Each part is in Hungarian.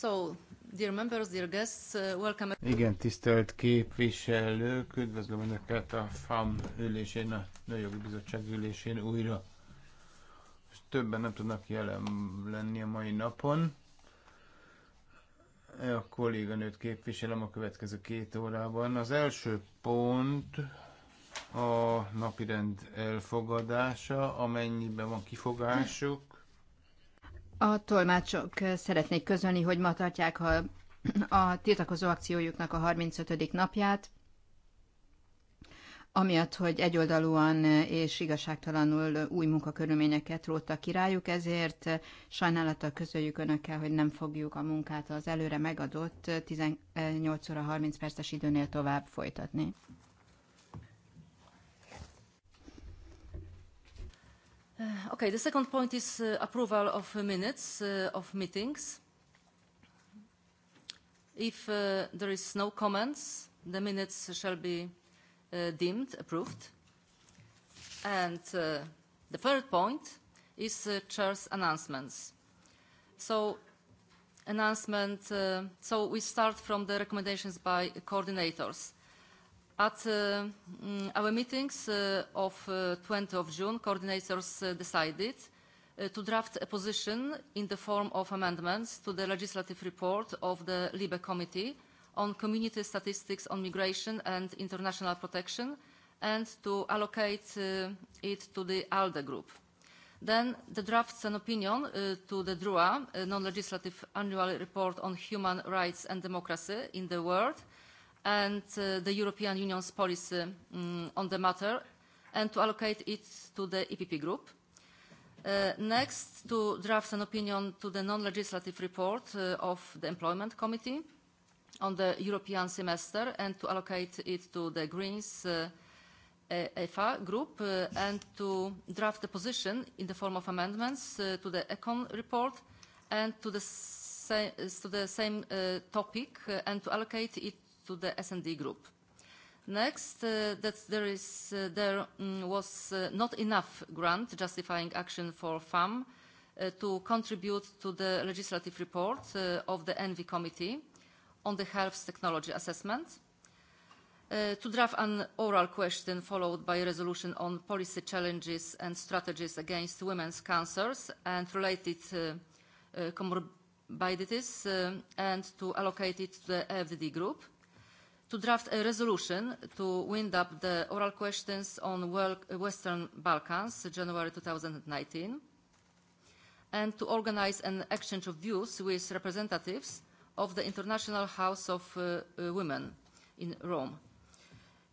So, dear members, dear guests, uh, welcome. Igen, tisztelt képviselők, üdvözlöm Önöket a FAM ülésén, a Nőjogi Bizottság ülésén újra. Többen nem tudnak jelen lenni a mai napon. A kolléganőt képviselem a következő két órában. Az első pont a napirend elfogadása, amennyiben van kifogásuk, a tolmácsok szeretnék közölni, hogy ma tartják a, a tiltakozó akciójuknak a 35. napját, amiatt, hogy egyoldalúan és igazságtalanul új munkakörülményeket róttak királyuk, ezért sajnálattal közöljük önökkel, hogy nem fogjuk a munkát az előre megadott 18 óra 30 perces időnél tovább folytatni. Eh, okay, the second point is uh, approval of minutes uh, of meetings. If uh, there is no comments, the minutes shall be uh, deemed approved. And uh, the third point is uh, chair's announcements. So announcement, uh, so we start from the recommendations by coordinators. At uh, mm, our meetings uh, of uh, 20 of June, coordinators uh, decided to draft a position in the form of amendments to the legislative report of the LIBE Committee on Community Statistics on Migration and International Protection and to allocate it to the ALDE group. Then the drafts and opinion to the DRUA, non-legislative annual report on human rights and democracy in the world, and uh, the European Union's policy um, on the matter and to allocate it to the EPP group. Uh, next, to draft an opinion to the non-legislative report uh, of the Employment Committee on the European semester and to allocate it to the Greens uh, EFA group uh, and to draft the position in the form of amendments uh, to the ECON report and to the, sa to the same uh, topic uh, and to allocate it to the S&D group. Next, uh, that there, uh, mm, was uh, not enough grant justifying action for FAM to contribute to the legislative report of the ENVI committee on the health technology assessment. to draft an oral question followed by a resolution on policy challenges and strategies against women's cancers and related comorbidities and to allocate it to the FDD group to draft a resolution to wind up the oral questions on Western Balkans, January 2019, and to organize an exchange of views with representatives of the International House of uh, uh, Women in Rome.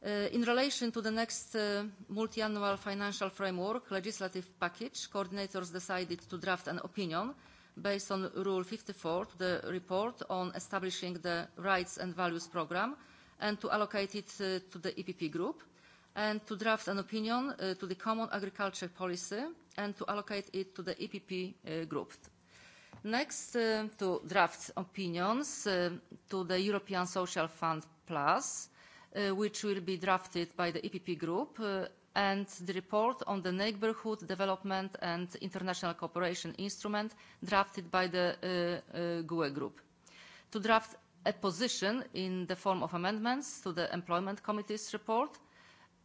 Uh, in relation to the next uh, multi-annual financial framework legislative package, coordinators decided to draft an opinion based on Rule 54 to the report on establishing the Rights and Values Programme and to allocate it uh, to the EPP group and to draft an opinion uh, to the common agriculture policy and to allocate it to the EPP uh, group. Next, uh, to draft opinions uh, to the European Social Fund Plus, uh, which will be drafted by the EPP group, uh, and the report on the Neighbourhood Development and International Cooperation Instrument drafted by the uh, uh, GUE group. To draft a position in the form of amendments to the Employment Committee's report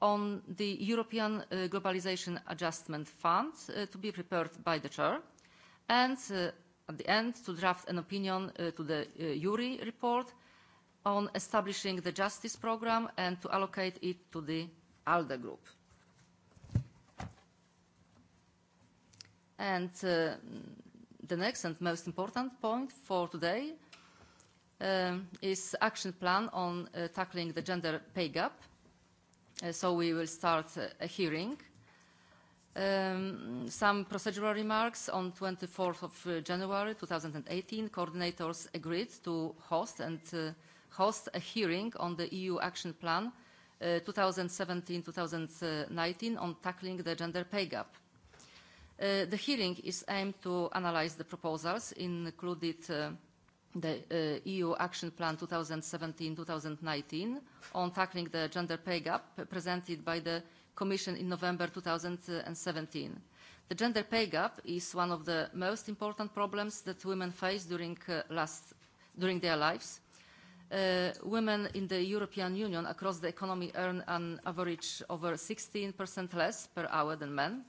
on the European uh, Globalization Adjustment Fund uh, to be prepared by the Chair, and uh, at the end to draft an opinion uh, to the uh, URI report on establishing the justice programme and to allocate it to the ALDE group. And uh, the next and most important point for today Uh, is action plan on uh, tackling the gender pay gap. Uh, so we will start a hearing. Um, some procedural remarks. On 24th of January 2018, coordinators agreed to host and host a hearing on the EU Action Plan 2017-2019 on tackling the gender pay gap. Uh, the hearing is aimed to analyze the proposals included uh, the uh, EU Action Plan 2017-2019 on tackling the gender pay gap presented by the Commission in November 2017. The gender pay gap is one of the most important problems that women face during, uh, last, during their lives. Uh, women in the European Union across the economy earn an average over 16% less per hour than men.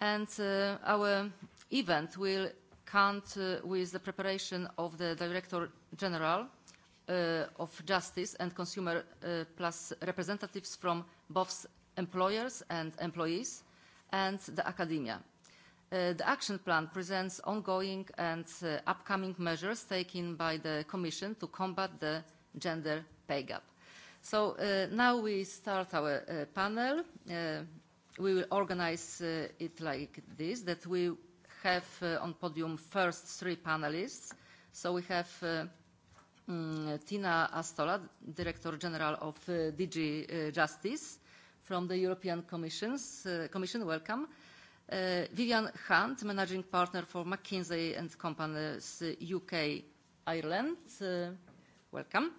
And uh, our event will count uh, with the preparation of the Director General uh, of Justice and Consumer uh, plus representatives from both employers and employees and the academia. Uh, the action plan presents ongoing and uh, upcoming measures taken by the Commission to combat the gender pay gap. So uh, now we start our uh, panel. Uh, we will organize uh, it like this, that we have uh, on podium first three panelists. So we have uh, um, Tina Astola, Director General of uh, DG uh, Justice from the European Commission's, uh, Commission. Welcome. Uh, Vivian Hunt, Managing Partner for McKinsey and Companies UK Ireland. Uh, welcome.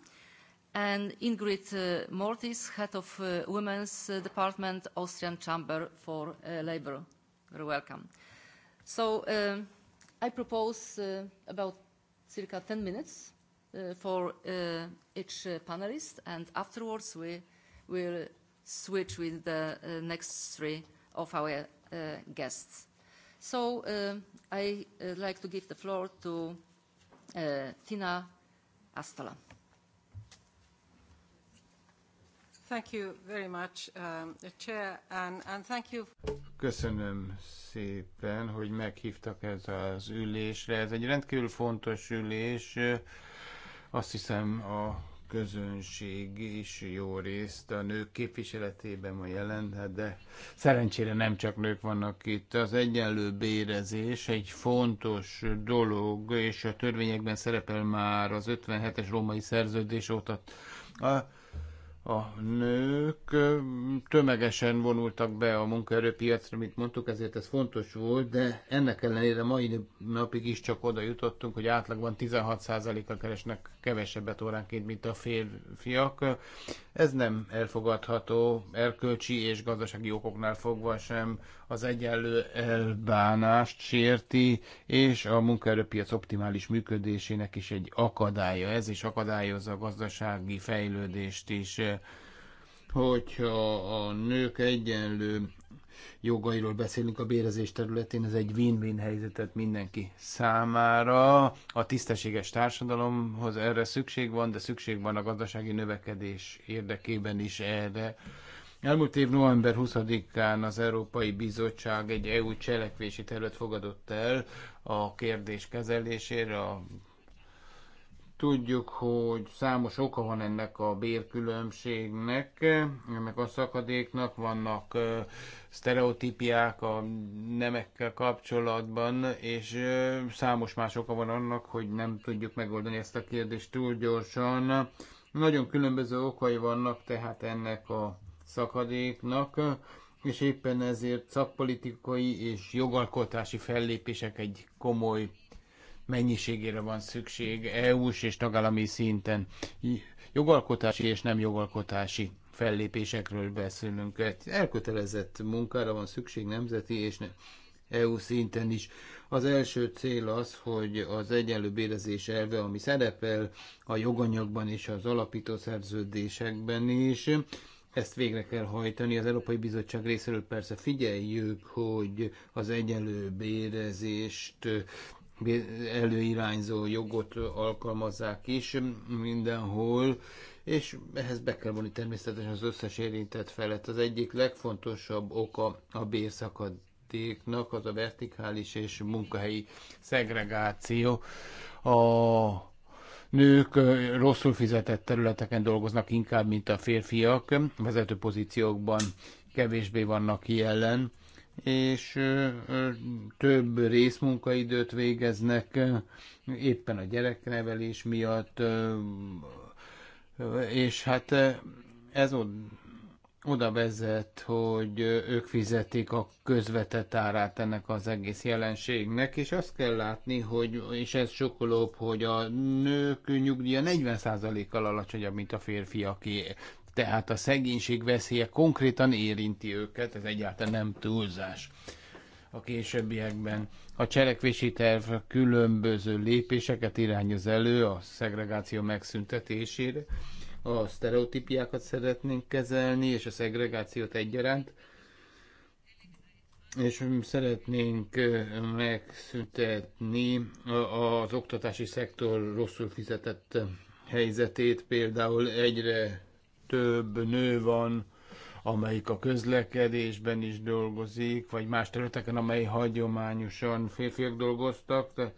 And Ingrid uh, Mortis, Head of uh, Women's uh, Department, Austrian Chamber for uh, Labour. Very welcome. So um, I propose uh, about circa 10 minutes uh, for uh, each uh, panelist, and afterwards we will switch with the uh, next three of our uh, guests. So uh, I'd uh, like to give the floor to uh, Tina Astola. Thank you very much, uh, Chair, and, and thank you. Köszönöm szépen, hogy meghívtak ez az ülésre. Ez egy rendkívül fontos ülés. Azt hiszem a közönség is jó részt a nők képviseletében ma jelent, de szerencsére nem csak nők vannak itt. Az egyenlő bérezés egy fontos dolog, és a törvényekben szerepel már az 57-es római szerződés óta. A, a nők tömegesen vonultak be a munkaerőpiacra, mint mondtuk, ezért ez fontos volt, de ennek ellenére mai napig is csak oda jutottunk, hogy átlagban 16%-a keresnek kevesebbet óránként, mint a férfiak. Ez nem elfogadható erkölcsi és gazdasági okoknál fogva sem az egyenlő elbánást sérti, és a munkaerőpiac optimális működésének is egy akadálya. Ez is akadályozza a gazdasági fejlődést is hogyha a nők egyenlő jogairól beszélünk a bérezés területén, ez egy win-win helyzetet mindenki számára. A tisztességes társadalomhoz erre szükség van, de szükség van a gazdasági növekedés érdekében is erre. Elmúlt év november 20-án az Európai Bizottság egy EU cselekvési terület fogadott el a kérdés kezelésére, tudjuk, hogy számos oka van ennek a bérkülönbségnek, ennek a szakadéknak, vannak sztereotípiák a nemekkel kapcsolatban, és számos más oka van annak, hogy nem tudjuk megoldani ezt a kérdést túl gyorsan. Nagyon különböző okai vannak tehát ennek a szakadéknak, és éppen ezért szakpolitikai és jogalkotási fellépések egy komoly mennyiségére van szükség EU-s és tagállami szinten. Jogalkotási és nem jogalkotási fellépésekről beszélünk. Elkötelezett munkára van szükség nemzeti és EU szinten is. Az első cél az, hogy az egyenlő bérezés elve, ami szerepel a joganyagban és az alapító szerződésekben is, ezt végre kell hajtani. Az Európai Bizottság részéről persze figyeljük, hogy az egyenlő bérezést előirányzó jogot alkalmazzák is mindenhol, és ehhez be kell vonni természetesen az összes érintett felett. Az egyik legfontosabb oka a bérszakadéknak az a vertikális és munkahelyi szegregáció. A nők rosszul fizetett területeken dolgoznak inkább, mint a férfiak, vezető pozíciókban kevésbé vannak jelen, és több részmunkaidőt végeznek éppen a gyereknevelés miatt, és hát ez oda vezet, hogy ők fizetik a közvetett árát ennek az egész jelenségnek, és azt kell látni, hogy, és ez sokkolóbb, hogy a nők nyugdíja 40%-kal alacsonyabb, mint a férfiaké. Tehát a szegénység veszélye konkrétan érinti őket, ez egyáltalán nem túlzás a későbbiekben. A cselekvési terv különböző lépéseket irányoz elő a szegregáció megszüntetésére. A sztereotípiákat szeretnénk kezelni, és a szegregációt egyaránt és szeretnénk megszüntetni az oktatási szektor rosszul fizetett helyzetét. Például egyre több nő van amelyik a közlekedésben is dolgozik, vagy más területeken, amely hagyományosan férfiak dolgoztak, de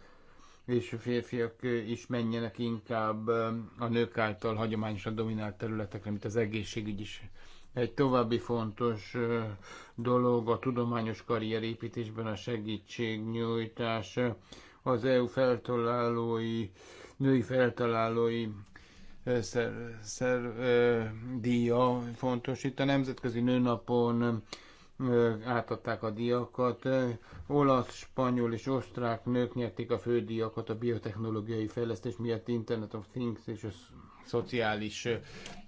és a férfiak is menjenek inkább a nők által hagyományosan dominált területekre, mint az egészségügy is. Egy további fontos dolog a tudományos karrierépítésben a segítségnyújtás. Az EU feltalálói, női feltalálói szer, szer, ö, díja fontos. Itt a Nemzetközi Nőnapon ö, átadták a díjakat. Olasz, spanyol és osztrák nők nyerték a fődíjakat a biotechnológiai fejlesztés miatt Internet of Things és a szociális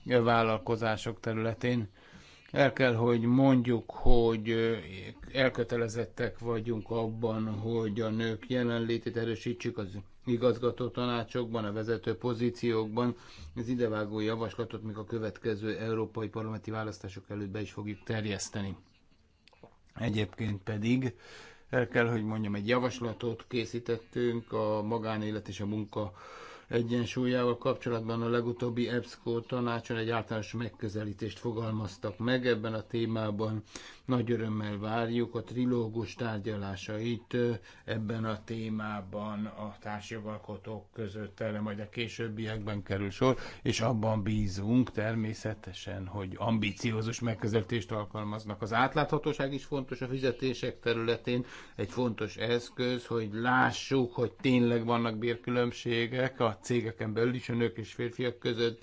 vállalkozások területén el kell, hogy mondjuk, hogy elkötelezettek vagyunk abban, hogy a nők jelenlétét erősítsük az igazgató tanácsokban, a vezető pozíciókban. Az idevágó javaslatot még a következő európai parlamenti választások előtt be is fogjuk terjeszteni. Egyébként pedig el kell, hogy mondjam, egy javaslatot készítettünk a magánélet és a munka egyensúlyával kapcsolatban a legutóbbi EBSCO tanácson egy általános megközelítést fogalmaztak meg ebben a témában. Nagy örömmel várjuk a trilógus tárgyalásait ebben a témában a társjogalkotók között erre majd a későbbiekben kerül sor, és abban bízunk természetesen, hogy ambiciózus megközelítést alkalmaznak. Az átláthatóság is fontos a fizetések területén, egy fontos eszköz, hogy lássuk, hogy tényleg vannak bérkülönbségek a cégeken belül is, a nők és férfiak között.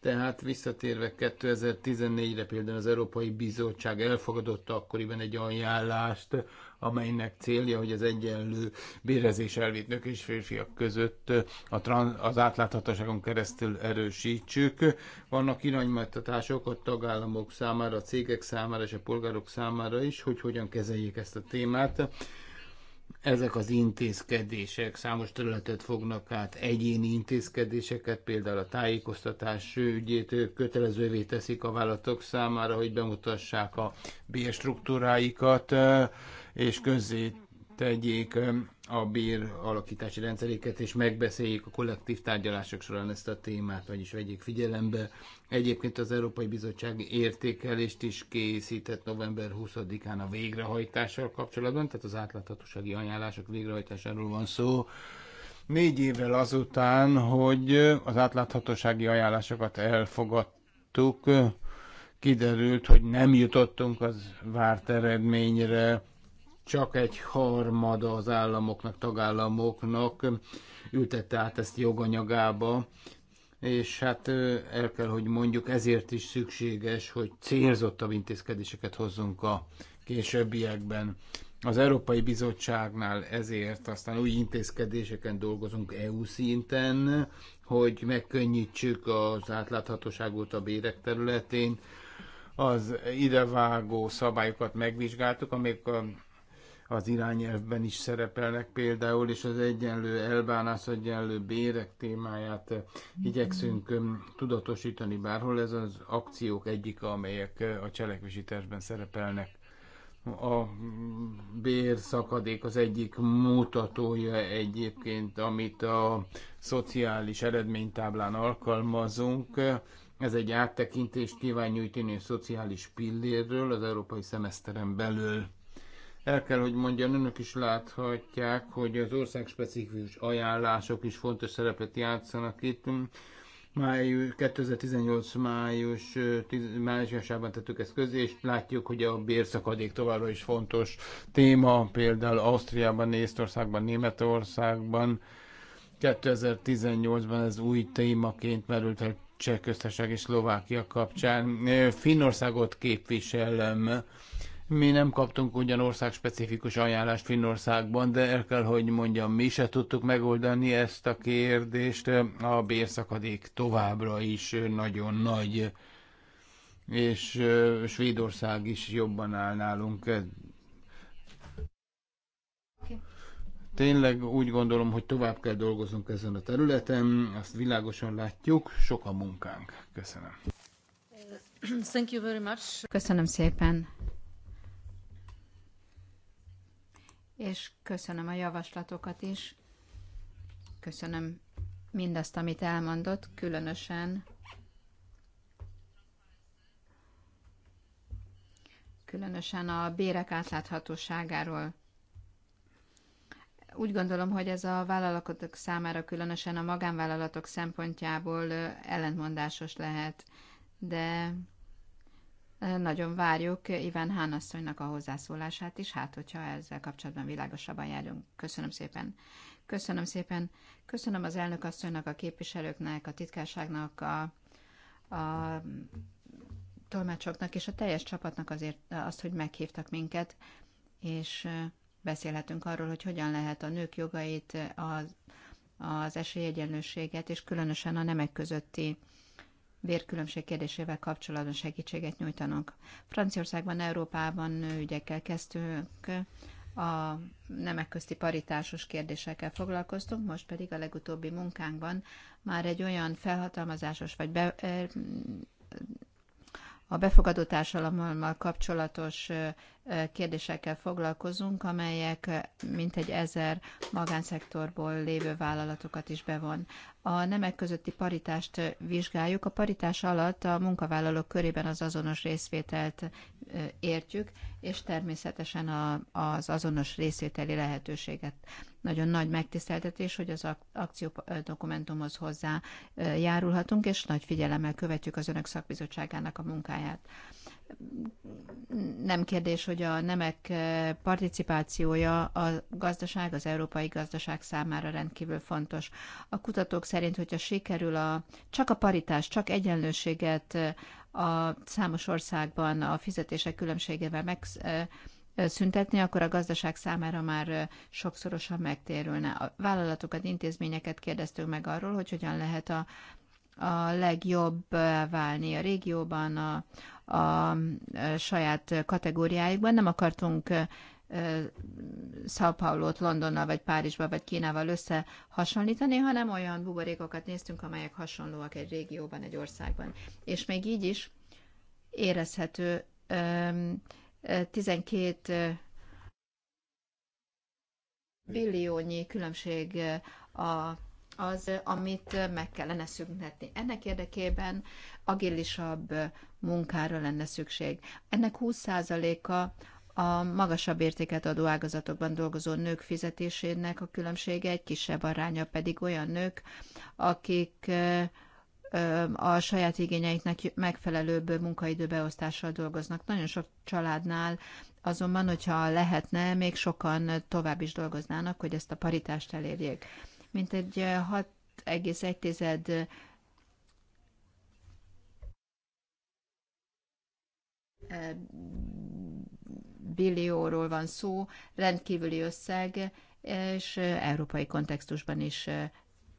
Tehát visszatérve 2014-re például az Európai Bizottság elfogadotta akkoriban egy ajánlást, amelynek célja, hogy az egyenlő bérezés elvét nők és férfiak között a trans, az átláthatóságon keresztül erősítsük. Vannak iránymutatások a tagállamok számára, a cégek számára és a polgárok számára is, hogy hogyan kezeljék ezt a témát ezek az intézkedések számos területet fognak át, egyéni intézkedéseket, például a tájékoztatás ügyét kötelezővé teszik a vállalatok számára, hogy bemutassák a B struktúráikat, eh, és közzé tegyék a bér alakítási rendszeréket, és megbeszéljék a kollektív tárgyalások során ezt a témát, vagyis vegyék figyelembe. Egyébként az Európai Bizottság értékelést is készített november 20-án a végrehajtással kapcsolatban, tehát az átláthatósági ajánlások végrehajtásáról van szó. Négy évvel azután, hogy az átláthatósági ajánlásokat elfogadtuk, kiderült, hogy nem jutottunk az várt eredményre, csak egy harmada az államoknak, tagállamoknak ültette át ezt joganyagába, és hát el kell, hogy mondjuk ezért is szükséges, hogy célzottabb intézkedéseket hozzunk a későbbiekben. Az Európai Bizottságnál ezért aztán új intézkedéseken dolgozunk EU szinten, hogy megkönnyítsük az átláthatóságot a bérek területén. Az idevágó szabályokat megvizsgáltuk, amik a az irányelvben is szerepelnek például, és az egyenlő elbánás, egyenlő bérek témáját igyekszünk tudatosítani bárhol. Ez az akciók egyik, amelyek a cselekvési tervben szerepelnek. A mm, bérszakadék az egyik mutatója egyébként, amit a szociális eredménytáblán alkalmazunk. Ez egy áttekintést kíván nyújtani a szociális pillérről az európai szemeszteren belül el kell, hogy mondjam, önök is láthatják, hogy az országspecifikus ajánlások is fontos szerepet játszanak itt. Május 2018 május, májusjásában tettük ezt közé, és látjuk, hogy a bérszakadék továbbra is fontos téma, például Ausztriában, Észtországban, Németországban. 2018-ban ez új témaként merült el Cseh köztársaság és Szlovákia kapcsán. Finnországot képviselem mi nem kaptunk ugyan ország specifikus ajánlást Finnországban, de el kell, hogy mondjam, mi se tudtuk megoldani ezt a kérdést. A bérszakadék továbbra is nagyon nagy, és Svédország is jobban áll nálunk. Tényleg úgy gondolom, hogy tovább kell dolgoznunk ezen a területen, azt világosan látjuk, sok a munkánk. Köszönöm. Thank you very much. Köszönöm szépen. és köszönöm a javaslatokat is. Köszönöm mindazt, amit elmondott, különösen különösen a bérek átláthatóságáról. Úgy gondolom, hogy ez a vállalatok számára, különösen a magánvállalatok szempontjából ellentmondásos lehet, de nagyon várjuk Iván Hánasszonynak a hozzászólását is, hát hogyha ezzel kapcsolatban világosabban járunk. Köszönöm szépen. Köszönöm szépen. Köszönöm az elnök asszonynak, a képviselőknek, a titkárságnak, a, a tolmácsoknak és a teljes csapatnak azért azt, hogy meghívtak minket, és beszélhetünk arról, hogy hogyan lehet a nők jogait, az, az esélyegyenlőséget, és különösen a nemek közötti vérkülönbség kérdésével kapcsolatban segítséget nyújtanak. Franciaországban, Európában ügyekkel kezdtünk, a nemek közti paritásos kérdésekkel foglalkoztunk, most pedig a legutóbbi munkánkban már egy olyan felhatalmazásos vagy be, a befogadó társadalommal kapcsolatos kérdésekkel foglalkozunk, amelyek mintegy ezer magánszektorból lévő vállalatokat is bevon. A nemek közötti paritást vizsgáljuk. A paritás alatt a munkavállalók körében az azonos részvételt értjük, és természetesen a, az azonos részvételi lehetőséget. Nagyon nagy megtiszteltetés, hogy az akciódokumentumhoz hozzá járulhatunk, és nagy figyelemmel követjük az önök szakbizottságának a munkáját nem kérdés, hogy a nemek eh, participációja a gazdaság, az európai gazdaság számára rendkívül fontos. A kutatók szerint, hogyha sikerül a, csak a paritás, csak egyenlőséget eh, a számos országban a fizetések különbségével meg, eh, szüntetni, akkor a gazdaság számára már sokszorosan megtérülne. A vállalatokat, intézményeket kérdeztünk meg arról, hogy hogyan lehet a a legjobb válni a régióban, a, a saját kategóriáikban. Nem akartunk São Paulo-t Londonnal, vagy Párizsba, vagy Kínával összehasonlítani, hanem olyan buborékokat néztünk, amelyek hasonlóak egy régióban, egy országban. És még így is érezhető 12 billiónyi különbség a az, amit meg kellene szüntetni. Ennek érdekében agilisabb munkára lenne szükség. Ennek 20%-a a magasabb értéket adó ágazatokban dolgozó nők fizetésének a különbsége, egy kisebb aránya pedig olyan nők, akik a saját igényeiknek megfelelőbb munkaidőbeosztással dolgoznak. Nagyon sok családnál azonban, hogyha lehetne, még sokan tovább is dolgoznának, hogy ezt a paritást elérjék mint egy 6,1 billióról van szó, rendkívüli összeg, és európai kontextusban is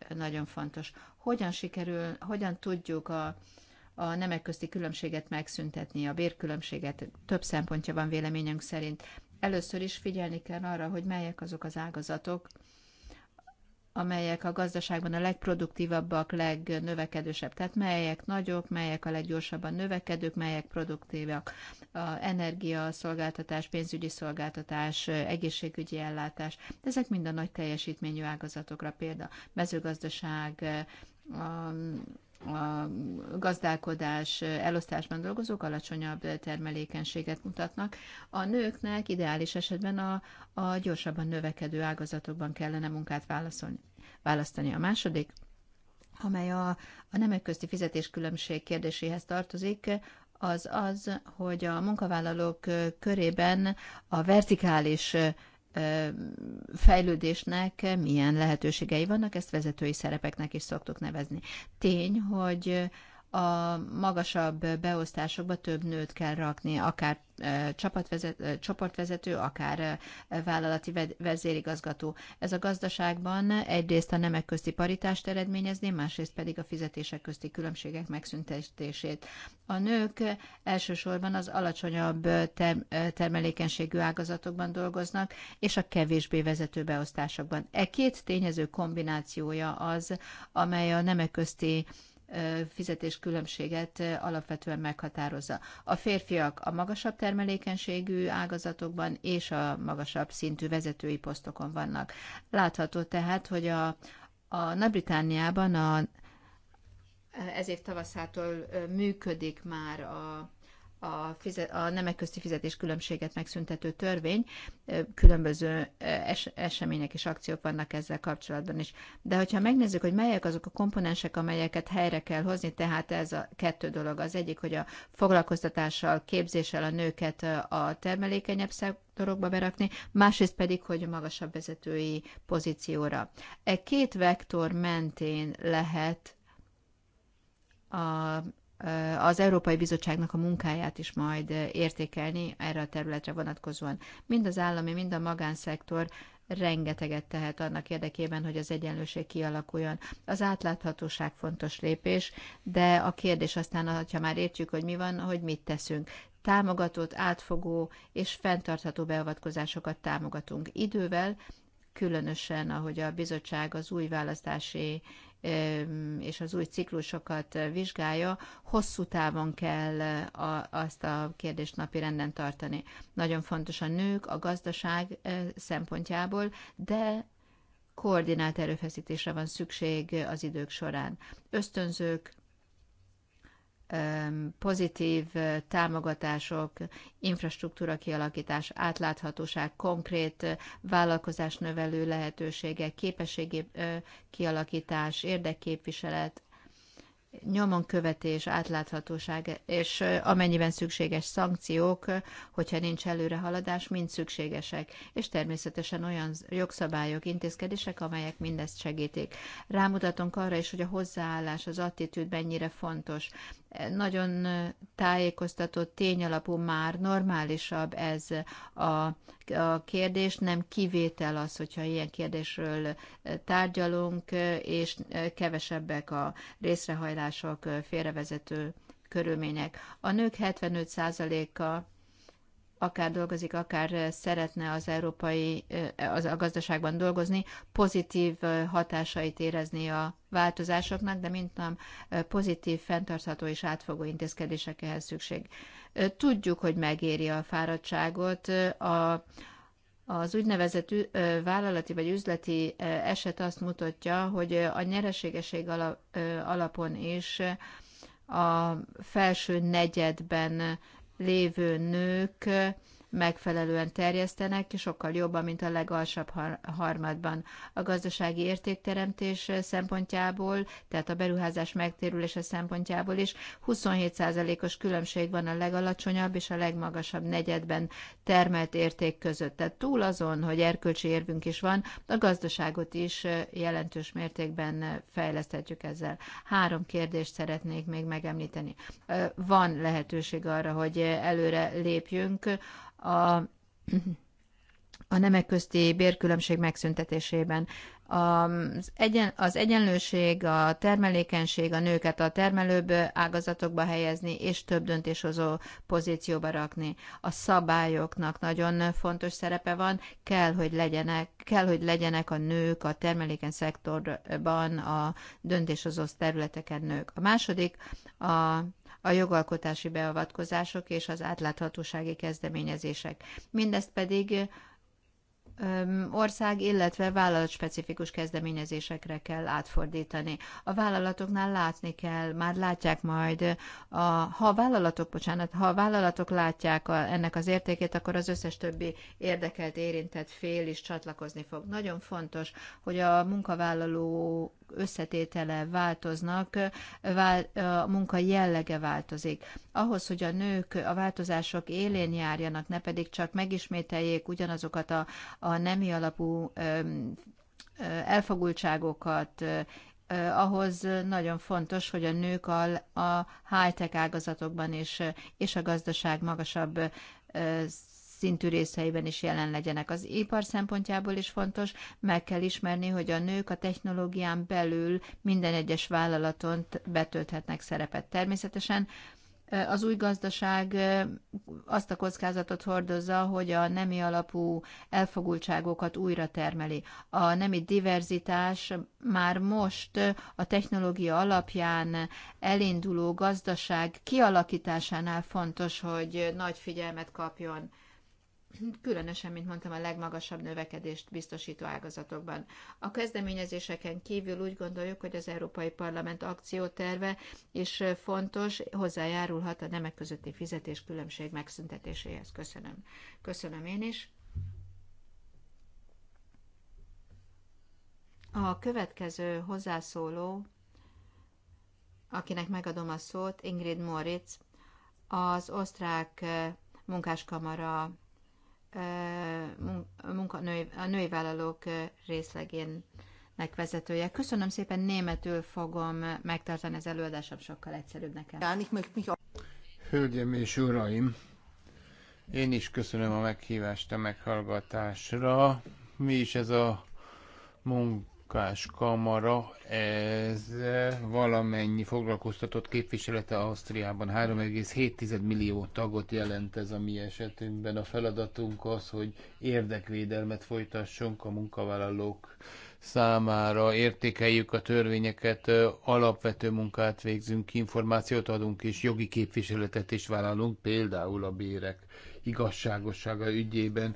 nagyon fontos. Hogyan sikerül, hogyan tudjuk a, a nemek közti különbséget megszüntetni, a bérkülönbséget? Több szempontja van véleményünk szerint. Először is figyelni kell arra, hogy melyek azok az ágazatok, amelyek a gazdaságban a legproduktívabbak, legnövekedősebb, tehát melyek nagyok, melyek a leggyorsabban növekedők, melyek produktívak. A energia, szolgáltatás, pénzügyi szolgáltatás, egészségügyi ellátás, ezek mind a nagy teljesítményű ágazatokra példa. Mezőgazdaság, a a gazdálkodás, elosztásban dolgozók alacsonyabb termelékenységet mutatnak. A nőknek ideális esetben a, a gyorsabban növekedő ágazatokban kellene munkát válaszolni, választani. A második, amely a, a nemek közti fizetéskülönbség kérdéséhez tartozik, az az, hogy a munkavállalók körében a vertikális fejlődésnek milyen lehetőségei vannak, ezt vezetői szerepeknek is szoktuk nevezni. Tény, hogy a magasabb beosztásokba több nőt kell rakni, akár e, csapatvezet, e, csoportvezető, akár e, vállalati vezérigazgató. Ez a gazdaságban egyrészt a nemek közti paritást eredményezné, másrészt pedig a fizetések közti különbségek megszüntetését. A nők elsősorban az alacsonyabb termelékenységű ágazatokban dolgoznak, és a kevésbé vezető beosztásokban. E két tényező kombinációja az, amely a nemek közti fizetéskülönbséget alapvetően meghatározza. A férfiak a magasabb termelékenységű ágazatokban és a magasabb szintű vezetői posztokon vannak. Látható tehát, hogy a, a Nagy-Britániában a, év tavaszától működik már a a, fizet, a nemek közti fizetés különbséget megszüntető törvény, különböző es, események és akciók vannak ezzel kapcsolatban is. De hogyha megnézzük, hogy melyek azok a komponensek, amelyeket helyre kell hozni, tehát ez a kettő dolog. Az egyik, hogy a foglalkoztatással, képzéssel a nőket a termelékenyebb szektorokba berakni, másrészt pedig, hogy a magasabb vezetői pozícióra. E két vektor mentén lehet a az Európai Bizottságnak a munkáját is majd értékelni erre a területre vonatkozóan. Mind az állami, mind a magánszektor rengeteget tehet annak érdekében, hogy az egyenlőség kialakuljon. Az átláthatóság fontos lépés, de a kérdés aztán, ha már értjük, hogy mi van, hogy mit teszünk. Támogatott, átfogó és fenntartható beavatkozásokat támogatunk. Idővel, különösen ahogy a bizottság az új választási és az új ciklusokat vizsgálja, hosszú távon kell a, azt a kérdést napi renden tartani. Nagyon fontos a nők a gazdaság szempontjából, de koordinált erőfeszítésre van szükség az idők során. Ösztönzők, pozitív támogatások, infrastruktúra kialakítás, átláthatóság, konkrét vállalkozás növelő lehetőségek, képességi kialakítás, érdekképviselet, nyomon követés, átláthatóság, és amennyiben szükséges szankciók, hogyha nincs előrehaladás, mind szükségesek, és természetesen olyan jogszabályok, intézkedések, amelyek mindezt segítik. Rámutatunk arra is, hogy a hozzáállás, az attitűd mennyire fontos nagyon tájékoztató, tényalapú már normálisabb ez a, a kérdés, nem kivétel az, hogyha ilyen kérdésről tárgyalunk, és kevesebbek a részrehajlások, félrevezető körülmények. A nők 75%-a akár dolgozik, akár szeretne az európai, az a gazdaságban dolgozni, pozitív hatásait érezni a változásoknak, de mint nem pozitív, fenntartható és átfogó ehhez szükség. Tudjuk, hogy megéri a fáradtságot, a, az úgynevezett vállalati vagy üzleti eset azt mutatja, hogy a nyereségeség alapon is a felső negyedben lévő nők megfelelően terjesztenek, sokkal jobban, mint a legalsabb harmadban. A gazdasági értékteremtés szempontjából, tehát a beruházás megtérülése szempontjából is 27%-os különbség van a legalacsonyabb és a legmagasabb negyedben termelt érték között. Tehát túl azon, hogy erkölcsi érvünk is van, a gazdaságot is jelentős mértékben fejleszthetjük ezzel. Három kérdést szeretnék még megemlíteni. Van lehetőség arra, hogy előre lépjünk a a nemek közti bérkülönbség megszüntetésében az, egyen, az egyenlőség, a termelékenység, a nőket a termelőbb ágazatokba helyezni, és több döntéshozó pozícióba rakni. A szabályoknak nagyon fontos szerepe van, kell, hogy legyenek, kell, hogy legyenek a nők a termelékeny szektorban, a döntéshozó területeken nők. A második a a jogalkotási beavatkozások és az átláthatósági kezdeményezések. Mindezt pedig ország, illetve vállalatspecifikus kezdeményezésekre kell átfordítani. A vállalatoknál látni kell, már látják majd, a, ha a vállalatok, bocsánat, ha a vállalatok látják a, ennek az értékét, akkor az összes többi érdekelt, érintett fél is csatlakozni fog. Nagyon fontos, hogy a munkavállaló összetétele változnak, a munka jellege változik. Ahhoz, hogy a nők a változások élén járjanak, ne pedig csak megismételjék ugyanazokat a, a nemi alapú elfogultságokat, ahhoz nagyon fontos, hogy a nők a, a high-tech ágazatokban is, és a gazdaság magasabb szintű részeiben is jelen legyenek. Az ipar szempontjából is fontos, meg kell ismerni, hogy a nők a technológián belül minden egyes vállalaton betölthetnek szerepet. Természetesen az új gazdaság azt a kockázatot hordozza, hogy a nemi alapú elfogultságokat újra termeli. A nemi diverzitás már most a technológia alapján elinduló gazdaság kialakításánál fontos, hogy nagy figyelmet kapjon különösen, mint mondtam, a legmagasabb növekedést biztosító ágazatokban. A kezdeményezéseken kívül úgy gondoljuk, hogy az Európai Parlament akcióterve és fontos, hozzájárulhat a nemek közötti fizetés különbség megszüntetéséhez. Köszönöm. Köszönöm én is. A következő hozzászóló, akinek megadom a szót, Ingrid Moritz, az osztrák eh, munkáskamara Munka a női vállalók részlegének vezetője. Köszönöm szépen, németül fogom megtartani az előadásom, sokkal egyszerűbb nekem. Hölgyeim és uraim, én is köszönöm a meghívást a meghallgatásra. Mi is ez a munka? munkáskamara, ez valamennyi foglalkoztatott képviselete Ausztriában 3,7 millió tagot jelent ez a mi esetünkben. A feladatunk az, hogy érdekvédelmet folytassunk a munkavállalók számára, értékeljük a törvényeket, alapvető munkát végzünk, információt adunk és jogi képviseletet is vállalunk, például a bérek igazságossága ügyében.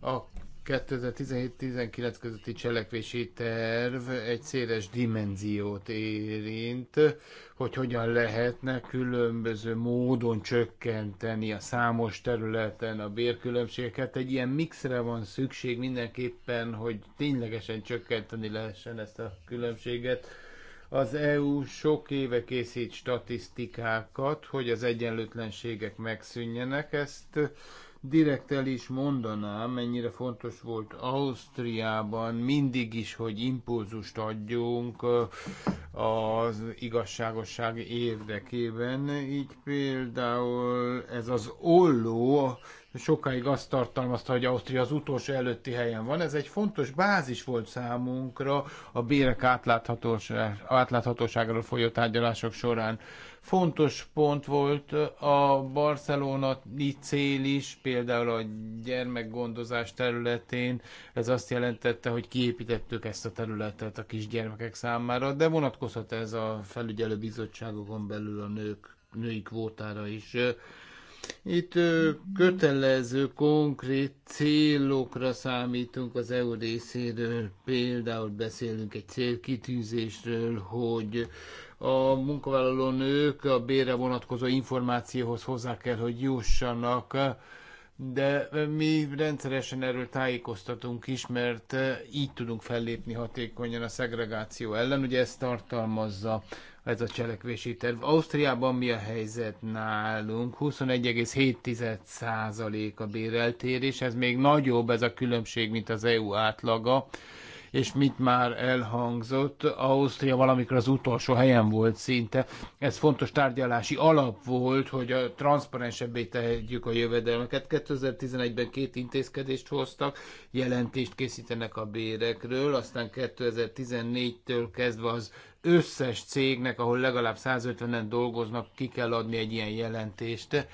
A 2017-19 közötti cselekvési terv egy széles dimenziót érint, hogy hogyan lehetne különböző módon csökkenteni a számos területen a bérkülönbségeket. Egy ilyen mixre van szükség mindenképpen, hogy ténylegesen csökkenteni lehessen ezt a különbséget. Az EU sok éve készít statisztikákat, hogy az egyenlőtlenségek megszűnjenek, ezt direkt el is mondanám, mennyire fontos volt Ausztriában mindig is, hogy impulzust adjunk az igazságosság érdekében. Így például ez az olló sokáig azt tartalmazta, hogy Ausztria az utolsó előtti helyen van. Ez egy fontos bázis volt számunkra a bérek átláthatóságról folyó tárgyalások során. Fontos pont volt a Barcelona cél is, például a gyermekgondozás területén. Ez azt jelentette, hogy kiépítettük ezt a területet a kisgyermekek számára, de vonatkozhat ez a felügyelő bizottságokon belül a nők, női kvótára is. Itt kötelező, konkrét célokra számítunk az EU részéről. Például beszélünk egy célkitűzésről, hogy a munkavállaló nők a bére vonatkozó információhoz hozzá kell, hogy jussanak, de mi rendszeresen erről tájékoztatunk is, mert így tudunk fellépni hatékonyan a szegregáció ellen, ugye ezt tartalmazza ez a cselekvési terv. Ausztriában mi a helyzet nálunk? 21,7% a béreltérés, ez még nagyobb ez a különbség, mint az EU átlaga és mit már elhangzott, Ausztria valamikor az utolsó helyen volt szinte. Ez fontos tárgyalási alap volt, hogy a transzparensebbé tegyük a jövedelmeket. 2011-ben két intézkedést hoztak, jelentést készítenek a bérekről, aztán 2014-től kezdve az összes cégnek, ahol legalább 150-en dolgoznak, ki kell adni egy ilyen jelentést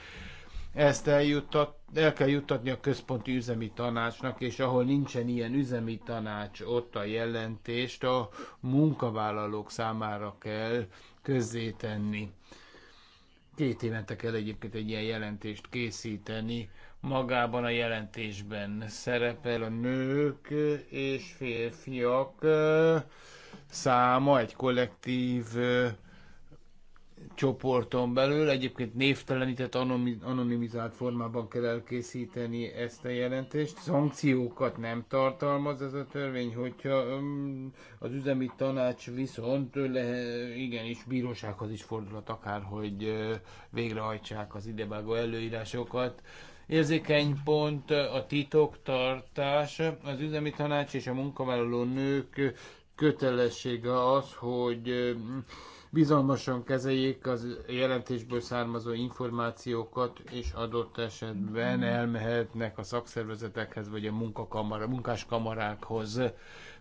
ezt eljuttat, el kell juttatni a központi üzemi tanácsnak, és ahol nincsen ilyen üzemi tanács, ott a jelentést a munkavállalók számára kell közzétenni. Két évente kell egyébként egy ilyen jelentést készíteni. Magában a jelentésben szerepel a nők és férfiak száma, egy kollektív csoporton belül. Egyébként névtelenített, anonimizált formában kell elkészíteni ezt a jelentést. Szankciókat nem tartalmaz ez a törvény, hogyha az üzemi tanács viszont le, igenis bírósághoz is fordulhat akár, hogy végrehajtsák az idebágó előírásokat. Érzékeny pont a titoktartás, az üzemi tanács és a munkavállaló nők kötelessége az, hogy bizalmasan kezeljék az jelentésből származó információkat, és adott esetben elmehetnek a szakszervezetekhez, vagy a munkakamara, munkáskamarákhoz.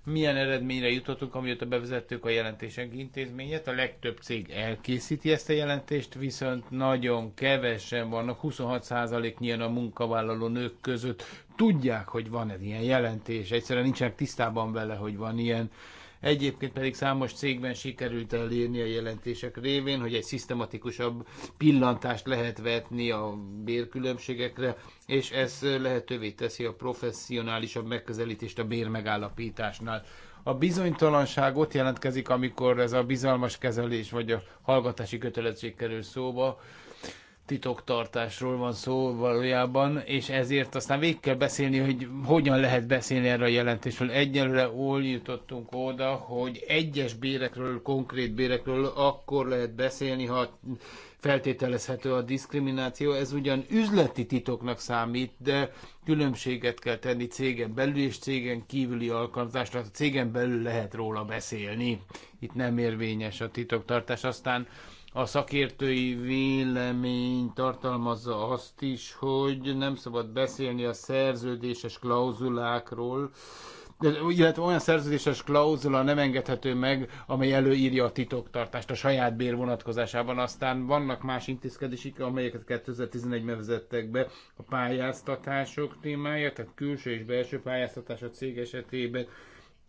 Milyen eredményre jutottunk, amióta bevezettük a jelentések intézményet? A legtöbb cég elkészíti ezt a jelentést, viszont nagyon kevesen vannak, 26% nyilván a munkavállaló nők között tudják, hogy van egy ilyen jelentés. Egyszerűen nincsenek tisztában vele, hogy van ilyen Egyébként pedig számos cégben sikerült elérni a jelentések révén, hogy egy szisztematikusabb pillantást lehet vetni a bérkülönbségekre, és ez lehetővé teszi a professzionálisabb megközelítést a bérmegállapításnál a bizonytalanság ott jelentkezik, amikor ez a bizalmas kezelés vagy a hallgatási kötelezettség kerül szóba titoktartásról van szó valójában, és ezért aztán végig kell beszélni, hogy hogyan lehet beszélni erről a jelentésről. Egyelőre úgy jutottunk oda, hogy egyes bérekről, konkrét bérekről akkor lehet beszélni, ha feltételezhető a diszkrimináció. Ez ugyan üzleti titoknak számít, de különbséget kell tenni cégen belül és cégen kívüli alkalmazásra. Cégen belül lehet róla beszélni. Itt nem érvényes a titoktartás. Aztán a szakértői vélemény tartalmazza azt is, hogy nem szabad beszélni a szerződéses klauzulákról, illetve olyan szerződéses klauzula nem engedhető meg, amely előírja a titoktartást a saját bér vonatkozásában. Aztán vannak más intézkedések, amelyeket 2011-ben vezettek be a pályáztatások témája, tehát külső és belső pályáztatás a cég esetében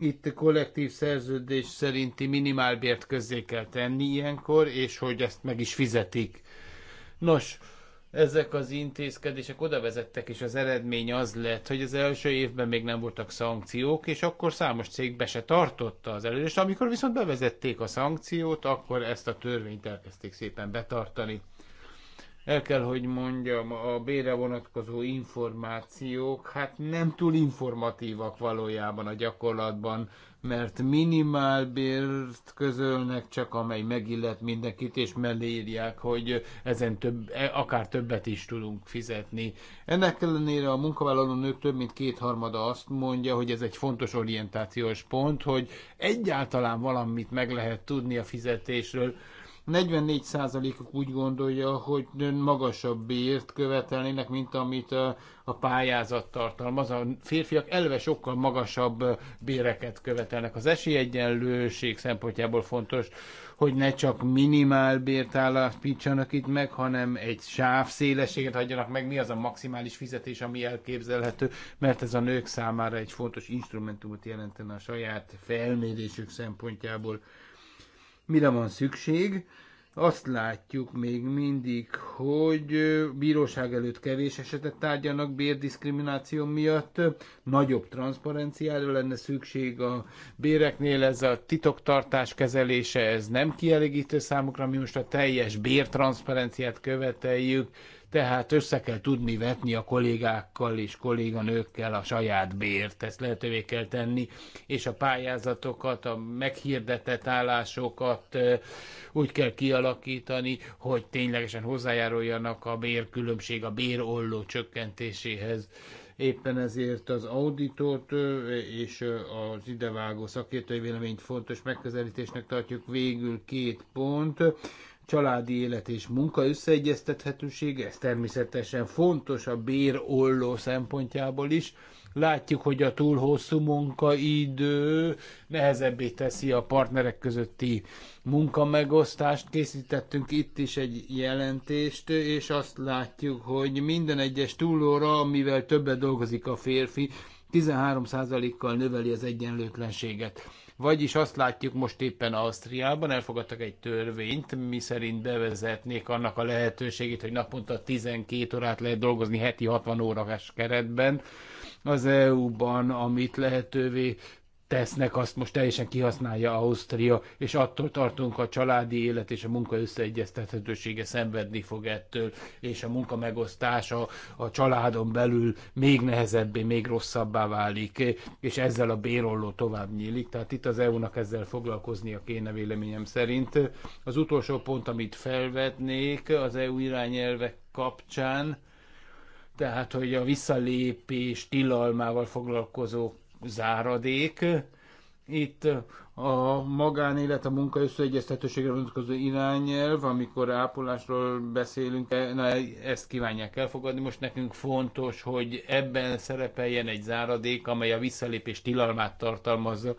itt kollektív szerződés szerinti minimálbért közzé kell tenni ilyenkor, és hogy ezt meg is fizetik. Nos, ezek az intézkedések oda vezettek, és az eredmény az lett, hogy az első évben még nem voltak szankciók, és akkor számos cég be se tartotta az előzést. Amikor viszont bevezették a szankciót, akkor ezt a törvényt elkezdték szépen betartani el kell, hogy mondjam, a bére vonatkozó információk hát nem túl informatívak valójában a gyakorlatban, mert bért közölnek csak, amely megillet mindenkit, és mellírják, hogy ezen több, e, akár többet is tudunk fizetni. Ennek ellenére a munkavállaló nők több mint kétharmada azt mondja, hogy ez egy fontos orientációs pont, hogy egyáltalán valamit meg lehet tudni a fizetésről, 44%-uk úgy gondolja, hogy magasabb bért követelnének, mint amit a pályázat tartalmaz. A férfiak elve sokkal magasabb béreket követelnek. Az esélyegyenlőség szempontjából fontos, hogy ne csak minimál bért állapítsanak itt meg, hanem egy sáv szélességet hagyjanak meg, mi az a maximális fizetés, ami elképzelhető, mert ez a nők számára egy fontos instrumentumot jelentene a saját felmérésük szempontjából mire van szükség. Azt látjuk még mindig, hogy bíróság előtt kevés esetet tárgyalnak bérdiszkrimináció miatt. Nagyobb transzparenciára lenne szükség a béreknél, ez a titoktartás kezelése, ez nem kielégítő számukra, mi most a teljes bértranszparenciát követeljük tehát össze kell tudni vetni a kollégákkal és kolléganőkkel a saját bért, ezt lehetővé kell tenni, és a pályázatokat, a meghirdetett állásokat úgy kell kialakítani, hogy ténylegesen hozzájáruljanak a bérkülönbség, a bérolló csökkentéséhez. Éppen ezért az auditort és az idevágó szakértői véleményt fontos megközelítésnek tartjuk végül két pont családi élet és munka összeegyeztethetőség, ez természetesen fontos a bérolló szempontjából is. Látjuk, hogy a túl hosszú munkaidő nehezebbé teszi a partnerek közötti munkamegosztást. Készítettünk itt is egy jelentést, és azt látjuk, hogy minden egyes túlóra, amivel többet dolgozik a férfi, 13%-kal növeli az egyenlőtlenséget vagyis azt látjuk most éppen Ausztriában, elfogadtak egy törvényt, miszerint bevezetnék annak a lehetőségét, hogy naponta 12 órát lehet dolgozni heti 60 órás keretben az EU-ban, amit lehetővé tesznek, azt most teljesen kihasználja Ausztria, és attól tartunk a családi élet és a munka összeegyeztethetősége szenvedni fog ettől, és a munka megosztása a családon belül még nehezebbé, még rosszabbá válik, és ezzel a bérolló tovább nyílik. Tehát itt az EU-nak ezzel foglalkoznia kéne véleményem szerint. Az utolsó pont, amit felvetnék az EU irányelvek kapcsán, tehát, hogy a visszalépés tilalmával foglalkozó záradék. Itt a magánélet, a munka összeegyeztetőségre vonatkozó irányelv, amikor ápolásról beszélünk, e, na, ezt kívánják elfogadni. Most nekünk fontos, hogy ebben szerepeljen egy záradék, amely a visszalépés tilalmát tartalmazza.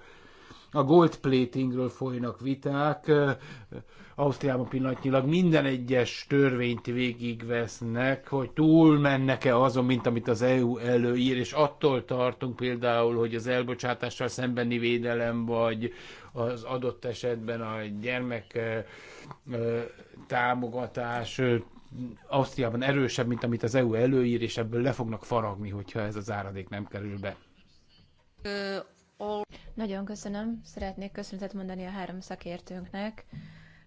A gold platingről folynak viták, Ausztriában pillanatnyilag minden egyes törvényt végigvesznek, hogy túl mennek-e azon, mint amit az EU előír, és attól tartunk például, hogy az elbocsátással szembeni védelem, vagy az adott esetben a gyermek támogatás Ausztriában erősebb, mint amit az EU előír, és ebből le fognak faragni, hogyha ez az áradék nem kerül be. Nagyon köszönöm. Szeretnék köszönetet mondani a három szakértőnknek.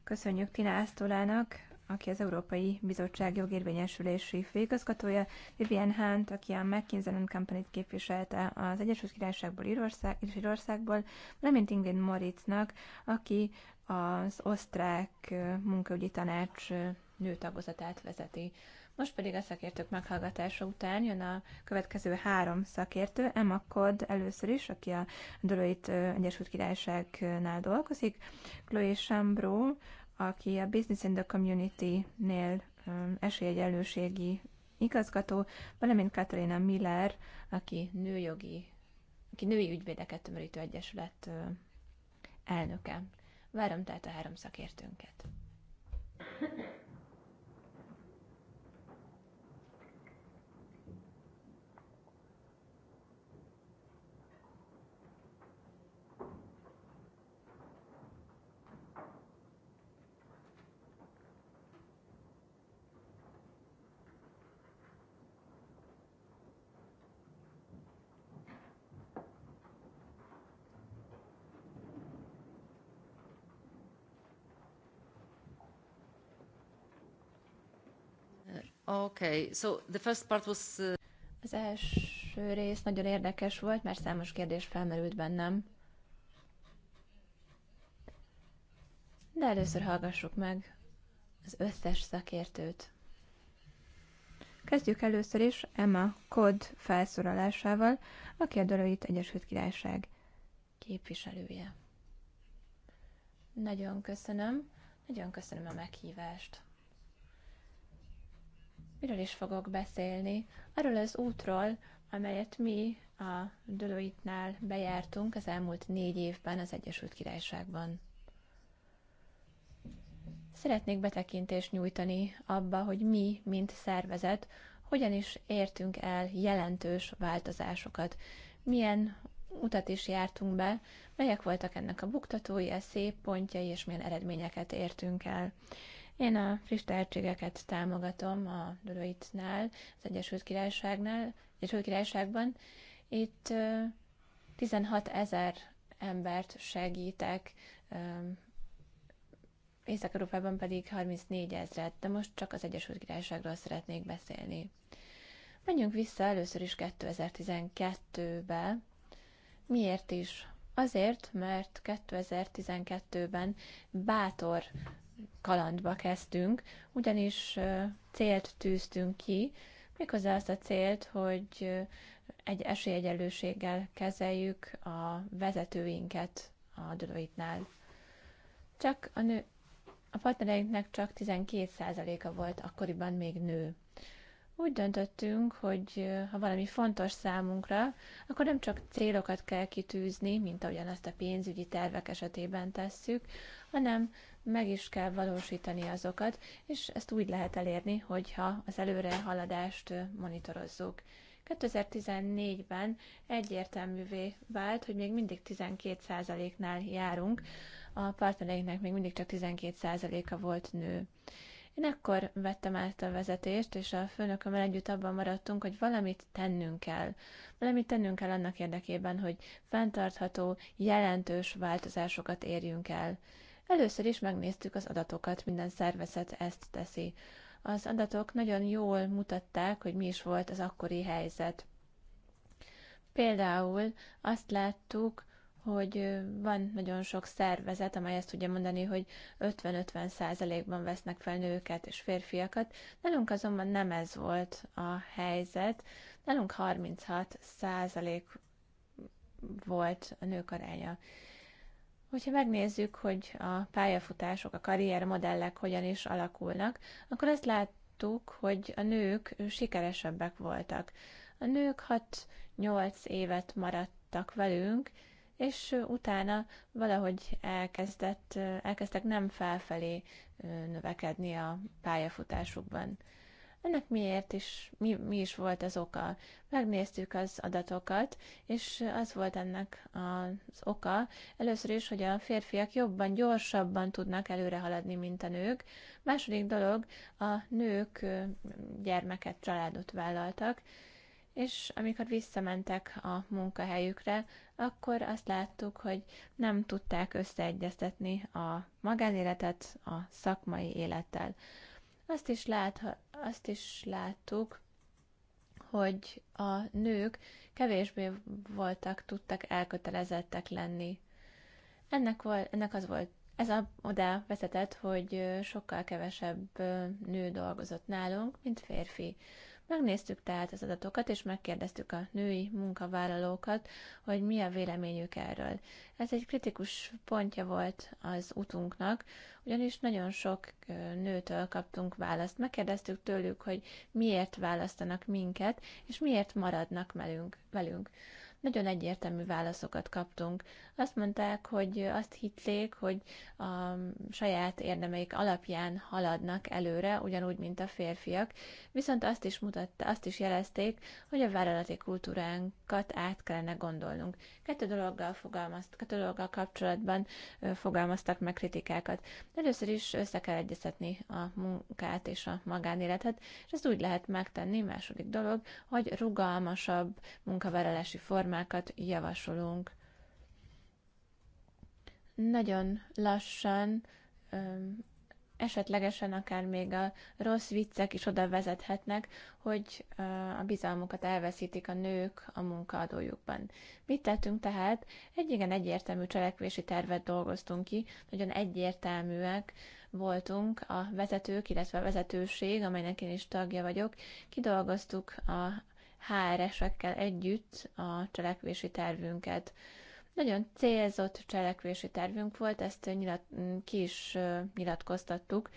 Köszönjük Tina Ásztolának, aki az Európai Bizottság jogérvényesülési főigazgatója, Vivian Hunt, aki a McKinsey company képviselte az Egyesült Királyságból, Írország, Írországból, valamint Ingrid Moritznak, aki az osztrák munkaügyi tanács nőtagozatát vezeti. Most pedig a szakértők meghallgatása után jön a következő három szakértő, Emma Kod először is, aki a Deloitte Egyesült Királyságnál dolgozik, Chloe Chambrou, aki a Business in the Community-nél esélyegyenlőségi igazgató, valamint Katarina Miller, aki nőjogi, aki női ügyvédeket tömörítő egyesület elnöke. Várom tehát a három szakértőnket. Okay, so the first part was... Uh... Az első rész nagyon érdekes volt, mert számos kérdés felmerült bennem. De először hallgassuk meg az összes szakértőt. Kezdjük először is Emma Kod felszólalásával, aki a Dorait Egyesült Királyság képviselője. Nagyon köszönöm, nagyon köszönöm a meghívást miről is fogok beszélni? Arról az útról, amelyet mi a Dölöitnál bejártunk az elmúlt négy évben az Egyesült Királyságban. Szeretnék betekintést nyújtani abba, hogy mi, mint szervezet, hogyan is értünk el jelentős változásokat, milyen utat is jártunk be, melyek voltak ennek a buktatói, a szép pontjai, és milyen eredményeket értünk el. Én a friss tehetségeket támogatom a Deloitte-nál, az Egyesült Királyságnál, Egyesült Királyságban. Itt 16 ezer embert segítek, Észak-Európában pedig 34 ezret, de most csak az Egyesült Királyságról szeretnék beszélni. Menjünk vissza először is 2012-be. Miért is? Azért, mert 2012-ben bátor kalandba kezdtünk, ugyanis célt tűztünk ki, méghozzá azt a célt, hogy egy esélyegyenlőséggel kezeljük a vezetőinket a Deloitte-nál. Csak a nő, a partnereinknek csak 12%-a volt akkoriban még nő. Úgy döntöttünk, hogy ha valami fontos számunkra, akkor nem csak célokat kell kitűzni, mint ahogyan ezt a pénzügyi tervek esetében tesszük, hanem meg is kell valósítani azokat, és ezt úgy lehet elérni, hogyha az előre haladást monitorozzuk. 2014-ben egyértelművé vált, hogy még mindig 12%-nál járunk, a partnereinknek még mindig csak 12%-a volt nő. Én ekkor vettem át a vezetést, és a főnökömmel együtt abban maradtunk, hogy valamit tennünk kell. Valamit tennünk kell annak érdekében, hogy fenntartható, jelentős változásokat érjünk el. Először is megnéztük az adatokat, minden szervezet ezt teszi. Az adatok nagyon jól mutatták, hogy mi is volt az akkori helyzet. Például azt láttuk, hogy van nagyon sok szervezet, amely ezt tudja mondani, hogy 50-50 százalékban -50 vesznek fel nőket és férfiakat. Nálunk azonban nem ez volt a helyzet. Nálunk 36 százalék volt a nők aránya. Hogyha megnézzük, hogy a pályafutások, a karriermodellek hogyan is alakulnak, akkor azt láttuk, hogy a nők sikeresebbek voltak. A nők 6-8 évet maradtak velünk, és utána valahogy elkezdett, elkezdtek nem felfelé növekedni a pályafutásukban. Ennek miért is, mi, mi is volt az oka? Megnéztük az adatokat, és az volt ennek az oka. Először is, hogy a férfiak jobban, gyorsabban tudnak előre haladni, mint a nők. Második dolog, a nők gyermeket, családot vállaltak, és amikor visszamentek a munkahelyükre, akkor azt láttuk, hogy nem tudták összeegyeztetni a magánéletet a szakmai élettel. Azt is, látha, azt is láttuk, hogy a nők kevésbé voltak, tudtak elkötelezettek lenni. Ennek, volt, ennek az volt ez a, oda vezetett, hogy sokkal kevesebb nő dolgozott nálunk, mint férfi. Megnéztük tehát az adatokat, és megkérdeztük a női munkavállalókat, hogy mi a véleményük erről. Ez egy kritikus pontja volt az utunknak, ugyanis nagyon sok nőtől kaptunk választ. Megkérdeztük tőlük, hogy miért választanak minket, és miért maradnak velünk. velünk nagyon egyértelmű válaszokat kaptunk. Azt mondták, hogy azt hitték, hogy a saját érdemeik alapján haladnak előre, ugyanúgy, mint a férfiak, viszont azt is mutatta, azt is jelezték, hogy a vállalati kultúránkat át kellene gondolnunk. Kettő dologgal, fogalmazt, kettő dologgal kapcsolatban fogalmaztak meg kritikákat. Először is össze kell egyeztetni a munkát és a magánéletet, és ezt úgy lehet megtenni, második dolog, hogy rugalmasabb munkavállalási formát normákat javasolunk. Nagyon lassan, esetlegesen akár még a rossz viccek is oda vezethetnek, hogy a bizalmukat elveszítik a nők a munkaadójukban. Mit tettünk tehát? Egy igen egyértelmű cselekvési tervet dolgoztunk ki, nagyon egyértelműek voltunk a vezetők, illetve a vezetőség, amelynek én is tagja vagyok. Kidolgoztuk a HR-esekkel együtt a cselekvési tervünket. Nagyon célzott cselekvési tervünk volt, ezt nyilat, ki is nyilatkoztattuk.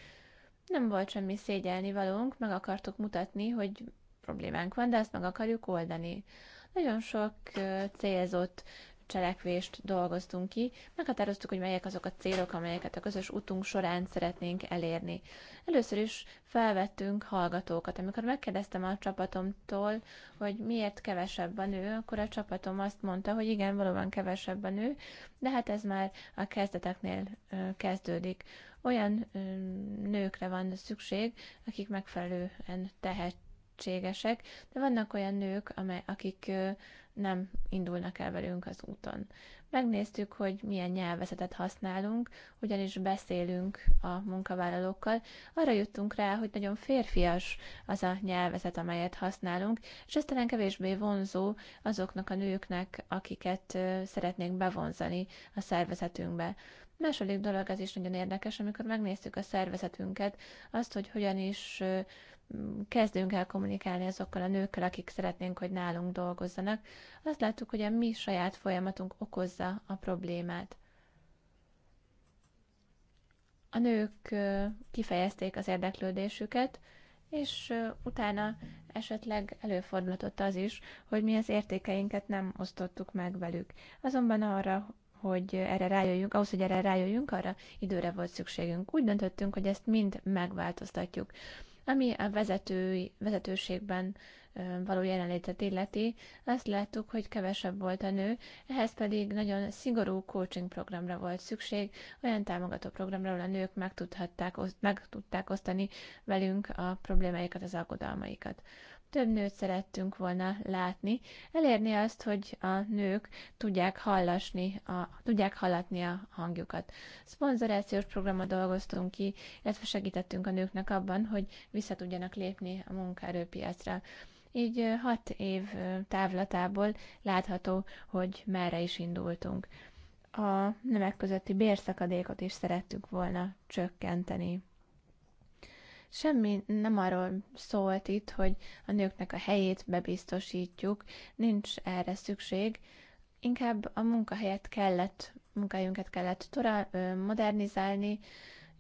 Nem volt semmi szégyelni valónk, meg akartuk mutatni, hogy problémánk van, de ezt meg akarjuk oldani. Nagyon sok célzott cselekvést dolgoztunk ki, meghatároztuk, hogy melyek azok a célok, amelyeket a közös utunk során szeretnénk elérni. Először is felvettünk hallgatókat. Amikor megkérdeztem a csapatomtól, hogy miért kevesebb a nő, akkor a csapatom azt mondta, hogy igen, valóban kevesebb a nő, de hát ez már a kezdeteknél kezdődik. Olyan nőkre van szükség, akik megfelelően tehet, tehetségesek, de vannak olyan nők, amely, akik nem indulnak el velünk az úton. Megnéztük, hogy milyen nyelvezetet használunk, hogyan is beszélünk a munkavállalókkal. Arra jutunk rá, hogy nagyon férfias az a nyelvezet, amelyet használunk, és ez talán kevésbé vonzó azoknak a nőknek, akiket szeretnénk bevonzani a szervezetünkbe. Második dolog, ez is nagyon érdekes, amikor megnéztük a szervezetünket, azt, hogy hogyan is kezdünk el kommunikálni azokkal a nőkkel, akik szeretnénk, hogy nálunk dolgozzanak, azt láttuk, hogy a mi saját folyamatunk okozza a problémát. A nők kifejezték az érdeklődésüket, és utána esetleg előfordulhatott az is, hogy mi az értékeinket nem osztottuk meg velük. Azonban arra, hogy erre rájöjjünk, ahhoz, hogy erre rájöjjünk, arra időre volt szükségünk. Úgy döntöttünk, hogy ezt mind megváltoztatjuk. Ami a vezetői, vezetőségben való jelenlétet illeti, azt láttuk, hogy kevesebb volt a nő, ehhez pedig nagyon szigorú coaching programra volt szükség, olyan támogató programra, ahol a nők meg, tudhatták, meg tudták osztani velünk a problémáikat, az aggodalmaikat. Több nőt szerettünk volna látni, elérni azt, hogy a nők tudják hallasni, a, tudják hallatni a hangjukat. Szponzorációs programot dolgoztunk ki, illetve segítettünk a nőknek abban, hogy vissza tudjanak lépni a munkaerőpiacra. Így hat év távlatából látható, hogy merre is indultunk. A nemek közötti bérszakadékot is szerettük volna csökkenteni. Semmi nem arról szólt itt, hogy a nőknek a helyét bebiztosítjuk, nincs erre szükség, inkább a munkahelyet kellett, munkahelyünket kellett tora, modernizálni,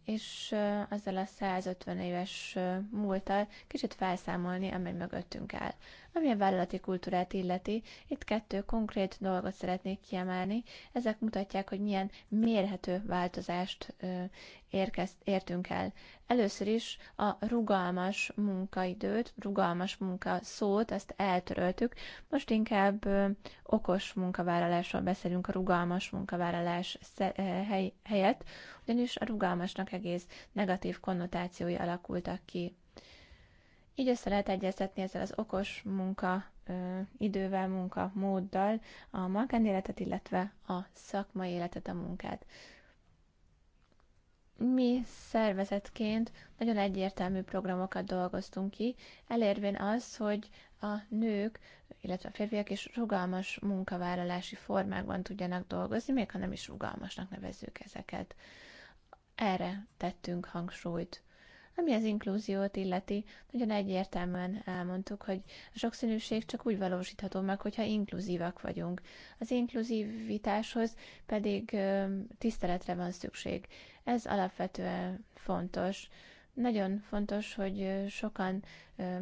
és ezzel a 150 éves múltal kicsit felszámolni, amely mögöttünk áll. Ami a vállalati kultúrát illeti, itt kettő konkrét dolgot szeretnék kiemelni. Ezek mutatják, hogy milyen mérhető változást érkezt, értünk el. Először is a rugalmas munkaidőt, rugalmas munka szót, ezt eltöröltük. Most inkább okos munkavállalásról beszélünk a rugalmas munkavállalás helyett, ugyanis a rugalmasnak egész negatív konnotációi alakultak ki így össze lehet egyeztetni ezzel az okos munka idővel, munka móddal a magánéletet, illetve a szakmai életet, a munkát. Mi szervezetként nagyon egyértelmű programokat dolgoztunk ki, elérvén az, hogy a nők, illetve a férfiak is rugalmas munkavállalási formákban tudjanak dolgozni, még ha nem is rugalmasnak nevezzük ezeket. Erre tettünk hangsúlyt. Ami az inkluziót illeti, nagyon egyértelműen elmondtuk, hogy a sokszínűség csak úgy valósítható meg, hogyha inkluzívak vagyunk. Az inkluzivitáshoz pedig tiszteletre van szükség. Ez alapvetően fontos nagyon fontos, hogy sokan,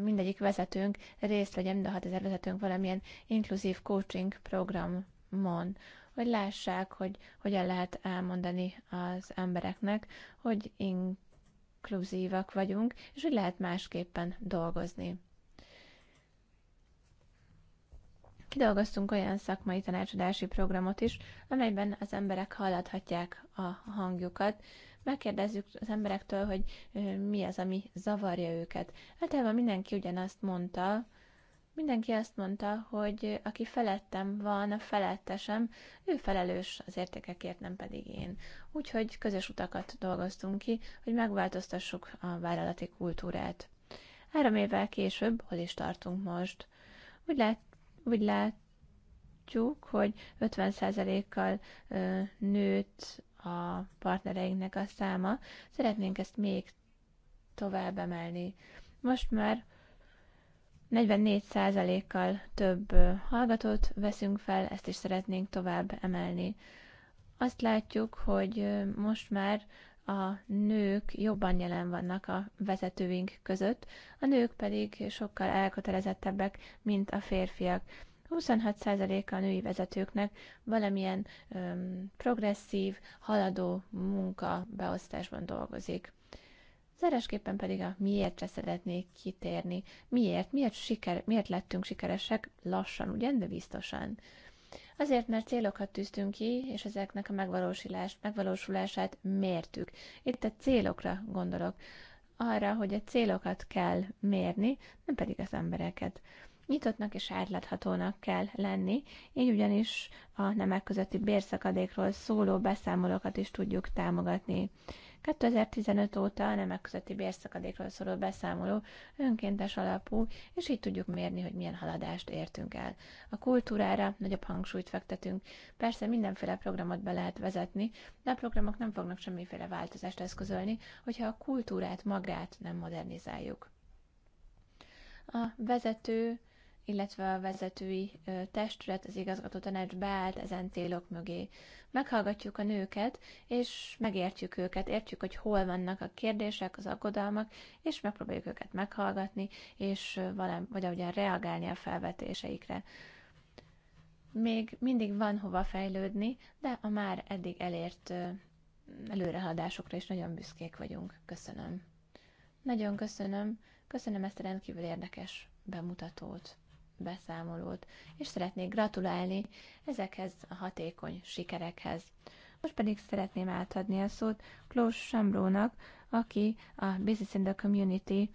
mindegyik vezetőnk részt legyen, mind a 6000 vezetőnk valamilyen inkluzív coaching programon, hogy lássák, hogy hogyan lehet elmondani az embereknek, hogy, inkluzív inkluzívak vagyunk, és hogy lehet másképpen dolgozni. Kidolgoztunk olyan szakmai tanácsadási programot is, amelyben az emberek hallathatják a hangjukat, megkérdezzük az emberektől, hogy mi az, ami zavarja őket. Általában mindenki ugyanazt mondta, Mindenki azt mondta, hogy aki felettem van, a felettesem, ő felelős az értékekért, nem pedig én. Úgyhogy közös utakat dolgoztunk ki, hogy megváltoztassuk a vállalati kultúrát. Három évvel később, hol is tartunk most? Úgy, lát, úgy látjuk, hogy 50%-kal nőtt a partnereinknek a száma. Szeretnénk ezt még tovább emelni. Most már 44%-kal több hallgatót veszünk fel, ezt is szeretnénk tovább emelni. Azt látjuk, hogy most már a nők jobban jelen vannak a vezetőink között, a nők pedig sokkal elkötelezettebbek, mint a férfiak. 26%-a a női vezetőknek valamilyen öm, progresszív, haladó munka beosztásban dolgozik. Zárásképpen pedig a miértre szeretnék kitérni. Miért? Miért, siker, miért lettünk sikeresek lassan, ugye, de biztosan? Azért, mert célokat tűztünk ki, és ezeknek a megvalósulás, megvalósulását mértük. Itt a célokra gondolok. Arra, hogy a célokat kell mérni, nem pedig az embereket. Nyitottnak és átláthatónak kell lenni, így ugyanis a nemek közötti bérszakadékról szóló beszámolókat is tudjuk támogatni. 2015 óta a nemek közötti bérszakadékról szóló beszámoló önkéntes alapú, és így tudjuk mérni, hogy milyen haladást értünk el. A kultúrára nagyobb hangsúlyt fektetünk. Persze mindenféle programot be lehet vezetni, de a programok nem fognak semmiféle változást eszközölni, hogyha a kultúrát magát nem modernizáljuk. A vezető illetve a vezetői testület, az igazgató tanács beállt ezen célok mögé. Meghallgatjuk a nőket, és megértjük őket, értjük, hogy hol vannak a kérdések, az aggodalmak, és megpróbáljuk őket meghallgatni, és valami, vagy ahogyan reagálni a felvetéseikre. Még mindig van hova fejlődni, de a már eddig elért előrehaladásokra is nagyon büszkék vagyunk. Köszönöm. Nagyon köszönöm. Köszönöm ezt a rendkívül érdekes bemutatót beszámolót, és szeretnék gratulálni ezekhez a hatékony sikerekhez. Most pedig szeretném átadni a szót Klaus Sambrónak, aki a Business in the Community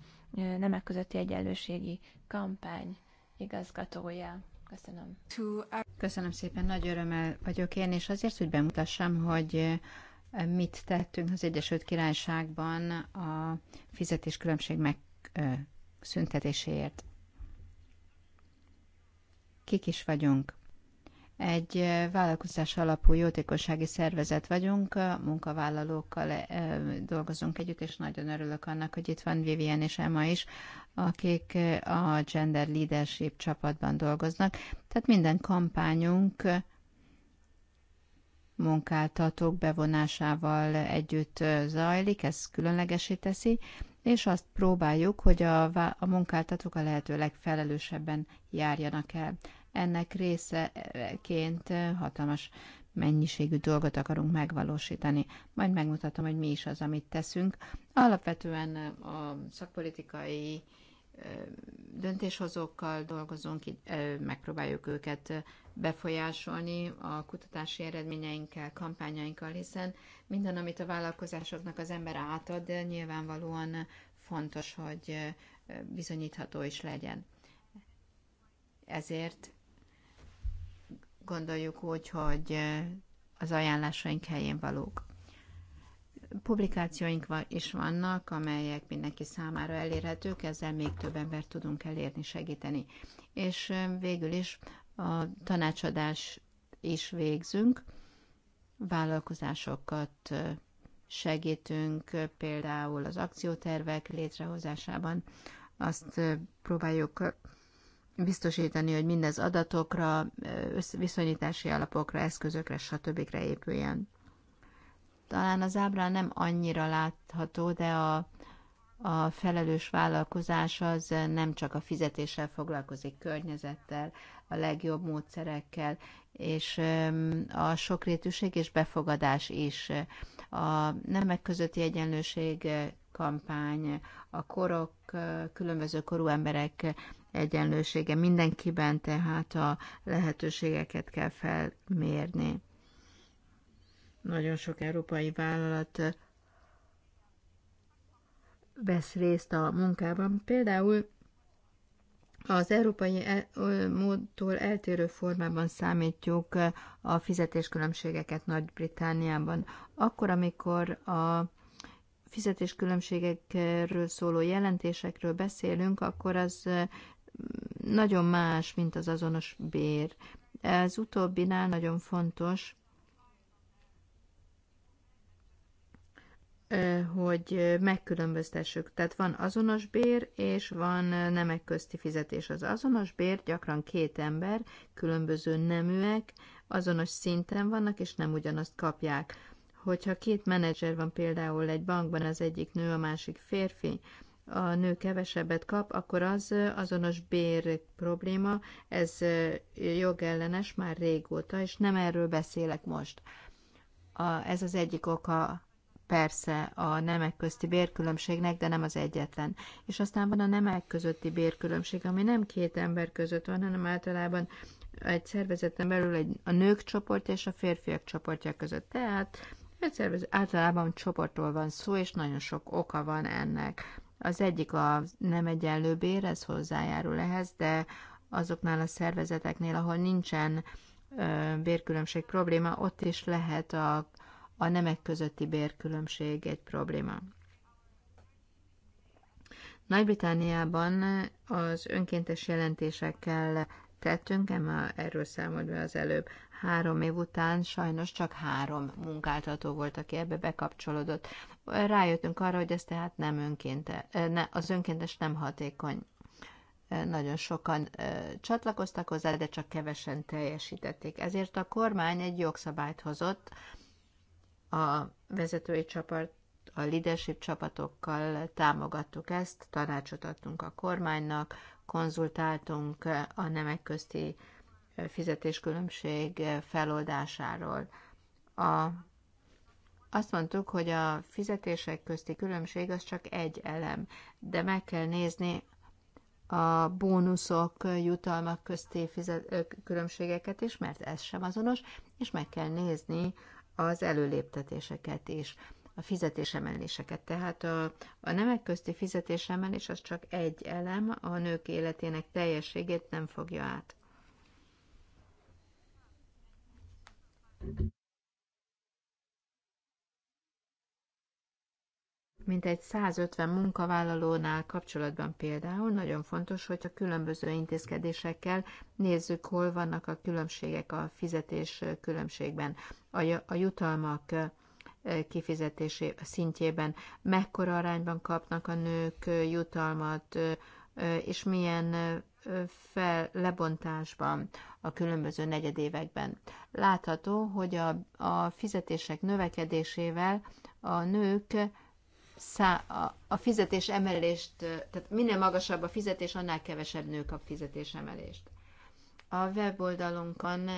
nemek közötti egyenlőségi kampány igazgatója. Köszönöm. Köszönöm szépen, nagy örömmel vagyok én, és azért, hogy bemutassam, hogy mit tettünk az Egyesült Királyságban a fizetéskülönbség megszüntetéséért kik is vagyunk. Egy vállalkozás alapú jótékossági szervezet vagyunk, munkavállalókkal dolgozunk együtt, és nagyon örülök annak, hogy itt van Vivian és Emma is, akik a Gender Leadership csapatban dolgoznak. Tehát minden kampányunk munkáltatók bevonásával együtt zajlik, ez különlegesé teszi, és azt próbáljuk, hogy a, a munkáltatók a lehető legfelelősebben járjanak el. Ennek részeként hatalmas mennyiségű dolgot akarunk megvalósítani. Majd megmutatom, hogy mi is az, amit teszünk. Alapvetően a szakpolitikai döntéshozókkal dolgozunk, megpróbáljuk őket befolyásolni a kutatási eredményeinkkel, kampányainkkal, hiszen minden, amit a vállalkozásoknak az ember átad, de nyilvánvalóan fontos, hogy bizonyítható is legyen. Ezért gondoljuk úgy, hogy az ajánlásaink helyén valók. Publikációink is vannak, amelyek mindenki számára elérhetők, ezzel még több embert tudunk elérni, segíteni. És végül is a tanácsadás is végzünk, vállalkozásokat segítünk, például az akciótervek létrehozásában. Azt próbáljuk biztosítani, hogy mindez adatokra, viszonyítási alapokra, eszközökre, stb. épüljen. Talán az ábrán nem annyira látható, de a, a felelős vállalkozás az nem csak a fizetéssel foglalkozik, környezettel, a legjobb módszerekkel és a sokrétűség és befogadás is. A nemek közötti egyenlőség eh, kampány, a korok, eh, különböző korú emberek egyenlősége mindenkiben, tehát a lehetőségeket kell felmérni. Nagyon sok európai vállalat eh, vesz részt a munkában. Például az európai e, módtól eltérő formában számítjuk a fizetéskülönbségeket Nagy-Britániában. Akkor, amikor a fizetéskülönbségekről szóló jelentésekről beszélünk, akkor az nagyon más, mint az azonos bér. Ez utóbbinál nagyon fontos, hogy megkülönböztessük. Tehát van azonos bér, és van nemek közti fizetés. Az azonos bér gyakran két ember, különböző neműek, azonos szinten vannak, és nem ugyanazt kapják. Hogyha két menedzser van például egy bankban, az egyik nő, a másik férfi, a nő kevesebbet kap, akkor az azonos bér probléma, ez jogellenes már régóta, és nem erről beszélek most. A, ez az egyik oka persze a nemek közti bérkülönbségnek, de nem az egyetlen. És aztán van a nemek közötti bérkülönbség, ami nem két ember között van, hanem általában egy szervezeten belül egy, a nők csoportja és a férfiak csoportja között. Tehát egy szervezet, általában csoportról van szó, és nagyon sok oka van ennek. Az egyik a nem egyenlő bér, ez hozzájárul ehhez, de azoknál a szervezeteknél, ahol nincsen bérkülönbség probléma, ott is lehet a a nemek közötti bérkülönbség egy probléma. Nagy-Britániában az önkéntes jelentésekkel tettünk, erről számolt be az előbb. Három év után sajnos csak három munkáltató volt, aki ebbe bekapcsolódott. Rájöttünk arra, hogy ez tehát nem önkénte, eh, ne, az önkéntes nem hatékony. Eh, nagyon sokan eh, csatlakoztak hozzá, de csak kevesen teljesítették. Ezért a kormány egy jogszabályt hozott, a vezetői csapat, a leadership csapatokkal támogattuk ezt, tanácsot adtunk a kormánynak, konzultáltunk a nemek közti fizetéskülönbség feloldásáról. A, azt mondtuk, hogy a fizetések közti különbség az csak egy elem, de meg kell nézni a bónuszok, jutalmak közti fizet, különbségeket is, mert ez sem azonos, és meg kell nézni az előléptetéseket is, a fizetésemeléseket. Tehát a, a nemek közti fizetésemelés az csak egy elem, a nők életének teljességét nem fogja át. mintegy 150 munkavállalónál kapcsolatban például nagyon fontos, hogy a különböző intézkedésekkel nézzük, hol vannak a különbségek a fizetés különbségben, a jutalmak kifizetési szintjében, mekkora arányban kapnak a nők jutalmat, és milyen fel, lebontásban a különböző negyedévekben. Látható, hogy a, a fizetések növekedésével a nők szá- a, a fizetés emelést, tehát minél magasabb a fizetés, annál kevesebb nő kap fizetés emelést. A weboldalunkon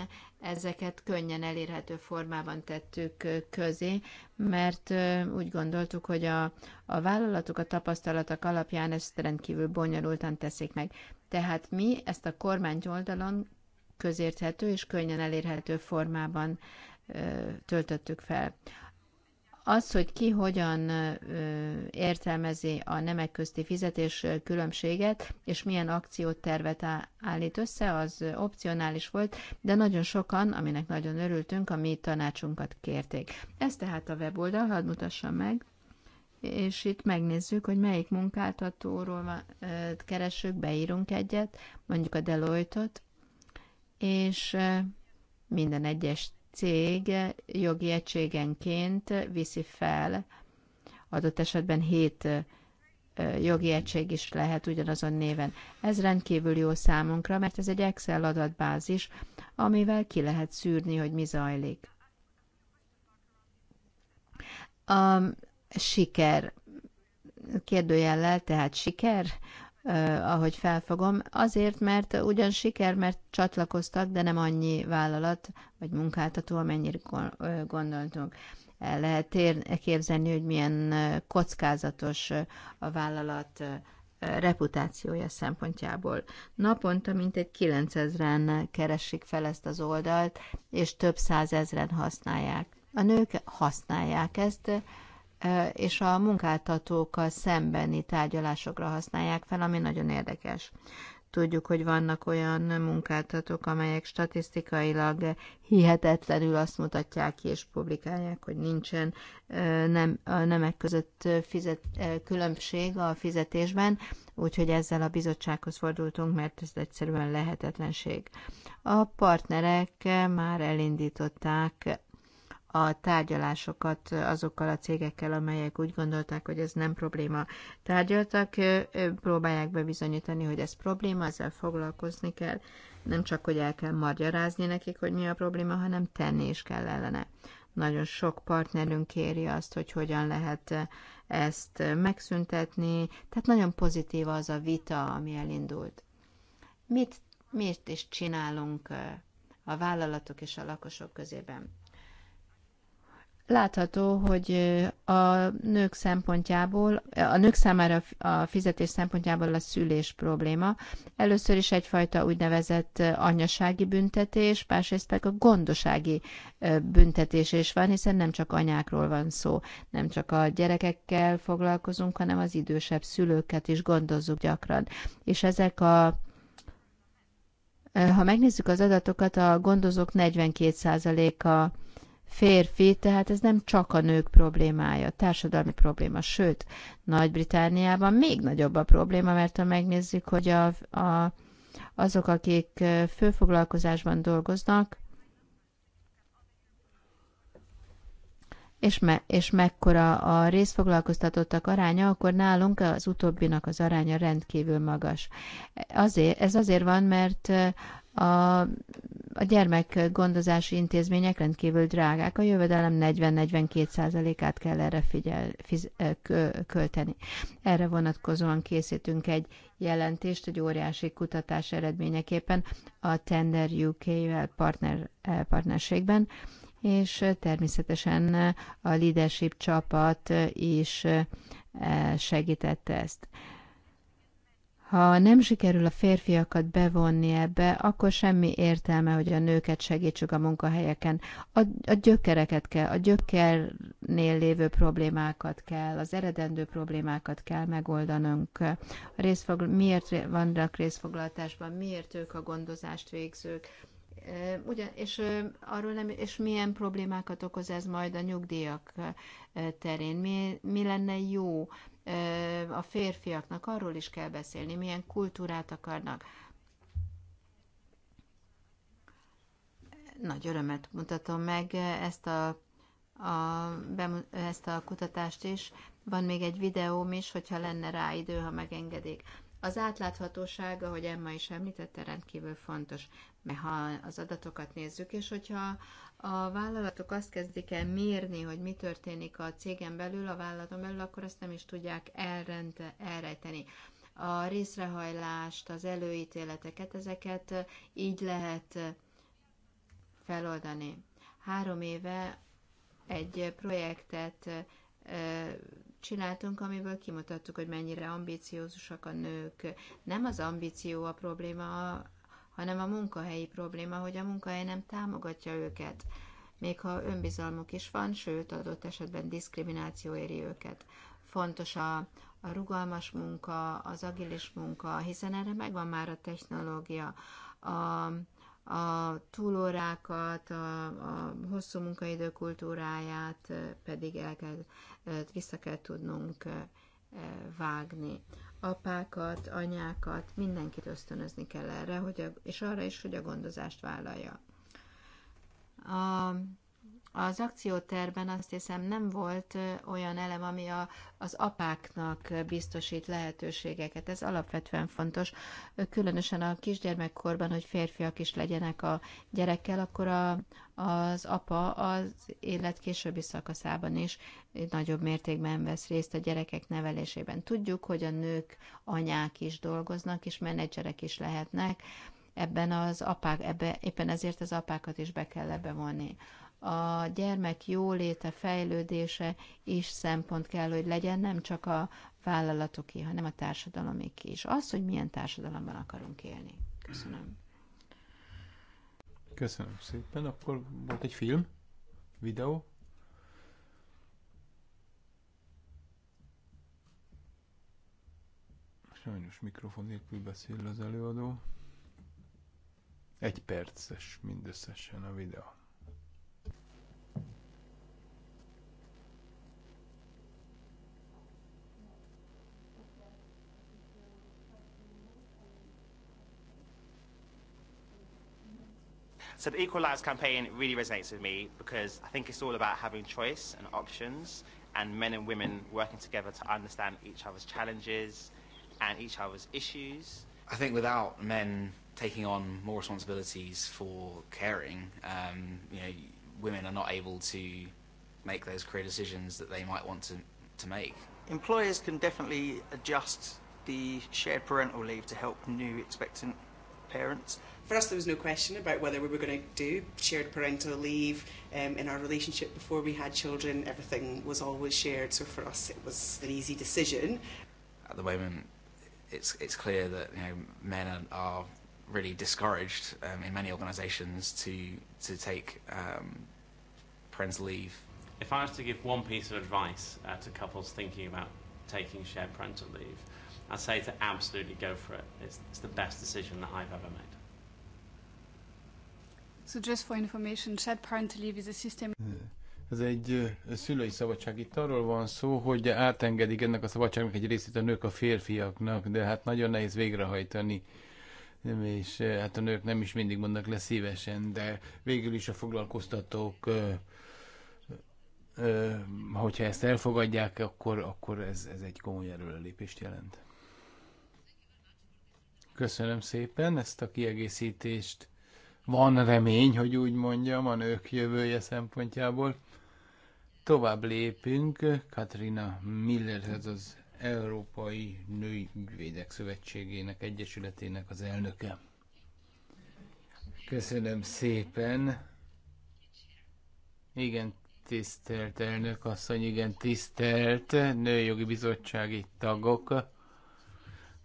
ezeket könnyen elérhető formában tettük közé, mert úgy gondoltuk, hogy a, a vállalatok a tapasztalatok alapján ezt rendkívül bonyolultan teszik meg. Tehát mi ezt a kormány oldalon közérthető és könnyen elérhető formában töltöttük fel. Az, hogy ki hogyan értelmezi a nemek közti fizetés különbséget, és milyen tervet állít össze, az opcionális volt, de nagyon sokan, aminek nagyon örültünk, a mi tanácsunkat kérték. Ez tehát a weboldal, hadd mutassam meg és itt megnézzük, hogy melyik munkáltatóról keresünk, beírunk egyet, mondjuk a Deloitte-ot, és minden egyes cég jogi egységenként viszi fel, adott esetben hét jogi egység is lehet ugyanazon néven. Ez rendkívül jó számunkra, mert ez egy Excel adatbázis, amivel ki lehet szűrni, hogy mi zajlik. A siker kérdőjellel, tehát siker, ahogy felfogom, azért, mert ugyan siker, mert csatlakoztak, de nem annyi vállalat vagy munkáltató, amennyire gondoltunk. El lehet képzelni, hogy milyen kockázatos a vállalat reputációja szempontjából. Naponta mintegy 9000-en keresik fel ezt az oldalt, és több százezren használják. A nők használják ezt, és a munkáltatókkal szembeni tárgyalásokra használják fel, ami nagyon érdekes. Tudjuk, hogy vannak olyan munkáltatók, amelyek statisztikailag hihetetlenül azt mutatják ki és publikálják, hogy nincsen nem, a nemek között fizet, különbség a fizetésben, úgyhogy ezzel a bizottsághoz fordultunk, mert ez egyszerűen lehetetlenség. A partnerek már elindították a tárgyalásokat azokkal a cégekkel, amelyek úgy gondolták, hogy ez nem probléma. Tárgyaltak, próbálják bebizonyítani, hogy ez probléma, ezzel foglalkozni kell. Nem csak, hogy el kell magyarázni nekik, hogy mi a probléma, hanem tenni is kell ellene. Nagyon sok partnerünk kéri azt, hogy hogyan lehet ezt megszüntetni. Tehát nagyon pozitív az a vita, ami elindult. Mit, miért is csinálunk a vállalatok és a lakosok közében? Látható, hogy a nők szempontjából, a nők számára a fizetés szempontjából a szülés probléma. Először is egyfajta úgynevezett anyasági büntetés, másrészt pedig a gondosági büntetés is van, hiszen nem csak anyákról van szó, nem csak a gyerekekkel foglalkozunk, hanem az idősebb szülőket is gondozzuk gyakran. És ezek a ha megnézzük az adatokat, a gondozók 42%-a férfi, tehát ez nem csak a nők problémája, társadalmi probléma, sőt, Nagy-Britániában még nagyobb a probléma, mert ha megnézzük, hogy a, a, azok, akik főfoglalkozásban dolgoznak, és, me, és mekkora a részfoglalkoztatottak aránya, akkor nálunk az utóbbinak az aránya rendkívül magas. Azért, ez azért van, mert a, a gyermekgondozási intézmények rendkívül drágák, a jövedelem 40-42%-át kell erre figyel, fiz, kö, költeni. Erre vonatkozóan készítünk egy jelentést, egy óriási kutatás eredményeképpen a Tender UK-vel partner, partnerségben, és természetesen a leadership csapat is segítette ezt. Ha nem sikerül a férfiakat bevonni ebbe, akkor semmi értelme, hogy a nőket segítsük a munkahelyeken. A, a gyökereket kell, a gyökernél lévő problémákat kell, az eredendő problémákat kell megoldanunk. A részfogl- miért vannak részfoglaltásban, miért ők a gondozást végzők, Ugyan, és arról nem, és milyen problémákat okoz ez majd a nyugdíjak terén? Mi, mi lenne jó? a férfiaknak arról is kell beszélni, milyen kultúrát akarnak. Nagy örömet mutatom meg ezt a, a, ezt a kutatást is. Van még egy videóm is, hogyha lenne rá idő, ha megengedik. Az átláthatósága, ahogy Emma is említette, rendkívül fontos ha az adatokat nézzük, és hogyha a vállalatok azt kezdik el mérni, hogy mi történik a cégen belül, a vállalaton belül, akkor azt nem is tudják elrente, elrejteni. A részrehajlást, az előítéleteket, ezeket így lehet feloldani. Három éve egy projektet csináltunk, amiből kimutattuk, hogy mennyire ambiciózusak a nők. Nem az ambíció a probléma, hanem a munkahelyi probléma, hogy a munkahely nem támogatja őket, még ha önbizalmuk is van, sőt, adott esetben diszkrimináció éri őket. Fontos a, a rugalmas munka, az agilis munka, hiszen erre megvan már a technológia. A, a túlórákat, a, a hosszú munkaidő kultúráját pedig el kell, vissza kell tudnunk vágni apákat, anyákat, mindenkit ösztönözni kell erre, hogy a, és arra is, hogy a gondozást vállalja. A az akcióterben azt hiszem nem volt olyan elem, ami a, az apáknak biztosít lehetőségeket. Ez alapvetően fontos, különösen a kisgyermekkorban, hogy férfiak is legyenek a gyerekkel, akkor a, az apa az élet későbbi szakaszában is nagyobb mértékben vesz részt a gyerekek nevelésében. Tudjuk, hogy a nők anyák is dolgoznak, és menedzserek is lehetnek, ebben az apák, ebbe, éppen ezért az apákat is be kell ebbe vonni a gyermek jóléte, fejlődése is szempont kell, hogy legyen, nem csak a vállalatoké, hanem a társadalomiké is. Az, hogy milyen társadalomban akarunk élni. Köszönöm. Köszönöm szépen. Akkor volt egy film, videó. Sajnos mikrofon nélkül beszél az előadó. Egy perces mindösszesen a videó. So the Equal Lives campaign really resonates with me because I think it's all about having choice and options and men and women working together to understand each other's challenges and each other's issues. I think without men taking on more responsibilities for caring, um, you know, women are not able to make those career decisions that they might want to, to make. Employers can definitely adjust the shared parental leave to help new expectant parents for us, there was no question about whether we were going to do shared parental leave um, in our relationship before we had children. Everything was always shared, so for us, it was an easy decision. At the moment, it's it's clear that you know, men are, really discouraged um, in many organisations to to take um, parental leave. If I was to give one piece of advice uh, to couples thinking about taking shared parental leave, I'd say to absolutely go for it. It's, it's the best decision that I've ever made. So just for information, shared parental leave is a system... Ez egy szülői szabadság. Itt arról van szó, hogy átengedik ennek a szabadságnak egy részét a nők a férfiaknak, de hát nagyon nehéz végrehajtani. és hát a nők nem is mindig mondnak le szívesen, de végül is a foglalkoztatók, hogyha ezt elfogadják, akkor, akkor ez, ez egy komoly előrelépést jelent. Köszönöm szépen ezt a kiegészítést van remény, hogy úgy mondjam, a nők jövője szempontjából. Tovább lépünk, Katrina Millerhez az Európai Női Ügyvédek Szövetségének, Egyesületének az elnöke. Köszönöm szépen. Igen, tisztelt elnök asszony, igen, tisztelt nőjogi bizottsági tagok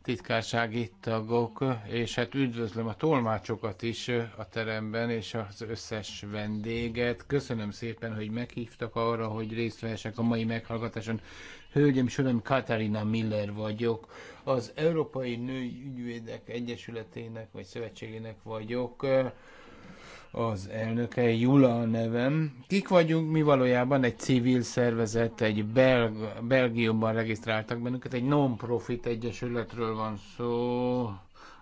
titkársági tagok, és hát üdvözlöm a tolmácsokat is a teremben, és az összes vendéget. Köszönöm szépen, hogy meghívtak arra, hogy részt vehessek a mai meghallgatáson. Hölgyem és Uram, Katarina Miller vagyok. Az Európai Női Ügyvédek Egyesületének, vagy Szövetségének vagyok az elnöke, Jula a nevem. Kik vagyunk mi valójában? Egy civil szervezet, egy Belg- Belgiumban regisztráltak bennünket, egy non-profit egyesületről van szó,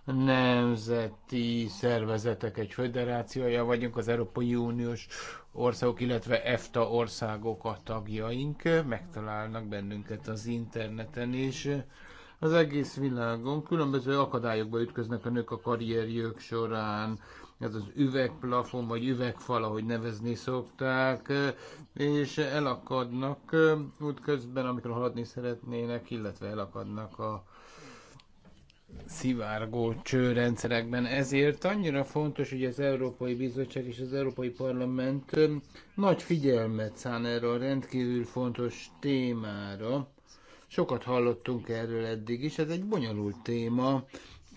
nemzeti szervezetek, egy föderációja vagyunk, az Európai Uniós országok, illetve EFTA országok a tagjaink, megtalálnak bennünket az interneten, és az egész világon különböző akadályokba ütköznek a nők a karrierjük során, ez az üvegplafon, vagy üvegfal, ahogy nevezni szokták, és elakadnak útközben, amikor haladni szeretnének, illetve elakadnak a szivárgó csőrendszerekben. Ezért annyira fontos, hogy az Európai Bizottság és az Európai Parlament nagy figyelmet szán erre a rendkívül fontos témára. Sokat hallottunk erről eddig is, ez egy bonyolult téma,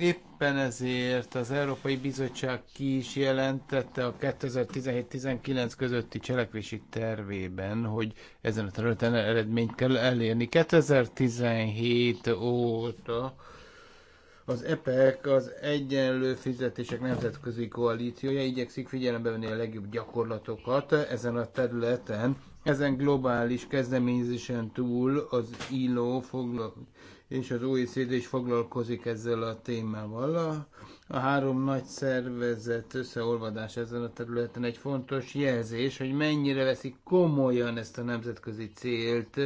Éppen ezért az Európai Bizottság ki is jelentette a 2017-19 közötti cselekvési tervében, hogy ezen a területen eredményt kell elérni. 2017 óta az EPEC, az Egyenlő Fizetések Nemzetközi Koalíciója igyekszik figyelembe venni a legjobb gyakorlatokat ezen a területen. Ezen globális kezdeményezésen túl az ILO foglalkozik és az OECD is foglalkozik ezzel a témával. A, a három nagy szervezet összeolvadás ezen a területen egy fontos jelzés, hogy mennyire veszik komolyan ezt a nemzetközi célt,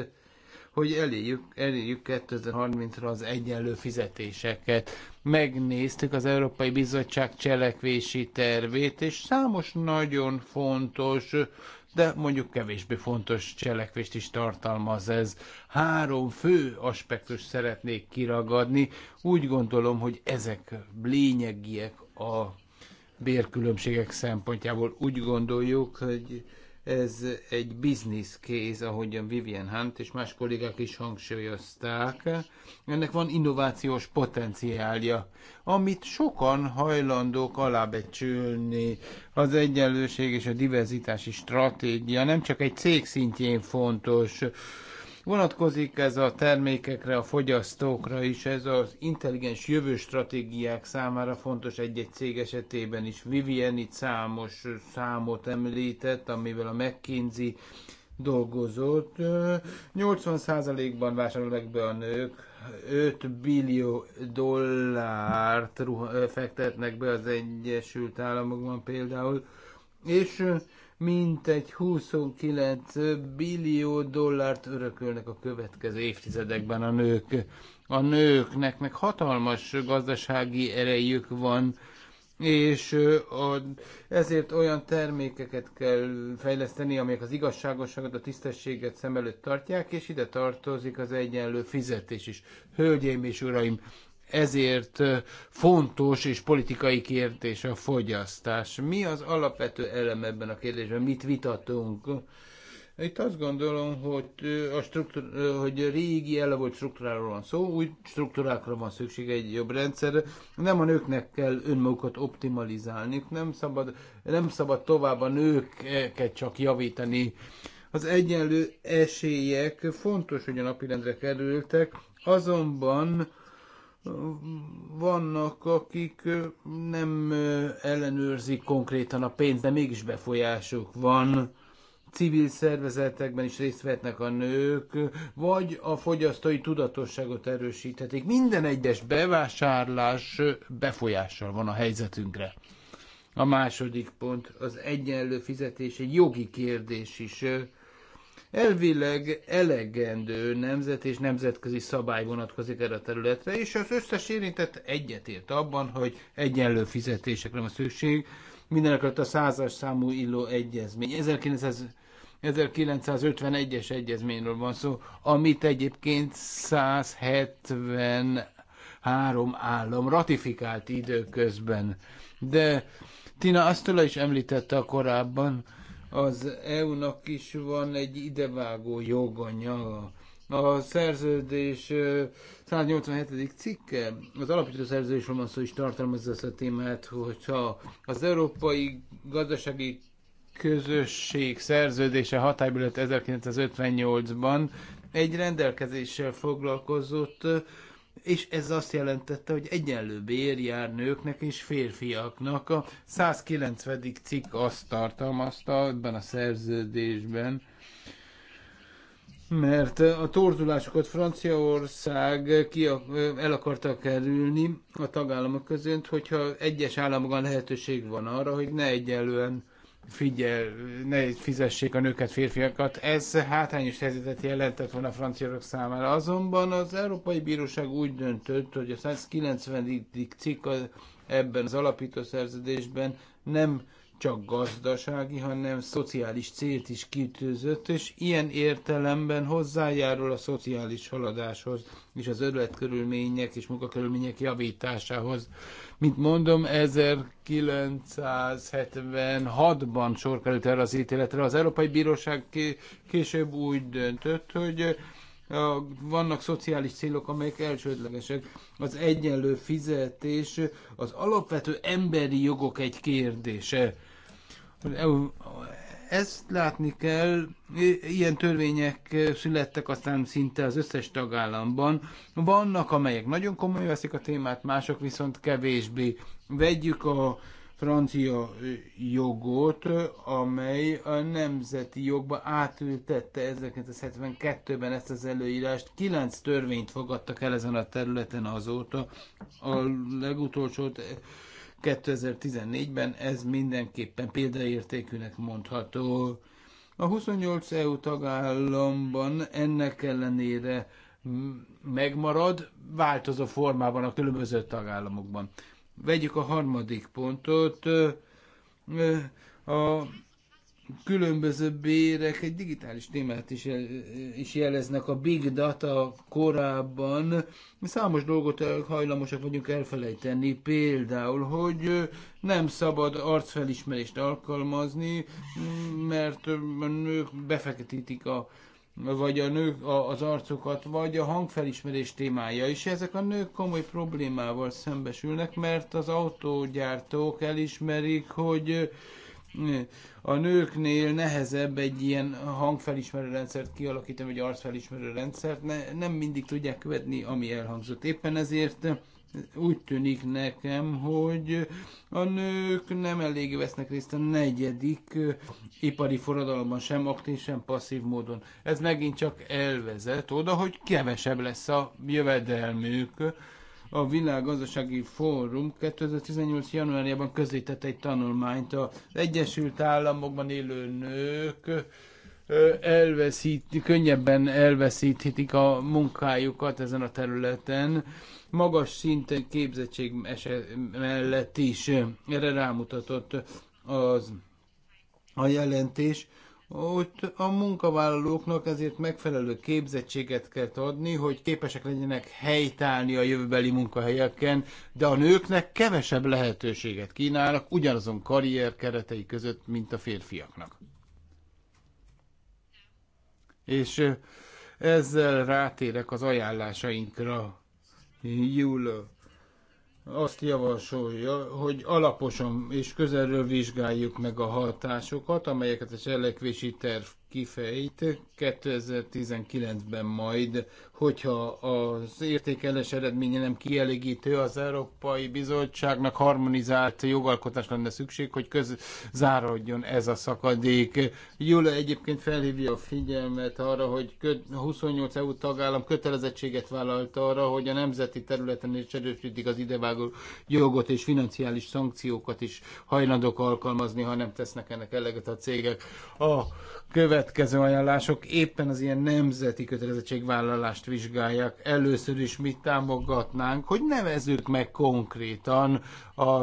hogy elérjük, elérjük 2030-ra az egyenlő fizetéseket. Megnéztük az Európai Bizottság cselekvési tervét, és számos nagyon fontos de mondjuk kevésbé fontos cselekvést is tartalmaz ez. Három fő aspektus szeretnék kiragadni. Úgy gondolom, hogy ezek lényegiek a bérkülönbségek szempontjából. Úgy gondoljuk, hogy ez egy business case, a Vivian Hunt és más kollégák is hangsúlyozták. Ennek van innovációs potenciálja, amit sokan hajlandók alábecsülni. Az egyenlőség és a diverzitási stratégia nem csak egy cég szintjén fontos, Vonatkozik ez a termékekre, a fogyasztókra is, ez az intelligens jövő stratégiák számára fontos egy-egy cég esetében is. Vivian itt számos számot említett, amivel a McKinsey dolgozott. 80%-ban vásárolnak be a nők, 5 billió dollárt fektetnek be az Egyesült Államokban például, és mintegy 29 billió dollárt örökölnek a következő évtizedekben a nők. A nőknek meg hatalmas gazdasági erejük van, és a, ezért olyan termékeket kell fejleszteni, amelyek az igazságosságot, a tisztességet szem előtt tartják, és ide tartozik az egyenlő fizetés is. Hölgyeim és uraim, ezért fontos és politikai kérdés a fogyasztás. Mi az alapvető elem ebben a kérdésben? Mit vitatunk? Itt azt gondolom, hogy, a struktúr, hogy régi ele volt struktúráról van szó, új struktúrákra van szükség egy jobb rendszerre. Nem a nőknek kell önmagukat optimalizálni, nem szabad, nem szabad tovább a nőket csak javítani. Az egyenlő esélyek fontos, hogy a napirendre kerültek, azonban vannak, akik nem ellenőrzik konkrétan a pénzt, de mégis befolyásuk van. Civil szervezetekben is részt vehetnek a nők, vagy a fogyasztói tudatosságot erősíthetik. Minden egyes bevásárlás befolyással van a helyzetünkre. A második pont az egyenlő fizetés egy jogi kérdés is. Elvileg elegendő nemzet és nemzetközi szabály vonatkozik erre a területre, és az összes érintett egyetért abban, hogy egyenlő fizetésekre van szükség. Mindenekről a százas számú illó egyezmény. 1951-es egyezményről van szó, amit egyébként 173 állam ratifikált időközben. De Tina Asztola is említette a korábban, az EU-nak is van egy idevágó joganyaga. A szerződés 187. cikke, az alapító szerződésről van szó is tartalmazza ezt a témát, hogyha az Európai Gazdasági Közösség szerződése hatályba lett 1958-ban, egy rendelkezéssel foglalkozott, és ez azt jelentette, hogy egyenlő bér jár nőknek és férfiaknak. A 190. cikk azt tartalmazta ebben a szerződésben, mert a torzulásokat Franciaország ki el akarta kerülni a tagállamok között, hogyha egyes államokban lehetőség van arra, hogy ne egyenlően figyel, ne fizessék a nőket, férfiakat. Ez hátrányos helyzetet jelentett volna a franciák számára. Azonban az Európai Bíróság úgy döntött, hogy a 190. cikk ebben az alapító szerződésben nem csak gazdasági, hanem szociális célt is kitűzött, és ilyen értelemben hozzájárul a szociális haladáshoz, és az örletkörülmények és munkakörülmények javításához. Mint mondom, 1976-ban sor került erre az ítéletre. Az Európai Bíróság később úgy döntött, hogy vannak szociális célok, amelyek elsődlegesek. Az egyenlő fizetés, az alapvető emberi jogok egy kérdése. Ezt látni kell, ilyen törvények születtek aztán szinte az összes tagállamban. Vannak, amelyek nagyon komolyan veszik a témát, mások viszont kevésbé. Vegyük a francia jogot, amely a nemzeti jogba átültette 1972-ben ezt az előírást. Kilenc törvényt fogadtak el ezen a területen azóta. A legutolsót 2014-ben ez mindenképpen példaértékűnek mondható. A 28 EU tagállamban ennek ellenére megmarad, változó formában a különböző tagállamokban. Vegyük a harmadik pontot, a különböző bérek egy digitális témát is, is jeleznek. A big data korában számos dolgot hajlamosak vagyunk elfelejteni, például, hogy nem szabad arcfelismerést alkalmazni, mert a nők befeketítik a vagy a nők a, az arcokat, vagy a hangfelismerés témája is. Ezek a nők komoly problémával szembesülnek, mert az autógyártók elismerik, hogy a nőknél nehezebb egy ilyen hangfelismerő rendszert kialakítani, vagy arcfelismerő rendszert, ne, nem mindig tudják követni, ami elhangzott. Éppen ezért úgy tűnik nekem, hogy a nők nem elég vesznek részt a negyedik ipari forradalomban, sem aktív, sem passzív módon. Ez megint csak elvezet oda, hogy kevesebb lesz a jövedelmük a Világgazdasági Fórum 2018. januárjában közzétett egy tanulmányt. Az Egyesült Államokban élő nők elveszít, könnyebben elveszíthetik a munkájukat ezen a területen, magas szinten képzettség mellett is. Erre rámutatott az a jelentés. Ott a munkavállalóknak ezért megfelelő képzettséget kell adni, hogy képesek legyenek helytállni a jövőbeli munkahelyeken, de a nőknek kevesebb lehetőséget kínálnak ugyanazon karrier keretei között, mint a férfiaknak. És ezzel rátérek az ajánlásainkra. Júl azt javasolja, hogy alaposan és közelről vizsgáljuk meg a hatásokat, amelyeket a cselekvési terv kifejt 2019-ben majd hogyha az értékelés eredménye nem kielégítő, az Európai Bizottságnak harmonizált jogalkotás lenne szükség, hogy közzáradjon záradjon ez a szakadék. Jól egyébként felhívja a figyelmet arra, hogy a 28 EU tagállam kötelezettséget vállalta arra, hogy a nemzeti területen is erősítik az idevágó jogot és financiális szankciókat is hajlandók alkalmazni, ha nem tesznek ennek eleget a cégek. A következő ajánlások éppen az ilyen nemzeti kötelezettségvállalás most vizsgálják. Először is mit támogatnánk, hogy nevezzük meg konkrétan a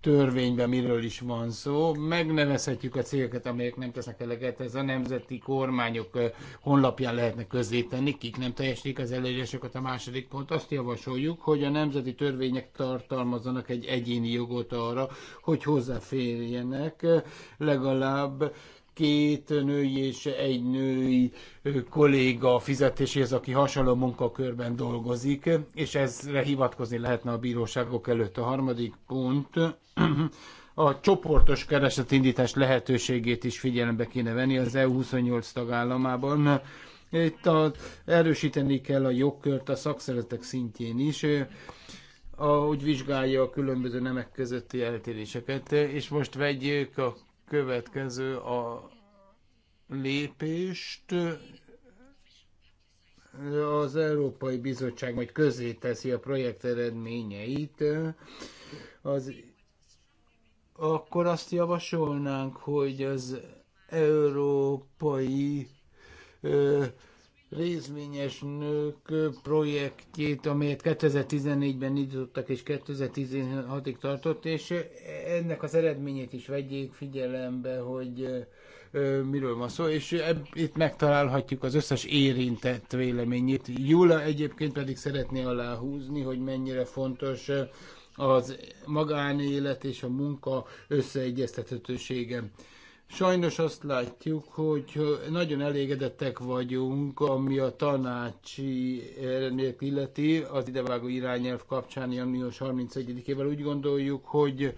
törvényben miről is van szó. Megnevezhetjük a cégeket, amelyek nem tesznek eleget. Ez a nemzeti kormányok honlapján lehetne közzétenni, kik nem teljesítik az előírásokat. A második pont azt javasoljuk, hogy a nemzeti törvények tartalmazzanak egy egyéni jogot arra, hogy hozzáférjenek legalább két női és egy női kolléga fizetéséhez, aki hasonló munkakörben dolgozik, és ezre hivatkozni lehetne a bíróságok előtt. A harmadik pont a csoportos keresetindítás lehetőségét is figyelembe kéne venni az EU28 tagállamában. Itt a, erősíteni kell a jogkört a szakszeretek szintjén is ahogy vizsgálja a különböző nemek közötti eltéréseket, és most vegyük a következő a lépést az Európai Bizottság majd közé teszi a projekt eredményeit, az, akkor azt javasolnánk, hogy az európai ö, részvényes nők projektjét, amelyet 2014-ben indítottak és 2016-ig tartott, és ennek az eredményét is vegyék figyelembe, hogy miről van szó, és itt megtalálhatjuk az összes érintett véleményét. Júla egyébként pedig szeretné aláhúzni, hogy mennyire fontos az magánélet és a munka összeegyeztethetősége. Sajnos azt látjuk, hogy nagyon elégedettek vagyunk, ami a tanácsi eredmények eh, illeti, az idevágó irányelv kapcsán január 31-ével úgy gondoljuk, hogy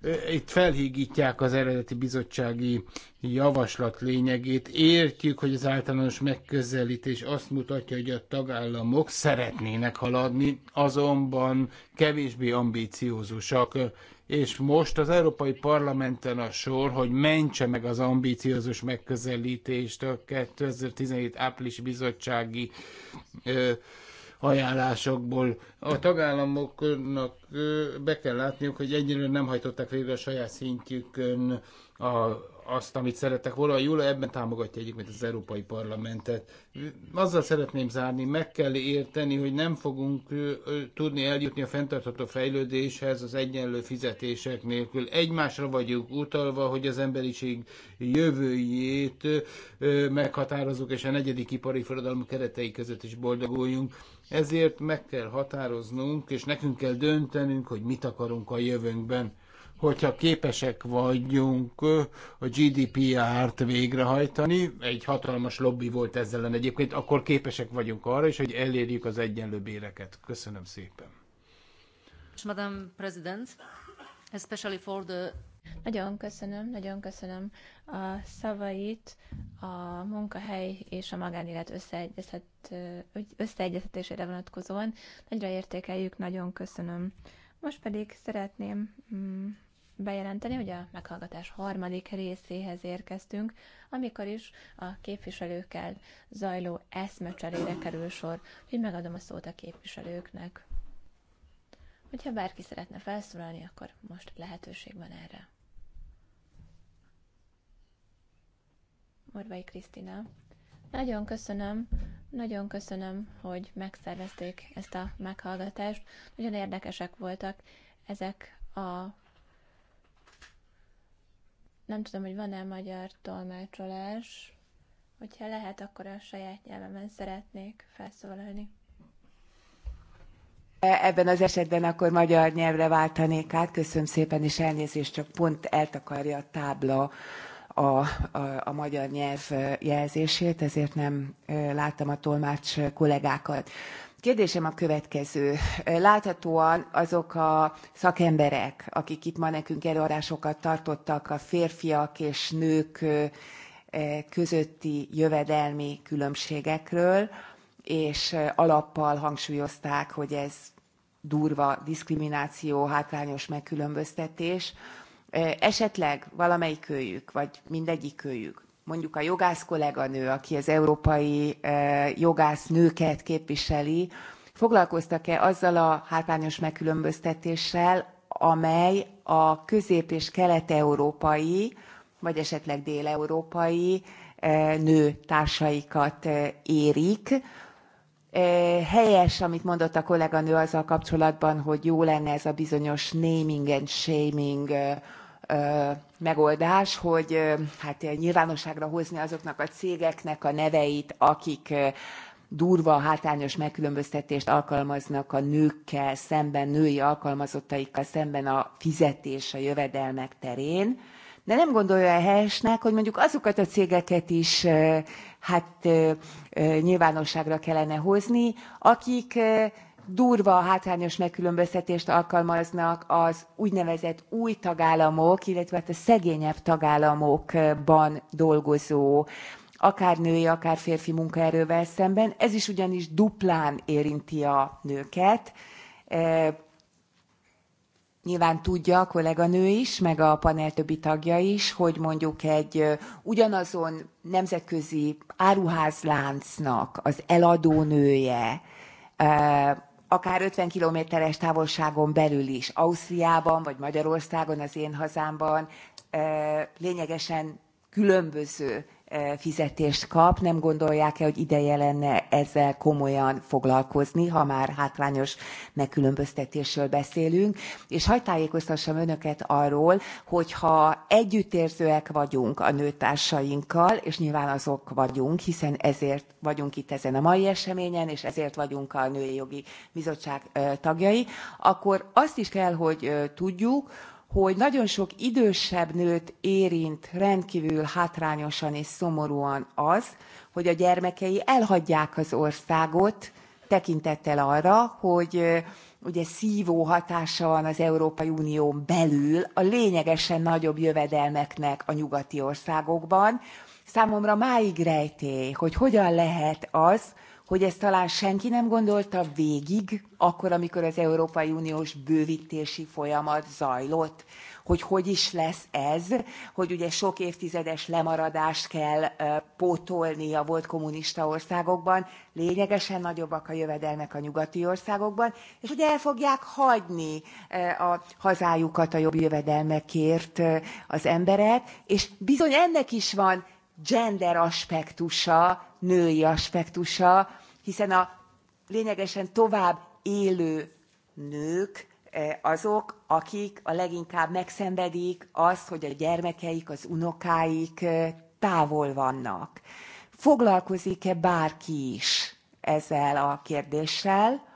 eh, itt felhígítják az eredeti bizottsági javaslat lényegét. Értjük, hogy az általános megközelítés azt mutatja, hogy a tagállamok szeretnének haladni, azonban kevésbé ambíciózusak és most az Európai Parlamenten a sor, hogy mentse meg az ambíciózus megközelítést a 2017 április bizottsági ö, ajánlásokból. A tagállamoknak be kell látniuk, hogy ennyire nem hajtották végre a saját szintjükön a, azt, amit szerettek volna. A Jula ebben támogatja mint az Európai Parlamentet. Azzal szeretném zárni, meg kell érteni, hogy nem fogunk tudni eljutni a fenntartható fejlődéshez az egyenlő fizetések nélkül. Egymásra vagyunk utalva, hogy az emberiség jövőjét meghatározunk, és a negyedik ipari forradalom keretei között is boldoguljunk. Ezért meg kell határoznunk, és nekünk kell dönteni, döntenünk, hogy mit akarunk a jövőnkben. Hogyha képesek vagyunk a GDPR-t végrehajtani, egy hatalmas lobby volt ezzel ellen egyébként, akkor képesek vagyunk arra is, hogy elérjük az egyenlő béreket. Köszönöm szépen. Madam President, especially for the nagyon köszönöm, nagyon köszönöm a szavait, a munkahely és a magánélet összeegyezhet, összeegyeztetésére vonatkozóan. Nagyra értékeljük, nagyon köszönöm. Most pedig szeretném mm, bejelenteni, hogy a meghallgatás harmadik részéhez érkeztünk, amikor is a képviselőkkel zajló eszmecserére kerül sor, hogy megadom a szót a képviselőknek. Hogyha bárki szeretne felszólalni, akkor most lehetőség van erre. Morvai Krisztina. Nagyon köszönöm, nagyon köszönöm, hogy megszervezték ezt a meghallgatást. Nagyon érdekesek voltak ezek a... Nem tudom, hogy van-e magyar tolmácsolás. Hogyha lehet, akkor a saját nyelvemen szeretnék felszólalni. Ebben az esetben akkor magyar nyelvre váltanék át. Köszönöm szépen, és elnézést, csak pont eltakarja a tábla a, a, a magyar nyelv jelzését, ezért nem láttam a tolmács kollégákat. Kérdésem a következő. Láthatóan azok a szakemberek, akik itt ma nekünk előadásokat tartottak, a férfiak és nők közötti jövedelmi különbségekről, és alappal hangsúlyozták, hogy ez durva diszkrimináció, hátrányos megkülönböztetés esetleg valamelyik kölyük, vagy mindegyik kölyük, mondjuk a jogász kolléganő, aki az európai jogász nőket képviseli, foglalkoztak-e azzal a hátrányos megkülönböztetéssel, amely a közép- és kelet-európai, vagy esetleg dél-európai nő társaikat érik, helyes, amit mondott a kolléganő azzal kapcsolatban, hogy jó lenne ez a bizonyos naming and shaming megoldás, hogy hát nyilvánosságra hozni azoknak a cégeknek a neveit, akik durva, hátrányos megkülönböztetést alkalmaznak a nőkkel szemben, női alkalmazottaikkal szemben a fizetés, a jövedelmek terén. De nem gondolja a helyesnek, hogy mondjuk azokat a cégeket is hát nyilvánosságra kellene hozni, akik durva hátrányos megkülönböztetést alkalmaznak az úgynevezett új tagállamok, illetve hát a szegényebb tagállamokban dolgozó akár női, akár férfi munkaerővel szemben. Ez is ugyanis duplán érinti a nőket Nyilván tudja a kolléganő is, meg a panel többi tagja is, hogy mondjuk egy ugyanazon nemzetközi áruházláncnak az eladónője, akár 50 kilométeres távolságon belül is, Ausztriában vagy Magyarországon, az én hazámban lényegesen különböző E, fizetést kap, nem gondolják-e, hogy ideje lenne ezzel komolyan foglalkozni, ha már hátrányos megkülönböztetésről beszélünk. És hagy tájékoztassam önöket arról, hogy ha együttérzőek vagyunk a nőtársainkkal, és nyilván azok vagyunk, hiszen ezért vagyunk itt ezen a mai eseményen, és ezért vagyunk a Női Jogi Bizottság e, tagjai, akkor azt is kell, hogy e, tudjuk, hogy nagyon sok idősebb nőt érint rendkvül hátrányosan és szomorúan az hogy a gyermekei elhagyják az országot tekintettel arra hogy ugye szvó hatása van az európai unión belül a lényegesen nagyobb jövedelmeknek a nyugati országokban. számomra máig rejtély hogy hogyan lehet az hogy ezt talán senki nem gondolta végig, akkor, amikor az Európai Uniós bővítési folyamat zajlott, hogy hogy is lesz ez, hogy ugye sok évtizedes lemaradást kell pótolni a volt kommunista országokban, lényegesen nagyobbak a jövedelmek a nyugati országokban, és ugye el fogják hagyni a hazájukat a jobb jövedelmekért az emberek, és bizony ennek is van gender aspektusa női aspektusa hiszen a lényegesen tovább élő nők e, azok akik a leginkább megszenvedik azt hogy a gyermekeik az unokáik e, távol vannak. foglalkozik e bárki is ezzel a kérdéssel?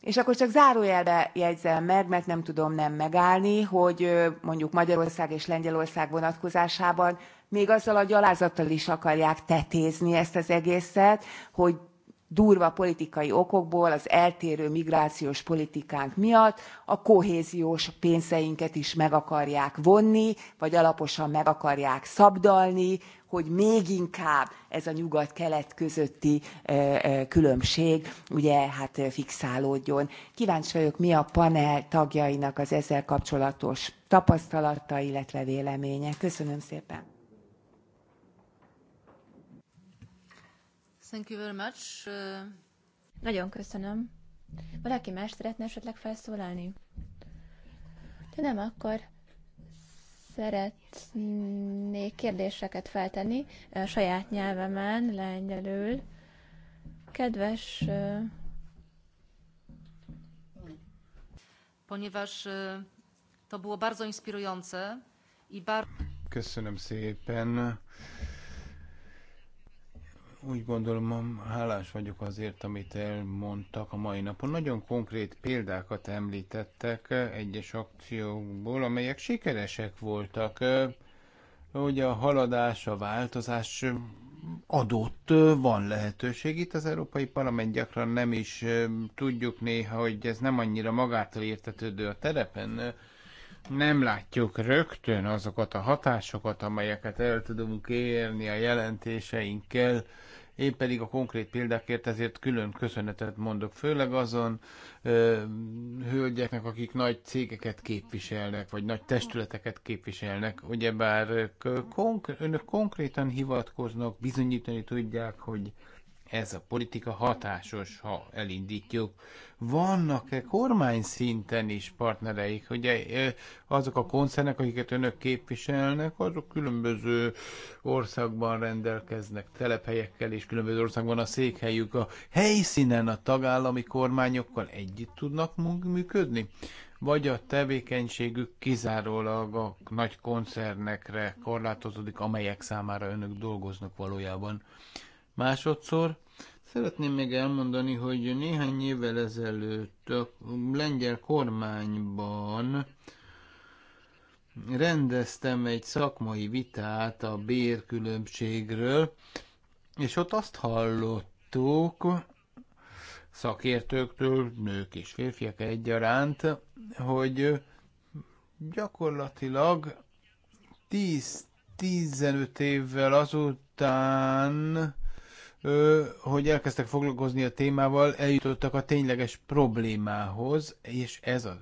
És akkor csak zárójelbe jegyzem meg, mert nem tudom nem megállni, hogy mondjuk Magyarország és Lengyelország vonatkozásában még azzal a gyalázattal is akarják tetézni ezt az egészet, hogy durva politikai okokból, az eltérő migrációs politikánk miatt a kohéziós pénzeinket is meg akarják vonni, vagy alaposan meg akarják szabdalni, hogy még inkább ez a nyugat-kelet közötti különbség ugye hát fixálódjon. Kíváncsi vagyok, mi a panel tagjainak az ezzel kapcsolatos tapasztalata, illetve véleménye. Köszönöm szépen. Thank you very much. Uh... Nagyon köszönöm. Valaki más szeretne esetleg felszólalni? De nem, akkor szeretnék kérdéseket feltenni a saját nyelvemen, lengyelül. Kedves... Ponieważ e, to było bardzo inspirujące i bardzo... Köszönöm szépen. Úgy gondolom, hálás vagyok azért, amit elmondtak a mai napon. Nagyon konkrét példákat említettek egyes akciókból, amelyek sikeresek voltak. ugye a haladás, a változás adott, van lehetőség. Itt az Európai Parlament gyakran nem is tudjuk néha, hogy ez nem annyira magától értetődő a terepen. Nem látjuk rögtön azokat a hatásokat, amelyeket el tudunk érni a jelentéseinkkel. Én pedig a konkrét példákért ezért külön köszönetet mondok, főleg azon ö, hölgyeknek, akik nagy cégeket képviselnek, vagy nagy testületeket képviselnek. Ugyebár ők, konk- önök konkrétan hivatkoznak, bizonyítani tudják, hogy ez a politika hatásos, ha elindítjuk. Vannak-e kormány szinten is partnereik? Ugye azok a koncernek, akiket önök képviselnek, azok különböző országban rendelkeznek telephelyekkel, és különböző országban a székhelyük. A helyszínen a tagállami kormányokkal együtt tudnak működni? vagy a tevékenységük kizárólag a nagy koncernekre korlátozódik, amelyek számára önök dolgoznak valójában. Másodszor Szeretném még elmondani, hogy néhány évvel ezelőtt a lengyel kormányban rendeztem egy szakmai vitát a bérkülönbségről, és ott azt hallottuk szakértőktől, nők és férfiak egyaránt, hogy gyakorlatilag 10-15 évvel azután hogy elkezdtek foglalkozni a témával, eljutottak a tényleges problémához, és ez a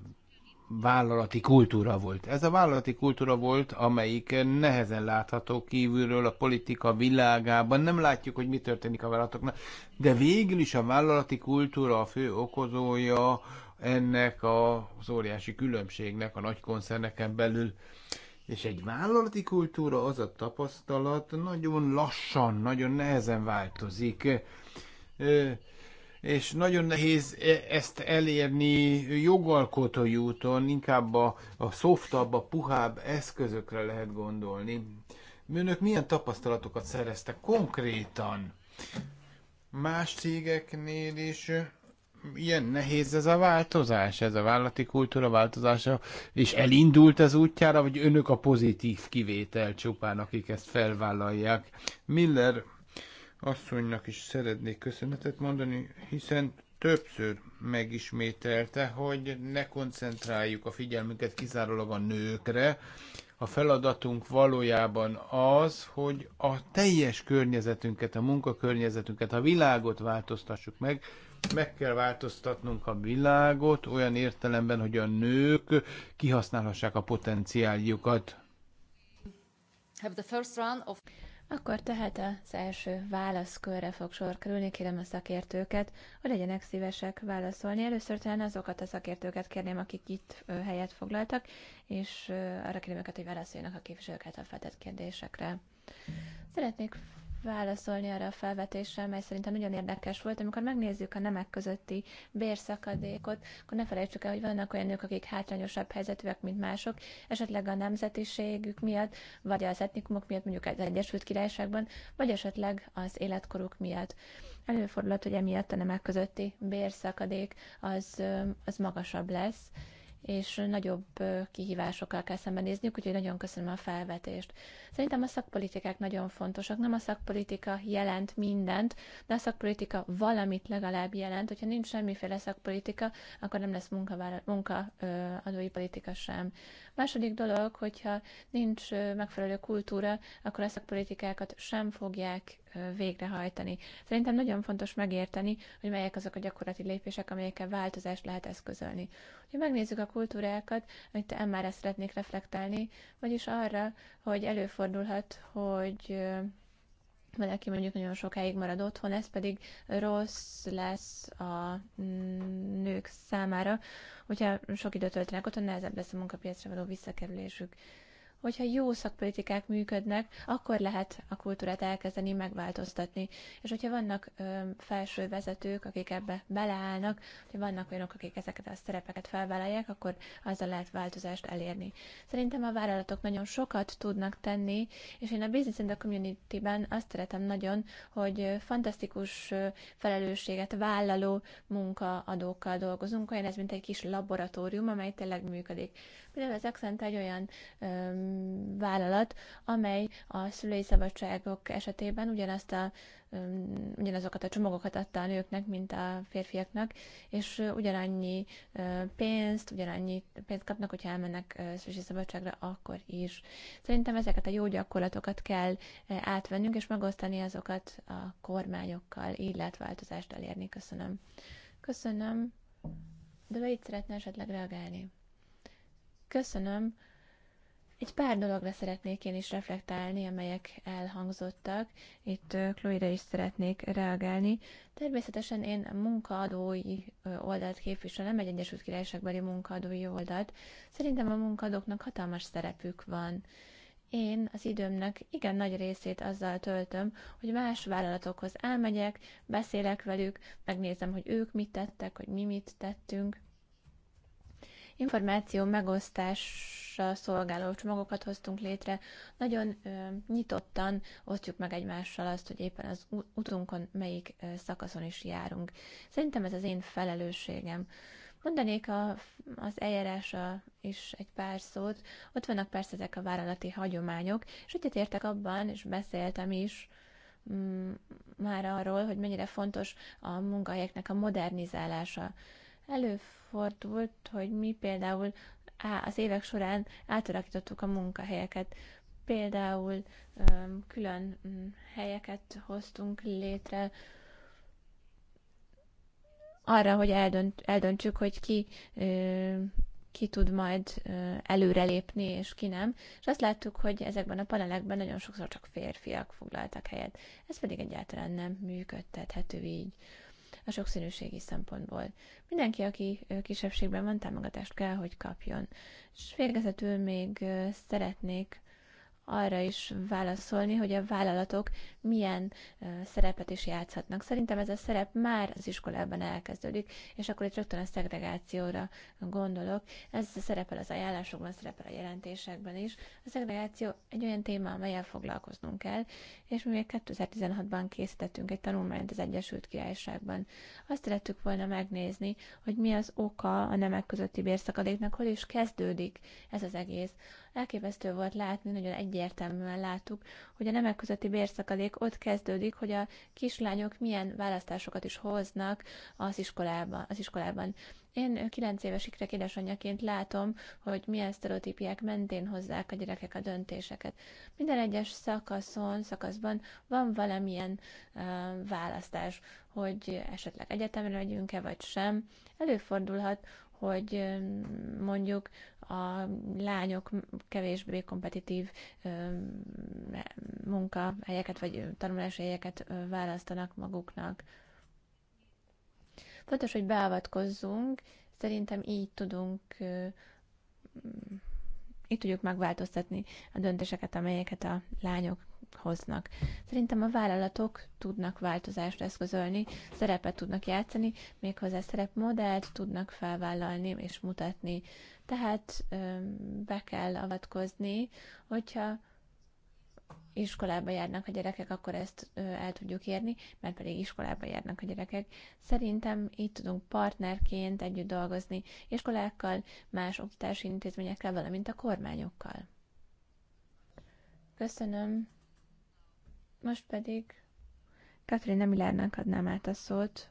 vállalati kultúra volt. Ez a vállalati kultúra volt, amelyik nehezen látható kívülről a politika világában. Nem látjuk, hogy mi történik a vállalatoknak, de végül is a vállalati kultúra a fő okozója ennek az óriási különbségnek a nagy koncerneken belül. És egy vállalati kultúra, az a tapasztalat nagyon lassan, nagyon nehezen változik. És nagyon nehéz e, ezt elérni jogalkotói úton, inkább a, a szoftabb, a puhább eszközökre lehet gondolni. Önök milyen tapasztalatokat szereztek konkrétan? Más cégeknél is ilyen nehéz ez a változás, ez a vállalati kultúra változása, és elindult az útjára, vagy önök a pozitív kivétel csupán, akik ezt felvállalják. Miller asszonynak is szeretnék köszönetet mondani, hiszen többször megismételte, hogy ne koncentráljuk a figyelmünket kizárólag a nőkre, a feladatunk valójában az, hogy a teljes környezetünket, a munkakörnyezetünket, a világot változtassuk meg, meg kell változtatnunk a világot olyan értelemben, hogy a nők kihasználhassák a potenciáljukat. Of... Akkor tehát az első válaszkörre fog sor kerülni, kérem a szakértőket, hogy legyenek szívesek válaszolni. Először talán azokat a szakértőket kérném, akik itt helyet foglaltak, és arra kérem őket, hogy válaszoljanak a képviselőket a feltett kérdésekre. Szeretnék válaszolni arra a felvetésre, mely szerintem nagyon érdekes volt. Amikor megnézzük a nemek közötti bérszakadékot, akkor ne felejtsük el, hogy vannak olyan nők, akik hátrányosabb helyzetűek, mint mások, esetleg a nemzetiségük miatt, vagy az etnikumok miatt, mondjuk az Egyesült Királyságban, vagy esetleg az életkoruk miatt. Előfordulhat, hogy emiatt a nemek közötti bérszakadék az, az magasabb lesz, és nagyobb kihívásokkal kell szembenézniük, úgyhogy nagyon köszönöm a felvetést. Szerintem a szakpolitikák nagyon fontosak. Nem a szakpolitika jelent mindent, de a szakpolitika valamit legalább jelent. Hogyha nincs semmiféle szakpolitika, akkor nem lesz munkaadói munka, politika sem. Második dolog, hogyha nincs megfelelő kultúra, akkor a szakpolitikákat sem fogják végrehajtani. Szerintem nagyon fontos megérteni, hogy melyek azok a gyakorlati lépések, amelyekkel változást lehet eszközölni. Ha megnézzük a kultúrákat, amit emmára szeretnék reflektálni, vagyis arra, hogy előfordulhat, hogy valaki mondjuk nagyon sokáig marad otthon, ez pedig rossz lesz a mm, nők számára, hogyha sok időt töltenek otthon, nehezebb lesz a munkapiacra való visszakerülésük hogyha jó szakpolitikák működnek, akkor lehet a kultúrát elkezdeni megváltoztatni. És hogyha vannak ö, felső vezetők, akik ebbe beleállnak, hogy vannak olyanok, akik ezeket a szerepeket felvállalják, akkor azzal lehet változást elérni. Szerintem a vállalatok nagyon sokat tudnak tenni, és én a Business in the Community-ben azt szeretem nagyon, hogy fantasztikus felelősséget vállaló munkaadókkal dolgozunk, olyan ez, mint egy kis laboratórium, amely tényleg működik. Például az Accent egy olyan vállalat, amely a szülői szabadságok esetében ugyanazt a, um, ugyanazokat a csomagokat adta a nőknek, mint a férfiaknak, és ugyanannyi pénzt, ugyanannyi pénzt kapnak, hogyha elmennek szülői szabadságra, akkor is. Szerintem ezeket a jó gyakorlatokat kell átvennünk, és megosztani azokat a kormányokkal, így lehet változást elérni. Köszönöm. Köszönöm. De itt szeretne esetleg reagálni. Köszönöm egy pár dologra szeretnék én is reflektálni, amelyek elhangzottak. Itt Chloe-re is szeretnék reagálni. Természetesen én munkaadói oldalt képviselem, egy Egyesült Királyságbeli munkaadói oldalt. Szerintem a munkadóknak hatalmas szerepük van. Én az időmnek igen nagy részét azzal töltöm, hogy más vállalatokhoz elmegyek, beszélek velük, megnézem, hogy ők mit tettek, hogy mi mit tettünk információ megosztásra szolgáló csomagokat hoztunk létre. Nagyon nyitottan osztjuk meg egymással azt, hogy éppen az utunkon melyik szakaszon is járunk. Szerintem ez az én felelősségem. Mondanék a, az eljárása is egy pár szót. Ott vannak persze ezek a vállalati hagyományok, és egyetértek abban, és beszéltem is, mm, már arról, hogy mennyire fontos a munkahelyeknek a modernizálása. Előfordult, hogy mi például az évek során átalakítottuk a munkahelyeket. Például külön mm, helyeket hoztunk létre, arra, hogy eldönt, eldöntsük, hogy ki, ki tud majd előrelépni, és ki nem. És azt láttuk, hogy ezekben a panelekben nagyon sokszor csak férfiak foglaltak helyet. Ez pedig egyáltalán nem működtethető így a sokszínűségi szempontból. Mindenki, aki kisebbségben van, támogatást kell, hogy kapjon. És végezetül még szeretnék arra is válaszolni, hogy a vállalatok milyen szerepet is játszhatnak. Szerintem ez a szerep már az iskolában elkezdődik, és akkor itt rögtön a szegregációra gondolok. Ez szerepel az ajánlásokban, szerepel a jelentésekben is. A szegregáció egy olyan téma, amelyel foglalkoznunk kell, és mi még 2016-ban készítettünk egy tanulmányt az Egyesült Királyságban. Azt szerettük volna megnézni, hogy mi az oka a nemek közötti bérszakadéknak, hol is kezdődik ez az egész. Elképesztő volt látni, nagyon egyértelműen láttuk, hogy a nemek közötti bérszakadék ott kezdődik, hogy a kislányok milyen választásokat is hoznak az iskolában. Az iskolában. Én kilenc éves ikrek édesanyjaként látom, hogy milyen sztereotípiák mentén hozzák a gyerekek a döntéseket. Minden egyes szakaszon, szakaszban van valamilyen uh, választás, hogy esetleg egyetemre megyünk-e, vagy sem. Előfordulhat, hogy mondjuk a lányok kevésbé kompetitív munkahelyeket vagy tanulási helyeket választanak maguknak. Fontos, hogy beavatkozzunk, szerintem így tudunk itt tudjuk megváltoztatni a döntéseket, amelyeket a lányok hoznak. Szerintem a vállalatok tudnak változást eszközölni, szerepet tudnak játszani, méghozzá szerepmodellt tudnak felvállalni és mutatni. Tehát be kell avatkozni, hogyha iskolába járnak a gyerekek, akkor ezt el tudjuk érni, mert pedig iskolába járnak a gyerekek. Szerintem így tudunk partnerként együtt dolgozni iskolákkal, más oktatási intézményekkel, valamint a kormányokkal. Köszönöm. Most pedig nem Milárnak adnám át a szót.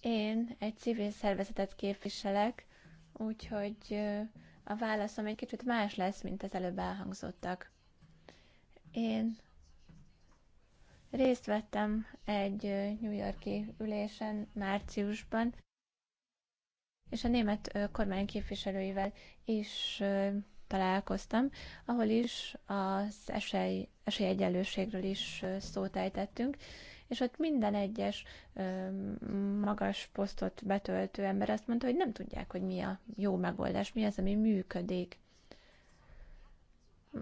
Én egy civil szervezetet képviselek, úgyhogy a válaszom egy kicsit más lesz, mint az előbb elhangzottak. Én részt vettem egy New Yorki ülésen márciusban, és a német kormány képviselőivel is találkoztam, ahol is az esély, esélyegyenlőségről is szót ejtettünk, és ott minden egyes magas posztot betöltő ember azt mondta, hogy nem tudják, hogy mi a jó megoldás, mi az, ami működik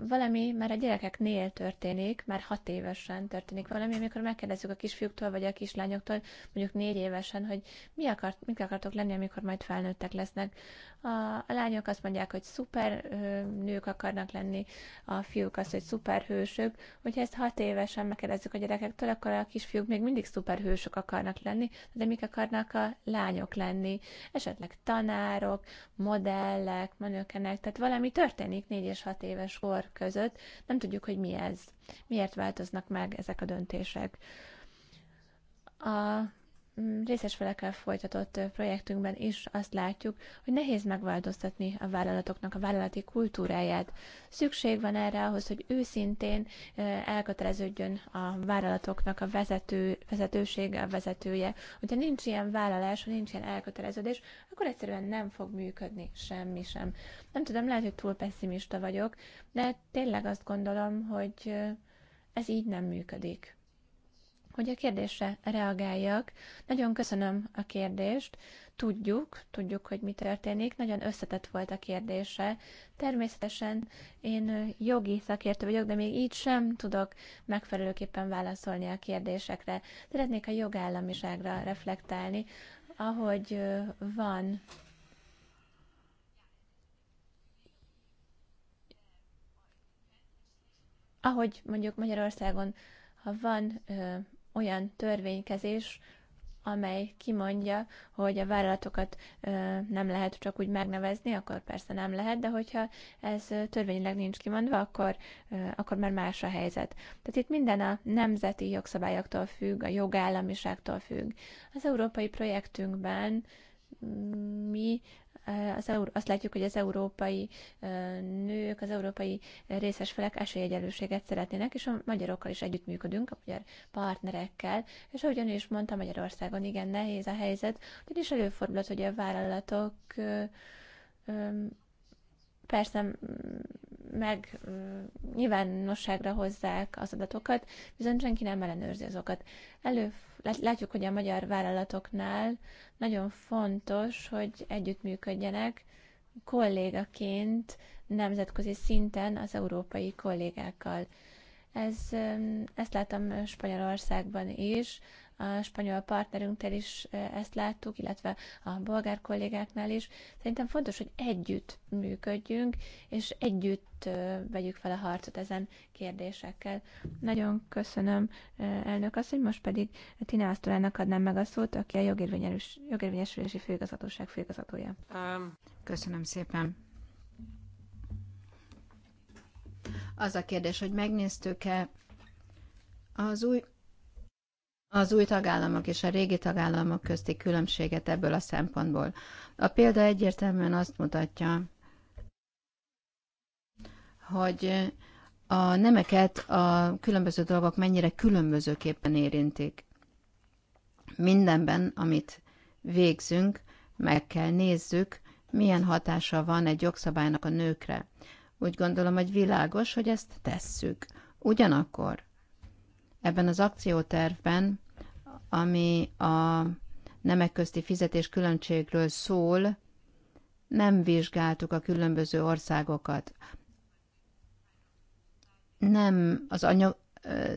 valami már a gyerekeknél történik, már hat évesen történik valami, amikor megkérdezzük a kisfiúktól vagy a kislányoktól, mondjuk négy évesen, hogy mi akart, mit akartok lenni, amikor majd felnőttek lesznek, a lányok azt mondják, hogy szuper nők akarnak lenni, a fiúk azt, hogy szuper hősök. Hogyha ezt hat évesen megkérdezzük a gyerekektől, akkor a kisfiúk még mindig szuper hősök akarnak lenni, de mik akarnak a lányok lenni? Esetleg tanárok, modellek, manőkenek, tehát valami történik négy és hat éves kor között. Nem tudjuk, hogy mi ez. Miért változnak meg ezek a döntések? A Mm, részes felekkel folytatott projektünkben is azt látjuk, hogy nehéz megváltoztatni a vállalatoknak a vállalati kultúráját. Szükség van erre ahhoz, hogy őszintén elköteleződjön a vállalatoknak a vezető, vezetősége, a vezetője. Hogyha nincs ilyen vállalás, ha nincs ilyen elköteleződés, akkor egyszerűen nem fog működni semmi sem. Nem tudom, lehet, hogy túl pessimista vagyok, de tényleg azt gondolom, hogy ez így nem működik hogy a kérdésre reagáljak. Nagyon köszönöm a kérdést. Tudjuk, tudjuk, hogy mi történik. Nagyon összetett volt a kérdése. Természetesen én jogi szakértő vagyok, de még így sem tudok megfelelőképpen válaszolni a kérdésekre. Szeretnék a jogállamiságra reflektálni, ahogy van ahogy mondjuk Magyarországon, ha van olyan törvénykezés, amely kimondja, hogy a vállalatokat nem lehet csak úgy megnevezni, akkor persze nem lehet, de hogyha ez törvényileg nincs kimondva, akkor, akkor már más a helyzet. Tehát itt minden a nemzeti jogszabályoktól függ, a jogállamiságtól függ. Az európai projektünkben mm, mi az Euró- azt látjuk, hogy az európai nők, az európai részes felek esélyegyelőséget szeretnének, és a magyarokkal is együttműködünk, a magyar partnerekkel. És ahogy ön is mondta, Magyarországon igen nehéz a helyzet, ugyanis előfordulhat, hogy a vállalatok persze meg nyilvánosságra hozzák az adatokat, viszont senki nem ellenőrzi azokat. Elő, látjuk, hogy a magyar vállalatoknál nagyon fontos, hogy együttműködjenek kollégaként nemzetközi szinten az európai kollégákkal. Ez, ezt láttam Spanyolországban is, a spanyol partnerünkkel is ezt láttuk, illetve a bolgár kollégáknál is. Szerintem fontos, hogy együtt működjünk, és együtt vegyük fel a harcot ezen kérdésekkel. Nagyon köszönöm, elnök hogy most pedig Tina Asztorának adnám meg a szót, aki a jogérvényesülési főigazgatóság főigazgatója. Köszönöm szépen. Az a kérdés, hogy megnéztük-e az új az új tagállamok és a régi tagállamok közti különbséget ebből a szempontból. A példa egyértelműen azt mutatja, hogy a nemeket a különböző dolgok mennyire különbözőképpen érintik. Mindenben, amit végzünk, meg kell nézzük, milyen hatása van egy jogszabálynak a nőkre. Úgy gondolom, hogy világos, hogy ezt tesszük. Ugyanakkor ebben az akciótervben ami a nemek közti fizetés különbségről szól, nem vizsgáltuk a különböző országokat. Nem, az anyag,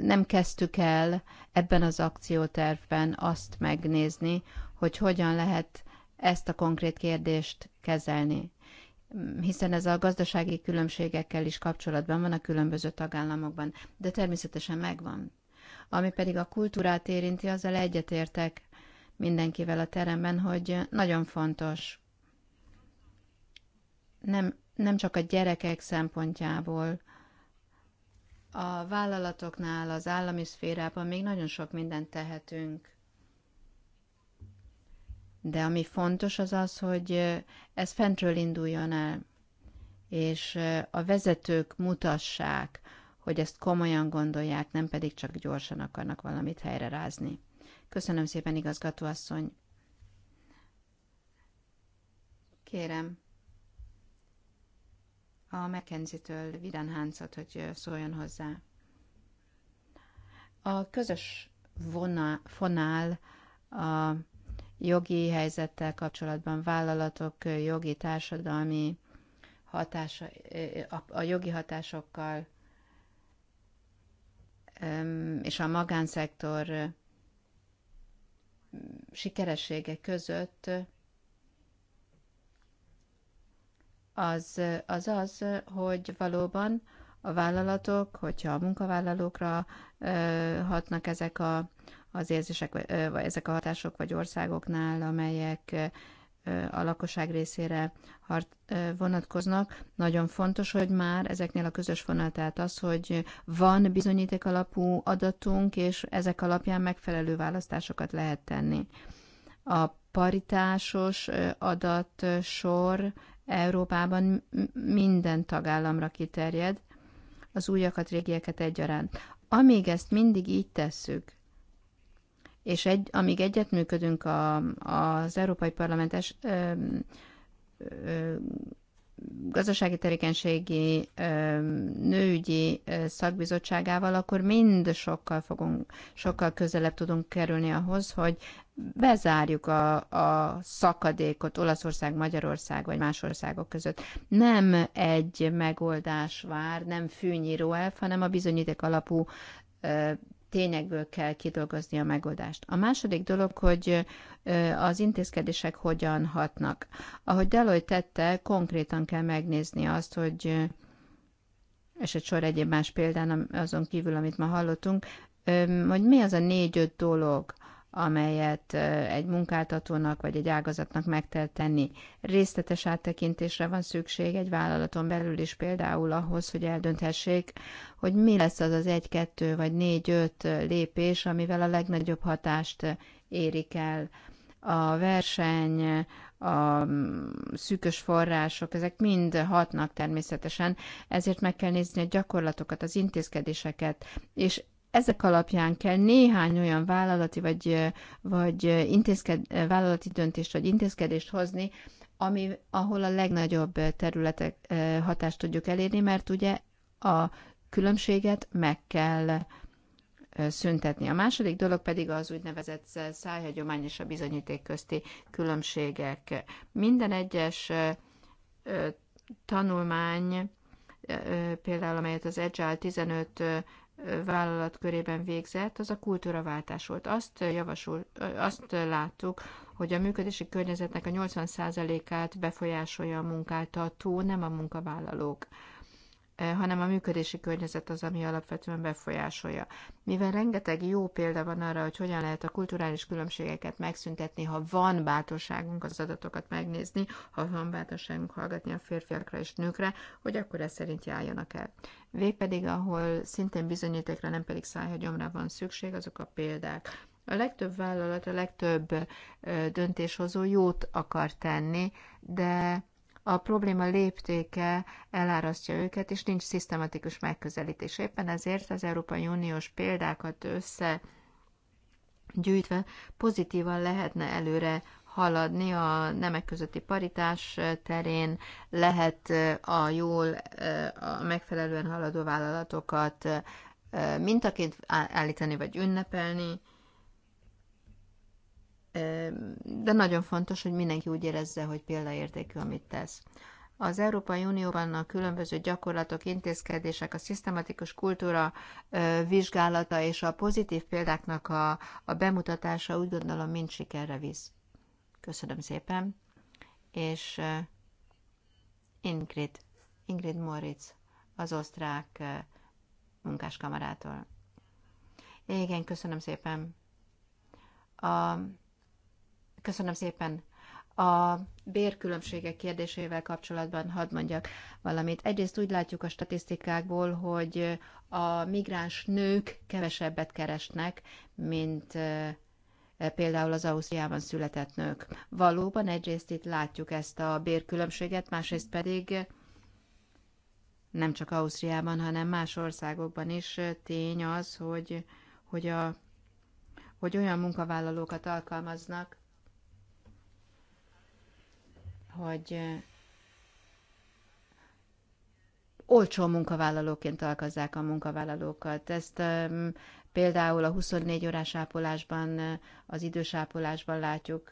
nem kezdtük el ebben az akciótervben azt megnézni, hogy hogyan lehet ezt a konkrét kérdést kezelni. Hiszen ez a gazdasági különbségekkel is kapcsolatban van a különböző tagállamokban, de természetesen megvan. Ami pedig a kultúrát érinti, azzal egyetértek mindenkivel a teremben, hogy nagyon fontos. Nem, nem csak a gyerekek szempontjából, a vállalatoknál, az állami szférában még nagyon sok mindent tehetünk. De ami fontos az az, hogy ez fentről induljon el, és a vezetők mutassák, hogy ezt komolyan gondolják, nem pedig csak gyorsan akarnak valamit helyre rázni. Köszönöm szépen, igazgatóasszony. Kérem a McKenzie-től Vidánháncot, hogy szóljon hozzá. A közös vonal, fonál a jogi helyzettel kapcsolatban vállalatok jogi társadalmi hatása, a jogi hatásokkal és a magánszektor sikeressége között az, az az, hogy valóban a vállalatok, hogyha a munkavállalókra hatnak ezek a, az érzések, vagy ezek a hatások vagy országoknál, amelyek a lakosság részére vonatkoznak. Nagyon fontos, hogy már ezeknél a közös vonal, tehát az, hogy van bizonyíték alapú adatunk, és ezek alapján megfelelő választásokat lehet tenni. A paritásos adatsor Európában minden tagállamra kiterjed, az újakat, régieket egyaránt. Amíg ezt mindig így tesszük, és egy, amíg egyetműködünk a, az Európai Parlamentes ö, ö, gazdasági tevékenységi nőügyi szakbizottságával, akkor mind sokkal fogunk, sokkal közelebb tudunk kerülni ahhoz, hogy bezárjuk a, a szakadékot Olaszország, Magyarország vagy más országok között. Nem egy megoldás vár, nem fűnyíró elf, hanem a bizonyíték alapú tényekből kell kidolgozni a megoldást. A második dolog, hogy az intézkedések hogyan hatnak. Ahogy Deloy tette, konkrétan kell megnézni azt, hogy és egy sor egyéb más példán azon kívül, amit ma hallottunk, hogy mi az a négy-öt dolog, amelyet egy munkáltatónak vagy egy ágazatnak meg kell tenni. Részletes áttekintésre van szükség egy vállalaton belül is például ahhoz, hogy eldönthessék, hogy mi lesz az az egy-kettő vagy négy-öt lépés, amivel a legnagyobb hatást érik el. A verseny, a szűkös források, ezek mind hatnak természetesen, ezért meg kell nézni a gyakorlatokat, az intézkedéseket, és ezek alapján kell néhány olyan vállalati vagy, vagy intézked, vállalati döntést vagy intézkedést hozni, ami, ahol a legnagyobb területek hatást tudjuk elérni, mert ugye a különbséget meg kell szüntetni. A második dolog pedig az úgynevezett szájhagyomány és a bizonyíték közti különbségek. Minden egyes tanulmány, például amelyet az Agile 15 vállalat körében végzett, az a kultúraváltás volt. Azt, javasol, azt láttuk, hogy a működési környezetnek a 80%-át befolyásolja a munkáltató, nem a munkavállalók hanem a működési környezet az, ami alapvetően befolyásolja. Mivel rengeteg jó példa van arra, hogy hogyan lehet a kulturális különbségeket megszüntetni, ha van bátorságunk az adatokat megnézni, ha van bátorságunk hallgatni a férfiakra és nőkre, hogy akkor ez szerint járjanak el. Végpedig, ahol szintén bizonyítékra, nem pedig szájhagyomra van szükség, azok a példák. A legtöbb vállalat, a legtöbb döntéshozó jót akar tenni, de a probléma léptéke elárasztja őket, és nincs szisztematikus megközelítés. Éppen ezért az Európai Uniós példákat össze gyűjtve pozitívan lehetne előre haladni a nemek közötti paritás terén, lehet a jól, a megfelelően haladó vállalatokat mintaként állítani vagy ünnepelni, de nagyon fontos, hogy mindenki úgy érezze, hogy példaértékű, amit tesz. Az Európai Unióban a különböző gyakorlatok, intézkedések, a szisztematikus kultúra vizsgálata és a pozitív példáknak a, a bemutatása úgy gondolom mind sikerre visz. Köszönöm szépen. És Ingrid, Ingrid Moritz, az osztrák munkáskamarától. Igen, köszönöm szépen. A Köszönöm szépen. A bérkülönbségek kérdésével kapcsolatban hadd mondjak valamit. Egyrészt úgy látjuk a statisztikákból, hogy a migráns nők kevesebbet keresnek, mint például az Ausztriában született nők. Valóban egyrészt itt látjuk ezt a bérkülönbséget, másrészt pedig nem csak Ausztriában, hanem más országokban is tény az, hogy, hogy, a, hogy olyan munkavállalókat alkalmaznak, hogy olcsó munkavállalóként alkazzák a munkavállalókat. Ezt például a 24 órás ápolásban, az idős ápolásban látjuk,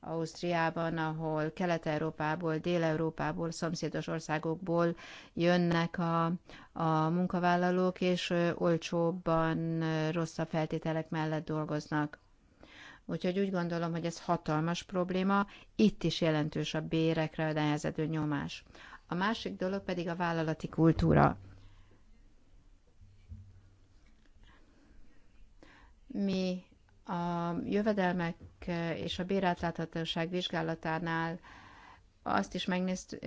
Ausztriában, ahol Kelet-Európából, Dél-Európából, szomszédos országokból jönnek a, a munkavállalók, és olcsóbban, rosszabb feltételek mellett dolgoznak. Úgyhogy úgy gondolom, hogy ez hatalmas probléma, itt is jelentős a bérekre nehezedő nyomás. A másik dolog pedig a vállalati kultúra. Mi a jövedelmek és a bérátláthatóság vizsgálatánál azt is megnézt,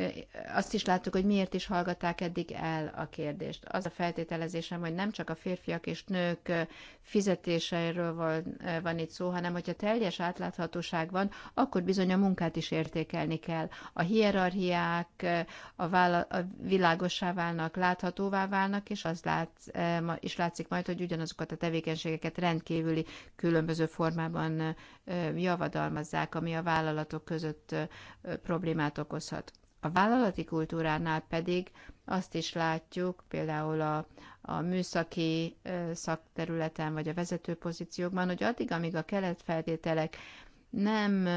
azt is láttuk, hogy miért is hallgatták eddig el a kérdést. Az a feltételezésem, hogy nem csak a férfiak és nők fizetéseiről van, van itt szó, hanem hogyha teljes átláthatóság van, akkor bizony a munkát is értékelni kell. A hierarchiák a, vála- a világossá válnak, láthatóvá válnak, és az lát, is látszik majd, hogy ugyanazokat a tevékenységeket rendkívüli különböző formában javadalmazzák, ami a vállalatok között probléma problémát okozhat. A vállalati kultúránál pedig azt is látjuk, például a, a műszaki szakterületen vagy a vezető pozíciókban, hogy addig, amíg a keletfeltételek nem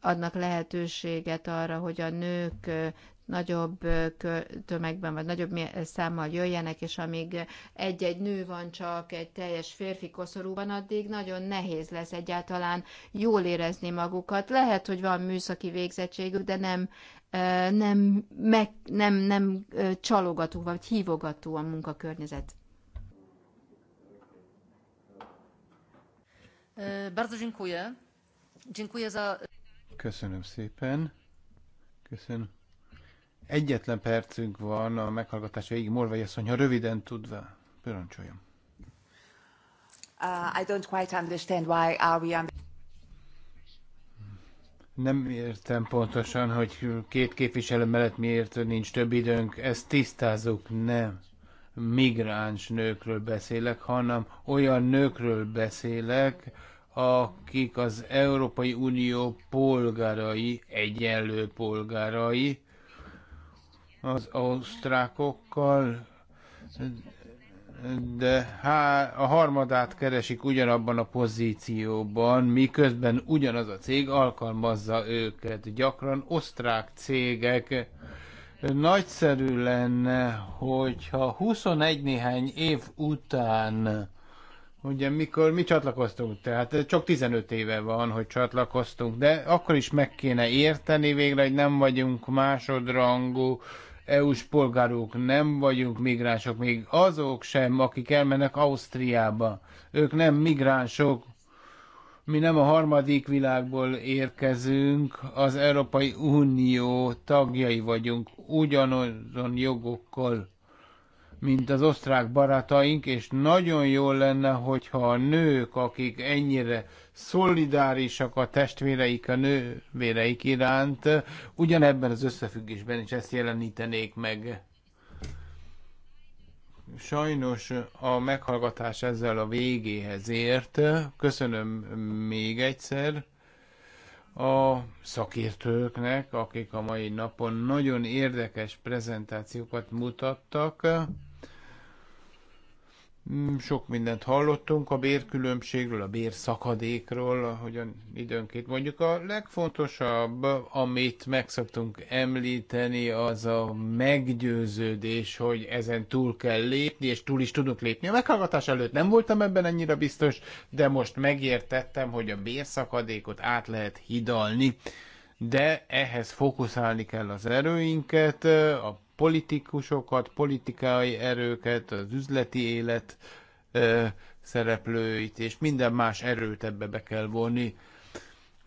adnak lehetőséget arra, hogy a nők nagyobb tömegben, vagy nagyobb számmal jöjjenek, és amíg egy-egy nő van csak egy teljes férfi koszorúban, addig nagyon nehéz lesz egyáltalán jól érezni magukat. Lehet, hogy van műszaki végzettségük, de nem, nem, meg, nem, nem csalogató, vagy hívogató a munkakörnyezet. Bardzo dziękuję. Dziękuję za... Köszönöm szépen. Köszönöm. Egyetlen percünk van a meghallgatás végig. Morvai asszony, ha röviden tudva, parancsoljon. Uh, I don't quite understand why are we on... Nem értem pontosan, hogy két képviselő mellett miért nincs több időnk. Ezt tisztázunk, nem migráns nőkről beszélek, hanem olyan nőkről beszélek, akik az Európai Unió polgárai, egyenlő polgárai, az ausztrákokkal, de há, a harmadát keresik ugyanabban a pozícióban, miközben ugyanaz a cég alkalmazza őket. Gyakran osztrák cégek. Nagyszerű lenne, hogyha 21 néhány év után, ugye mikor mi csatlakoztunk, tehát csak 15 éve van, hogy csatlakoztunk, de akkor is meg kéne érteni végre, hogy nem vagyunk másodrangú, EU-s polgárok, nem vagyunk migránsok, még azok sem, akik elmennek Ausztriába. Ők nem migránsok, mi nem a harmadik világból érkezünk, az Európai Unió tagjai vagyunk, ugyanazon jogokkal mint az osztrák barátaink, és nagyon jó lenne, hogyha a nők, akik ennyire szolidárisak a testvéreik, a nővéreik iránt, ugyanebben az összefüggésben is ezt jelenítenék meg. Sajnos a meghallgatás ezzel a végéhez ért. Köszönöm még egyszer a szakértőknek, akik a mai napon nagyon érdekes prezentációkat mutattak. Mm, sok mindent hallottunk a bérkülönbségről, a bérszakadékról, ahogyan időnként mondjuk a legfontosabb, amit meg szoktunk említeni, az a meggyőződés, hogy ezen túl kell lépni, és túl is tudunk lépni. A meghallgatás előtt nem voltam ebben ennyire biztos, de most megértettem, hogy a bérszakadékot át lehet hidalni de ehhez fókuszálni kell az erőinket, a politikusokat, politikai erőket, az üzleti élet ö, szereplőit, és minden más erőt ebbe be kell vonni.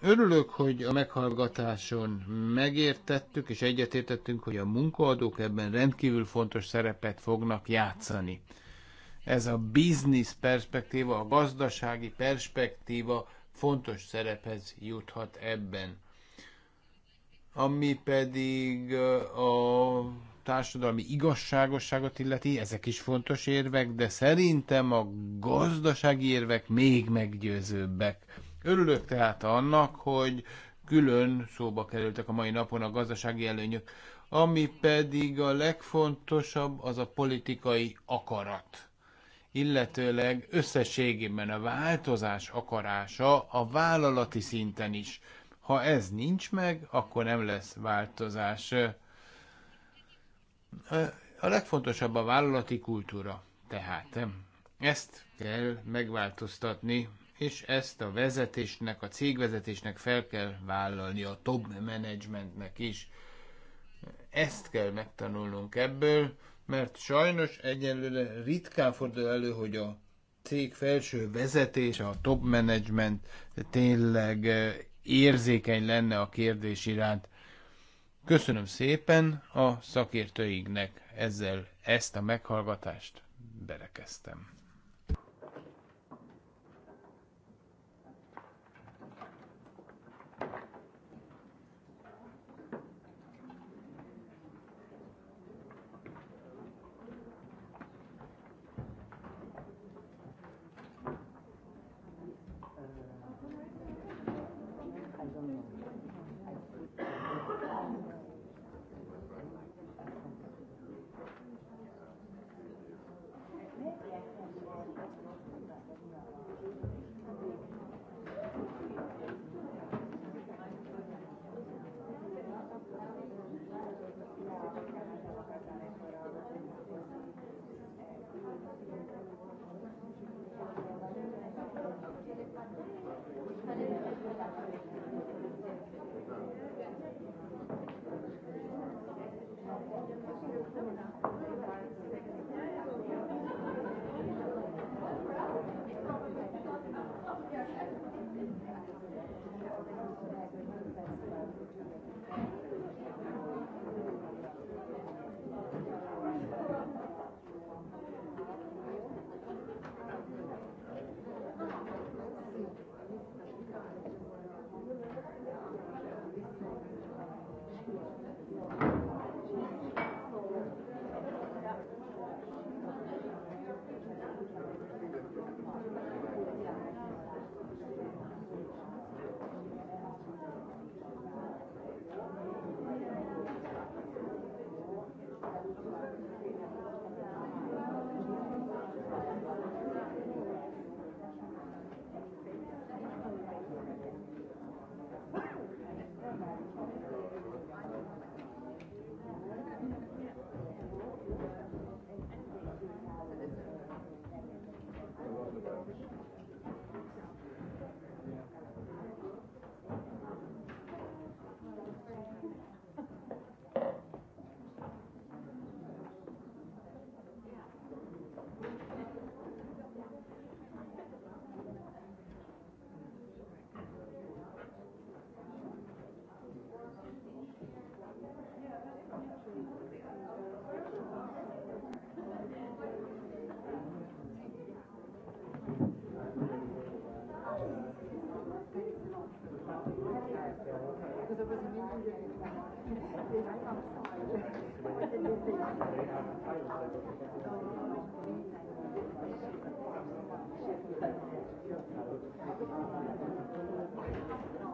Örülök, hogy a meghallgatáson megértettük és egyetértettünk, hogy a munkaadók ebben rendkívül fontos szerepet fognak játszani. Ez a business perspektíva, a gazdasági perspektíva fontos szerephez juthat ebben. Ami pedig a társadalmi igazságosságot illeti, ezek is fontos érvek, de szerintem a gazdasági érvek még meggyőzőbbek. Örülök tehát annak, hogy külön szóba kerültek a mai napon a gazdasági előnyök. Ami pedig a legfontosabb, az a politikai akarat. Illetőleg összességében a változás akarása a vállalati szinten is. Ha ez nincs meg, akkor nem lesz változás. A legfontosabb a vállalati kultúra, tehát ezt kell megváltoztatni, és ezt a vezetésnek, a cégvezetésnek fel kell vállalni, a top managementnek is. Ezt kell megtanulnunk ebből, mert sajnos egyelőre ritkán fordul elő, hogy a cég felső vezetés, a top management tényleg eh, érzékeny lenne a kérdés iránt. Köszönöm szépen a szakértőinknek ezzel ezt a meghallgatást berekeztem.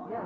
Yeah.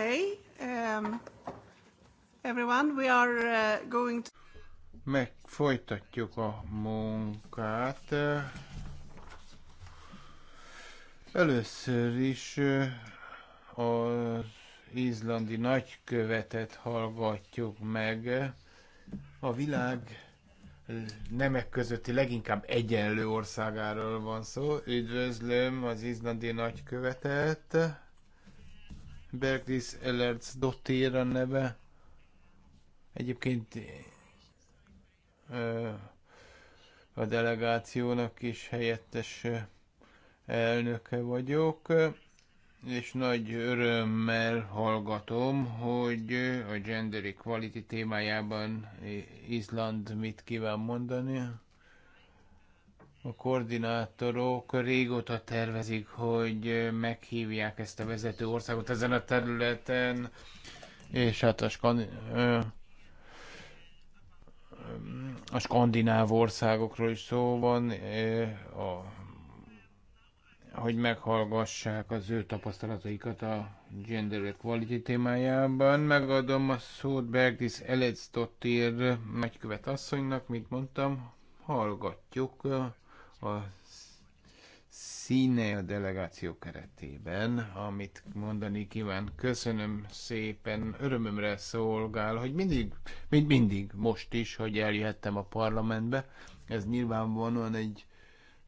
Okay, um, everyone, we are uh, going to... Meg folytatjuk a munkát. Először is uh, az izlandi nagykövetet hallgatjuk meg. A világ nemek közötti leginkább egyenlő országáról van szó. Üdvözlöm az izlandi nagykövetet. Bergris Ellerts Dottir a neve. Egyébként a delegációnak is helyettes elnöke vagyok, és nagy örömmel hallgatom, hogy a gender equality témájában Izland mit kíván mondani a koordinátorok régóta tervezik, hogy meghívják ezt a vezető országot ezen a területen, és hát a, skan- a skandináv országokról is szó van, a, hogy meghallgassák az ő tapasztalataikat a gender equality témájában. Megadom a szót Bergdis Elecdottir nagykövet asszonynak, mint mondtam, hallgatjuk a színe a delegáció keretében, amit mondani kíván. Köszönöm szépen, örömömre szolgál, hogy mindig, mint mindig, most is, hogy eljöhettem a parlamentbe. Ez nyilvánvalóan egy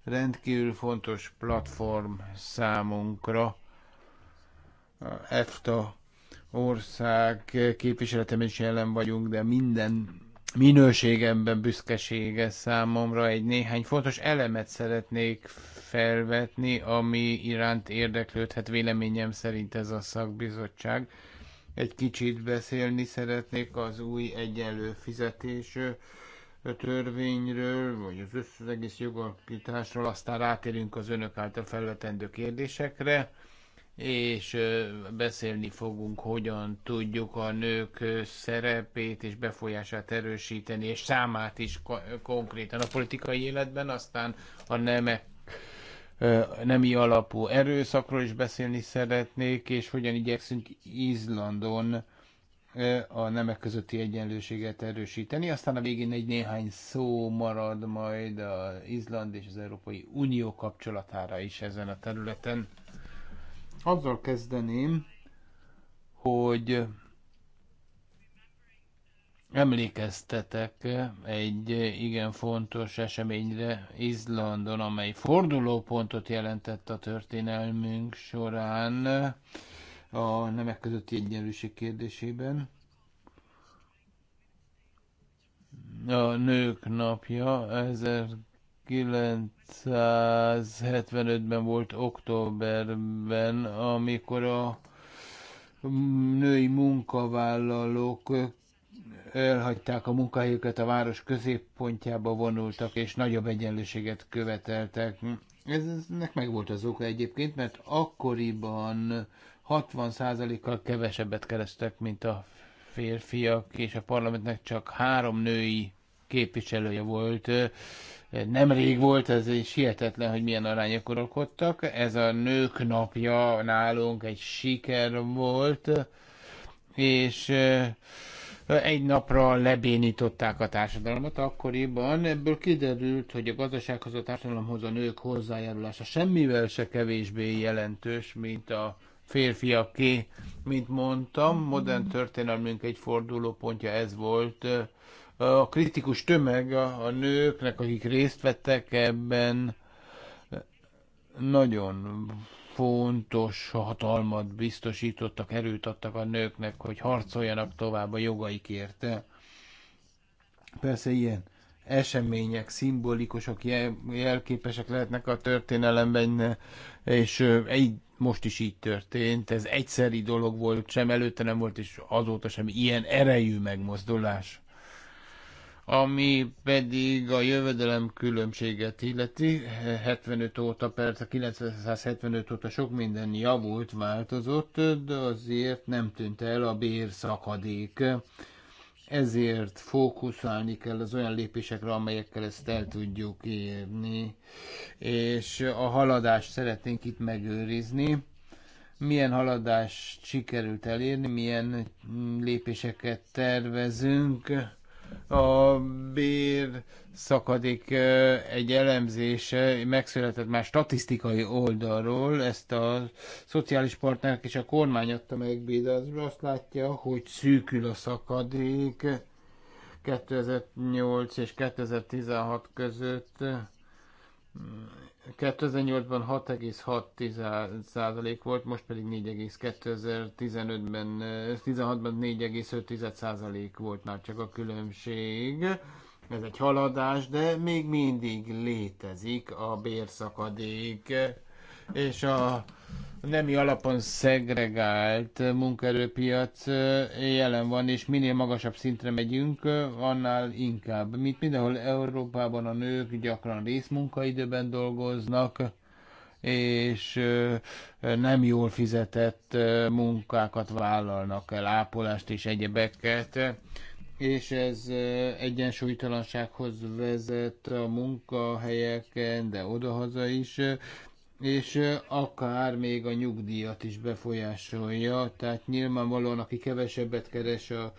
rendkívül fontos platform számunkra. EFTA ország képviseletem is jelen vagyunk, de minden minőségemben büszkesége számomra egy néhány fontos elemet szeretnék felvetni, ami iránt érdeklődhet véleményem szerint ez a szakbizottság. Egy kicsit beszélni szeretnék az új egyenlő fizetés törvényről, vagy az összegész jogalkításról, aztán rátérünk az önök által felvetendő kérdésekre és beszélni fogunk, hogyan tudjuk a nők szerepét és befolyását erősíteni, és számát is konkrétan a politikai életben, aztán a nemek nemi alapú erőszakról is beszélni szeretnék, és hogyan igyekszünk Izlandon a nemek közötti egyenlőséget erősíteni. Aztán a végén egy néhány szó marad majd az Izland és az Európai Unió kapcsolatára is ezen a területen. Azzal kezdeném, hogy emlékeztetek egy igen fontos eseményre Izlandon, amely fordulópontot jelentett a történelmünk során a nemek közötti egyenlőség kérdésében. A Nők Napja 1000 1975-ben volt októberben, amikor a női munkavállalók elhagyták a munkahelyüket, a város középpontjába vonultak, és nagyobb egyenlőséget követeltek. Eznek meg volt az oka egyébként, mert akkoriban 60%-kal kevesebbet kerestek, mint a férfiak, és a parlamentnek csak három női képviselője volt. Nemrég volt, ez egy sietetlen, hogy milyen arányok uralkodtak. Ez a nők napja nálunk egy siker volt, és eh, egy napra lebénították a társadalmat akkoriban. Ebből kiderült, hogy a gazdasághoz, a társadalomhoz a nők hozzájárulása semmivel se kevésbé jelentős, mint a férfiaké. Mint mondtam, modern történelmünk egy fordulópontja ez volt. Eh, a kritikus tömeg a, a nőknek, akik részt vettek ebben, nagyon fontos hatalmat biztosítottak, erőt adtak a nőknek, hogy harcoljanak tovább a jogaikért. Persze ilyen események szimbolikusok, jelképesek lehetnek a történelemben, és egy, most is így történt. Ez egyszeri dolog volt, sem előtte nem volt, és azóta sem ilyen erejű megmozdulás ami pedig a jövedelem különbséget illeti, 75 óta, persze 975 óta sok minden javult, változott, de azért nem tűnt el a bérszakadék. Ezért fókuszálni kell az olyan lépésekre, amelyekkel ezt el tudjuk érni, és a haladást szeretnénk itt megőrizni milyen haladást sikerült elérni, milyen lépéseket tervezünk a bér szakadék egy elemzése megszületett már statisztikai oldalról, ezt a szociális partnerek és a kormány adta meg Bédazra, azt látja, hogy szűkül a szakadék 2008 és 2016 között 2008-ban 6,6% volt, most pedig 4,2015-ben, 16-ban 4,5% volt már csak a különbség. Ez egy haladás, de még mindig létezik a bérszakadék, és a nemi alapon szegregált munkaerőpiac jelen van, és minél magasabb szintre megyünk, annál inkább. Mint mindenhol Európában a nők gyakran részmunkaidőben dolgoznak, és nem jól fizetett munkákat vállalnak el, ápolást és egyebeket, és ez egyensúlytalansághoz vezet a munkahelyeken, de odahaza is, és akár még a nyugdíjat is befolyásolja, tehát nyilvánvalóan, aki kevesebbet keres a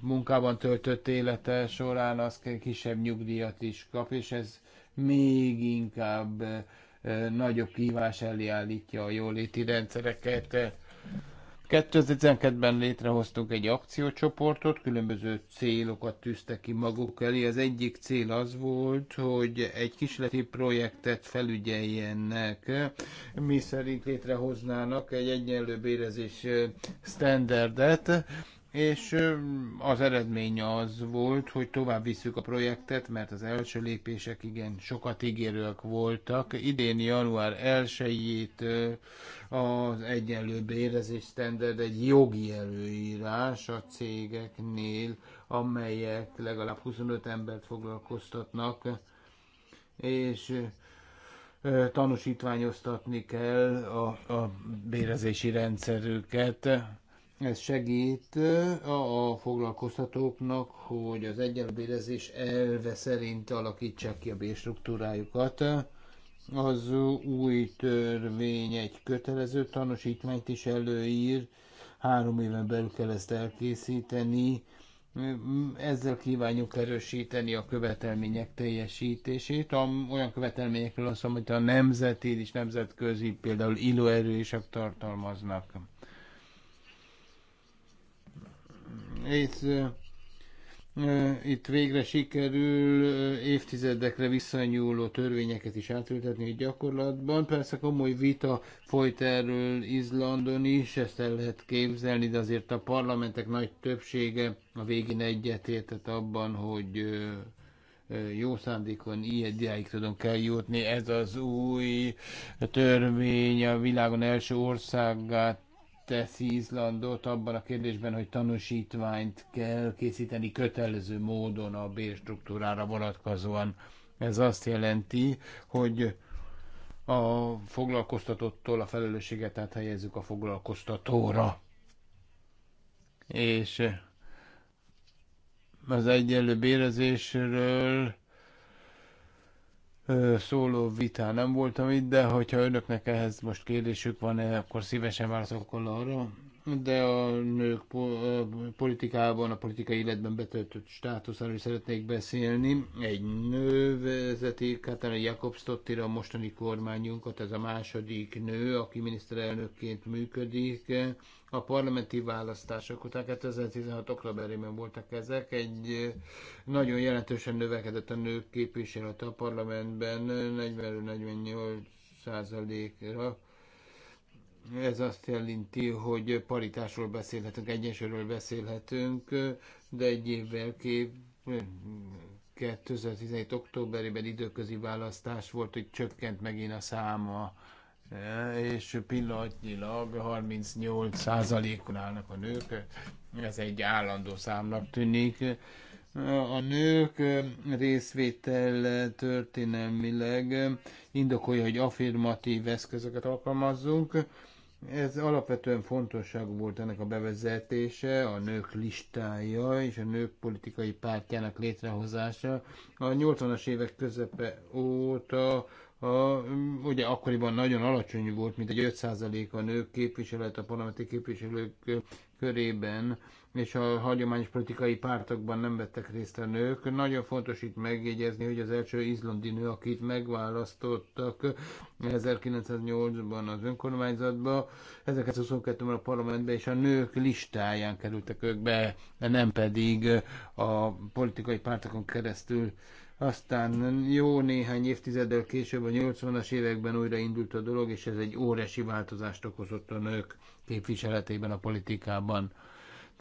munkában töltött élete során, az kisebb nyugdíjat is kap, és ez még inkább nagyobb kívás elé állítja a jóléti rendszereket. 2012-ben létrehoztunk egy akciócsoportot, különböző célokat tűzte ki maguk elé. Az egyik cél az volt, hogy egy kisleti projektet felügyeljenek, mi szerint létrehoznának egy egyenlő bérezés standardet, és az eredmény az volt, hogy tovább visszük a projektet, mert az első lépések igen sokat ígérőek voltak. Idén január 1 az egyenlő bérezés standard egy jogi előírás a cégeknél, amelyek legalább 25 embert foglalkoztatnak, és tanúsítványoztatni kell a, a bérezési rendszerüket ez segít a foglalkoztatóknak, hogy az egyenlőbérezés elve szerint alakítsák ki a bérstruktúrájukat. Az új törvény egy kötelező tanúsítmányt is előír, három éven belül kell ezt elkészíteni, ezzel kívánjuk erősíteni a követelmények teljesítését. A, olyan követelményekről azt, hogy a nemzeti és nemzetközi, például illóerősek tartalmaznak. és itt végre sikerül évtizedekre visszanyúló törvényeket is átültetni a gyakorlatban. Persze komoly vita folyt erről Izlandon is, ezt el lehet képzelni, de azért a parlamentek nagy többsége a végén egyetértett abban, hogy jó szándékon diáig tudunk jutni Ez az új törvény a világon első országát teszi Izlandot abban a kérdésben, hogy tanúsítványt kell készíteni kötelező módon a bérstruktúrára vonatkozóan. Ez azt jelenti, hogy a foglalkoztatottól a felelősséget áthelyezzük a foglalkoztatóra. És az egyenlő bérezésről szóló vitá nem voltam itt, de hogyha önöknek ehhez most kérdésük van, -e, akkor szívesen válaszolok arra de a nők politikában, a politikai életben betöltött státuszáról is szeretnék beszélni. Egy nő vezeti Katana Jakobstottira a mostani kormányunkat, ez a második nő, aki miniszterelnökként működik. A parlamenti választások után 2016. októberében voltak ezek, egy nagyon jelentősen növekedett a nők képviselete a parlamentben 40-48 százalékra ez azt jelenti, hogy paritásról beszélhetünk, egyensúlyról beszélhetünk, de egy évvel kép 2017. októberében időközi választás volt, hogy csökkent megint a száma, és pillanatnyilag 38%-on állnak a nők. Ez egy állandó számnak tűnik. A nők részvétel történelmileg indokolja, hogy affirmatív eszközöket alkalmazzunk ez alapvetően fontosság volt ennek a bevezetése, a nők listája és a nők politikai pártjának létrehozása. A 80-as évek közepe óta a, ugye akkoriban nagyon alacsony volt, mint egy 5% a nők képviselet a parlamenti képviselők körében, és a hagyományos politikai pártokban nem vettek részt a nők. Nagyon fontos itt megjegyezni, hogy az első izlandi nő, akit megválasztottak 1908-ban az önkormányzatba, 1922-ben a parlamentbe és a nők listáján kerültek ők be, nem pedig a politikai pártokon keresztül. Aztán jó néhány évtizeddel később, a 80-as években újra indult a dolog, és ez egy óriási változást okozott a nők képviseletében a politikában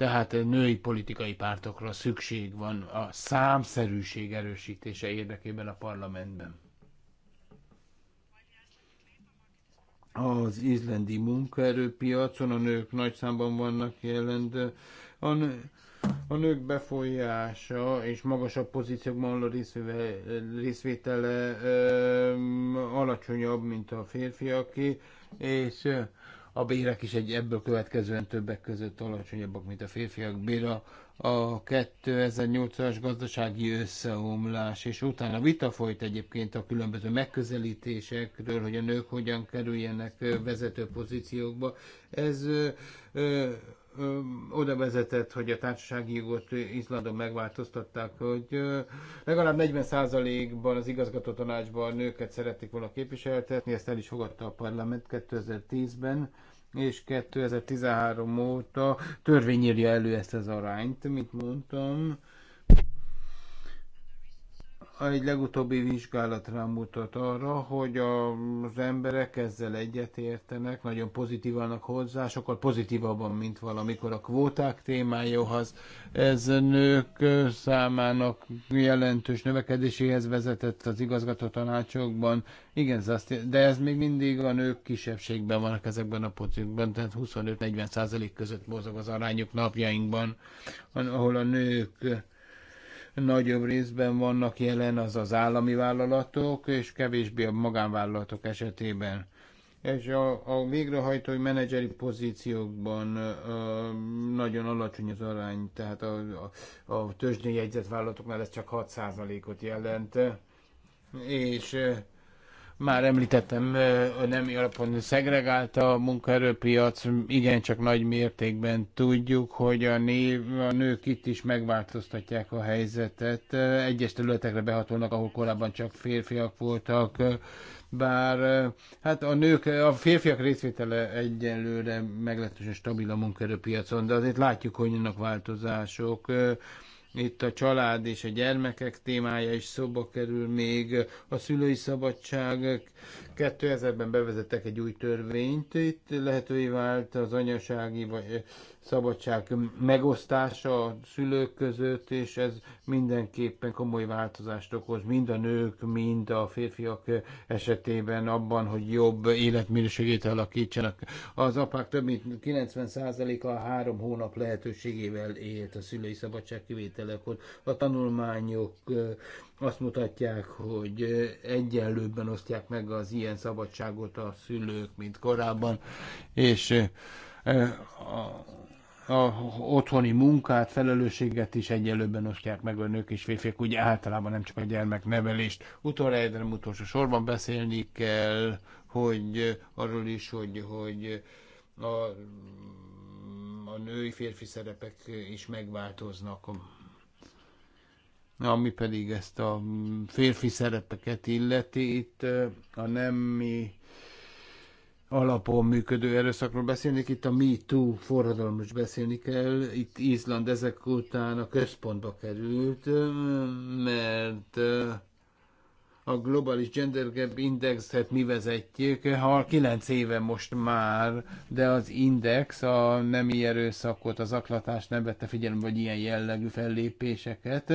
tehát női politikai pártokra szükség van a számszerűség erősítése érdekében a parlamentben. Az izlandi munkaerőpiacon a nők nagy számban vannak de A, nő, a nők befolyása és magasabb pozíciókban a részvétele, ö, alacsonyabb, mint a férfiaké, és a bérek is egy ebből következően többek között alacsonyabbak, mint a férfiak béra. A 2008-as gazdasági összeomlás, és utána vita folyt egyébként a különböző megközelítésekről, hogy a nők hogyan kerüljenek vezető pozíciókba. Ez oda vezetett, hogy a társasági jogot Izlandon megváltoztatták, hogy legalább 40%-ban az igazgató tanácsban nőket szerették volna képviseltetni, ezt el is fogadta a parlament 2010-ben, és 2013 óta törvény írja elő ezt az arányt, mint mondtam egy legutóbbi vizsgálat rámutat arra, hogy az emberek ezzel egyetértenek, nagyon pozitívanak hozzá, sokkal pozitívabban, mint valamikor a kvóták témájóhoz. Ez nők számának jelentős növekedéséhez vezetett az igazgató tanácsokban. Igen, de ez még mindig a nők kisebbségben vannak ezekben a pozíciókban, tehát 25-40 százalék között mozog az arányuk napjainkban, ahol a nők nagyobb részben vannak jelen az az állami vállalatok, és kevésbé a magánvállalatok esetében. És a, a végrehajtói menedzseri pozíciókban ö, nagyon alacsony az arány, tehát a, a, a tőzsdén jegyzett vállalatoknál ez csak 6%-ot jelent, és már említettem, a nemi alapon szegregált a munkaerőpiac, igencsak nagy mértékben tudjuk, hogy a, név, a nők itt is megváltoztatják a helyzetet. Egyes területekre behatolnak, ahol korábban csak férfiak voltak, bár hát a nők, a férfiak részvétele egyelőre meglehetősen stabil a munkaerőpiacon, de azért látjuk, hogy jönnek változások itt a család és a gyermekek témája is szóba kerül még, a szülői szabadság 2000-ben bevezettek egy új törvényt, itt lehetővé vált az anyasági vagy szabadság megosztása a szülők között, és ez mindenképpen komoly változást okoz, mind a nők, mind a férfiak esetében abban, hogy jobb életminőségét alakítsanak. Az apák több mint 90%-a három hónap lehetőségével élt a szülői szabadság kivételekor. A tanulmányok azt mutatják, hogy egyenlőbben osztják meg az ilyen szabadságot a szülők, mint korábban, és a, a otthoni munkát, felelősséget is egyenlőbben osztják meg a nők és férfiak, úgy általában nem csak a gyermeknevelést. Utoljára, nem utolsó sorban beszélni kell, hogy arról is, hogy, hogy a, a női-férfi szerepek is megváltoznak ami pedig ezt a férfi szerepeket illeti, itt a nemmi alapon működő erőszakról beszélnék, itt a Me Too forradalom is beszélni kell, itt Izland ezek után a központba került, mert a globális gender gap indexet mi vezetjük, ha 9 éve most már, de az index a nemi erőszakot, az aklatást nem vette figyelembe, vagy ilyen jellegű fellépéseket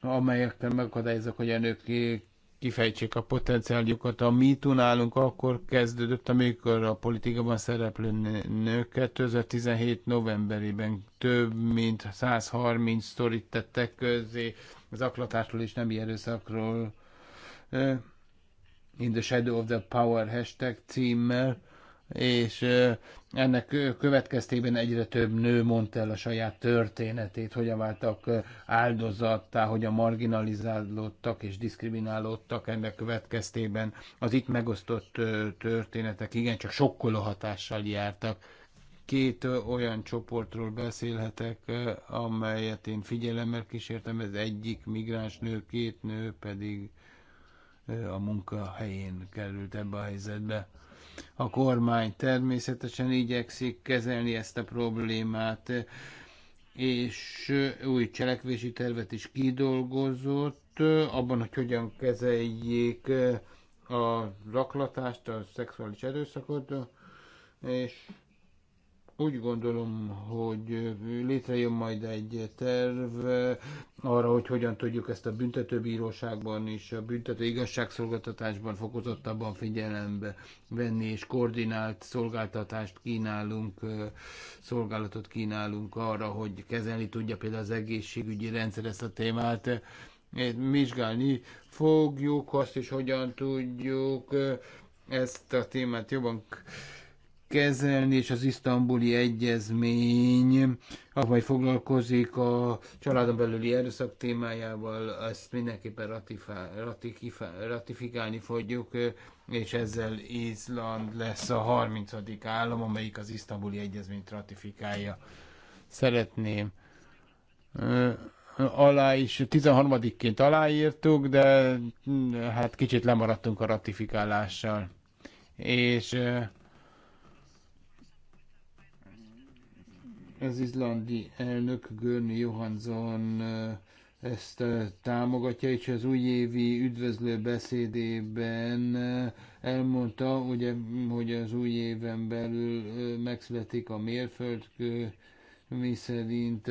amelyekkel megakadályozok, hogy a nők kifejtsék a potenciáljukat. A mi nálunk akkor kezdődött, amikor a politikában szereplő nők 2017 novemberében több mint 130 sztorit tettek az aklatásról és nemi erőszakról. In the Shadow of the Power hashtag címmel és ennek következtében egyre több nő mondta el a saját történetét, hogyan váltak áldozattá, hogyan marginalizálódtak és diszkriminálódtak ennek következtében. Az itt megosztott történetek igencsak sokkoló hatással jártak. Két olyan csoportról beszélhetek, amelyet én figyelemmel kísértem, ez egyik migráns nő, két nő pedig a munkahelyén került ebbe a helyzetbe a kormány természetesen igyekszik kezelni ezt a problémát, és új cselekvési tervet is kidolgozott, abban, hogy hogyan kezeljék a raklatást, a szexuális erőszakot, és úgy gondolom, hogy létrejön majd egy terv arra, hogy hogyan tudjuk ezt a büntetőbíróságban és a büntető igazságszolgáltatásban fokozottabban figyelembe venni, és koordinált szolgáltatást kínálunk, szolgálatot kínálunk arra, hogy kezelni tudja például az egészségügyi rendszer ezt a témát, vizsgálni fogjuk azt is, hogyan tudjuk ezt a témát jobban kezelni, és az isztambuli egyezmény, amely foglalkozik a családon belüli erőszak témájával, ezt mindenképpen ratifá, ratifikálni fogjuk, és ezzel Izland lesz a 30. állam, amelyik az isztambuli egyezményt ratifikálja. Szeretném alá is 13-ként aláírtuk, de hát kicsit lemaradtunk a ratifikálással. És Az izlandi elnök Görn Johansson eh, ezt eh, támogatja, és az újévi üdvözlő beszédében eh, elmondta, ugye, hogy az új éven belül megszületik a mérföldkő, mi szerint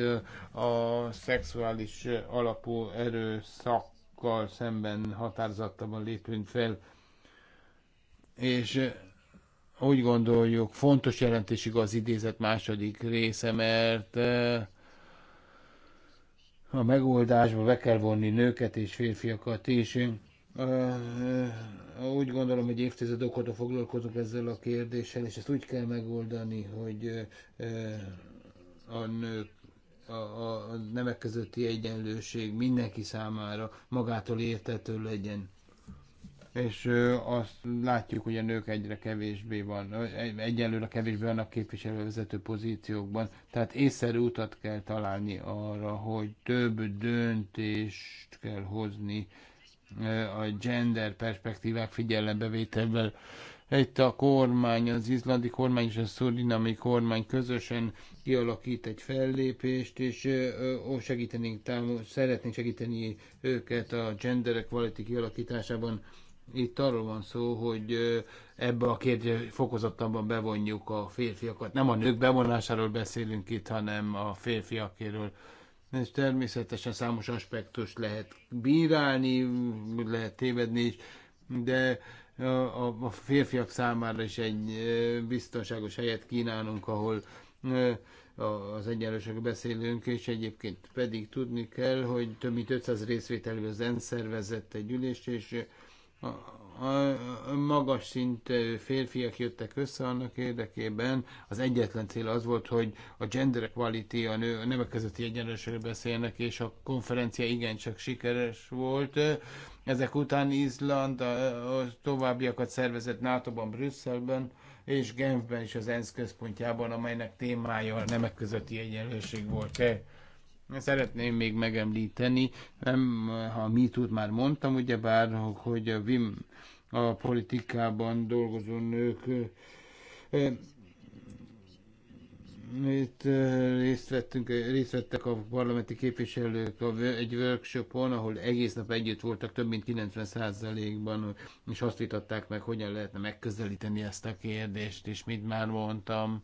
a szexuális alapú erőszakkal szemben határozottabban lépünk fel, és úgy gondoljuk, fontos jelentésig az idézet második része, mert eh, a megoldásba be kell vonni nőket és férfiakat is. Eh, úgy gondolom, hogy évtizedek óta foglalkozunk ezzel a kérdéssel, és ezt úgy kell megoldani, hogy eh, a nők a, a nemek közötti egyenlőség mindenki számára magától értető legyen és azt látjuk, hogy a nők egyre kevésbé van, egyelőre kevésbé vannak képviselővezető pozíciókban, tehát észszerű utat kell találni arra, hogy több döntést kell hozni a gender perspektívák figyelembevételvel. Itt a kormány, az izlandi kormány és a szurdinami kormány közösen kialakít egy fellépést, és ö, segítenénk, támog, szeretnénk segíteni őket a gender equality kialakításában itt arról van szó, hogy ebbe a két fokozatban bevonjuk a férfiakat. Nem a nők bevonásáról beszélünk itt, hanem a férfiakéről. És természetesen számos aspektust lehet bírálni, lehet tévedni is, de a, a férfiak számára is egy biztonságos helyet kínálunk, ahol az egyenlőségről beszélünk, és egyébként pedig tudni kell, hogy több mint 500 részvételű az ENSZ szervezett egy ülést, és a magas szintű férfiak jöttek össze annak érdekében. Az egyetlen cél az volt, hogy a gender equality, a, nő, a nemek közötti egyenlőségről beszélnek, és a konferencia igencsak sikeres volt. Ezek után Izland, a, a továbbiakat szervezett NATO-ban, Brüsszelben, és Genfben is az ENSZ központjában, amelynek témája a nemek közötti egyenlőség volt. Szeretném még megemlíteni, nem, ha mi tud már mondtam, bár, hogy a VIM a politikában dolgozó nők itt részt, vettünk, részt vettek a parlamenti képviselők egy workshopon, ahol egész nap együtt voltak több mint 90%-ban, és azt vitatták meg, hogyan lehetne megközelíteni ezt a kérdést, és mit már mondtam,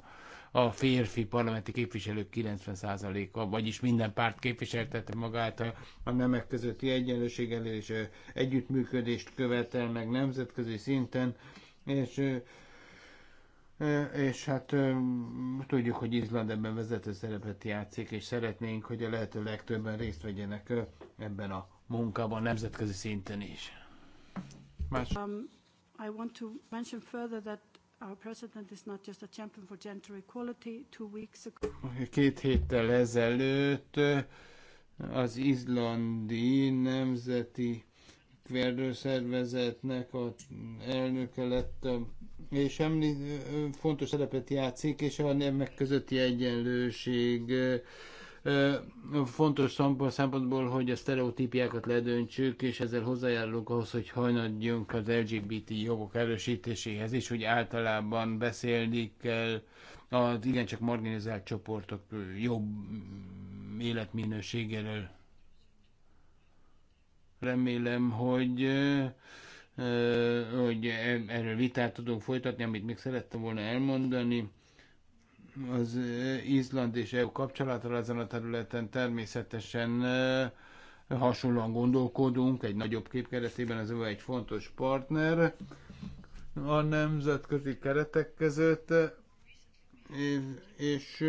a férfi parlamenti képviselők 90%-a, vagyis minden párt képviseltette magát a, a nemek közötti egyenlőség és együttműködést követel meg nemzetközi szinten, és és hát tudjuk, hogy Izland ebben vezető szerepet játszik, és szeretnénk, hogy a lehető legtöbben részt vegyenek ebben a munkában nemzetközi szinten is. Más? Um, I want to mention further that Két héttel ezelőtt az izlandi nemzeti szervezetnek a elnöke lett, és említ, fontos szerepet játszik, és a nemek közötti egyenlőség Fontos szempontból, hogy a sztereotípiákat ledöntsük, és ezzel hozzájárulunk ahhoz, hogy hajnadjunk az LGBT jogok erősítéséhez is, hogy általában beszélni kell az igencsak marginalizált csoportok jobb életminőségéről. Remélem, hogy hogy e- erről vitát tudunk folytatni, amit még szerettem volna elmondani az Izland és EU kapcsolatra ezen a területen természetesen hasonlóan gondolkodunk, egy nagyobb kép keretében ez egy fontos partner a nemzetközi keretek között, és, és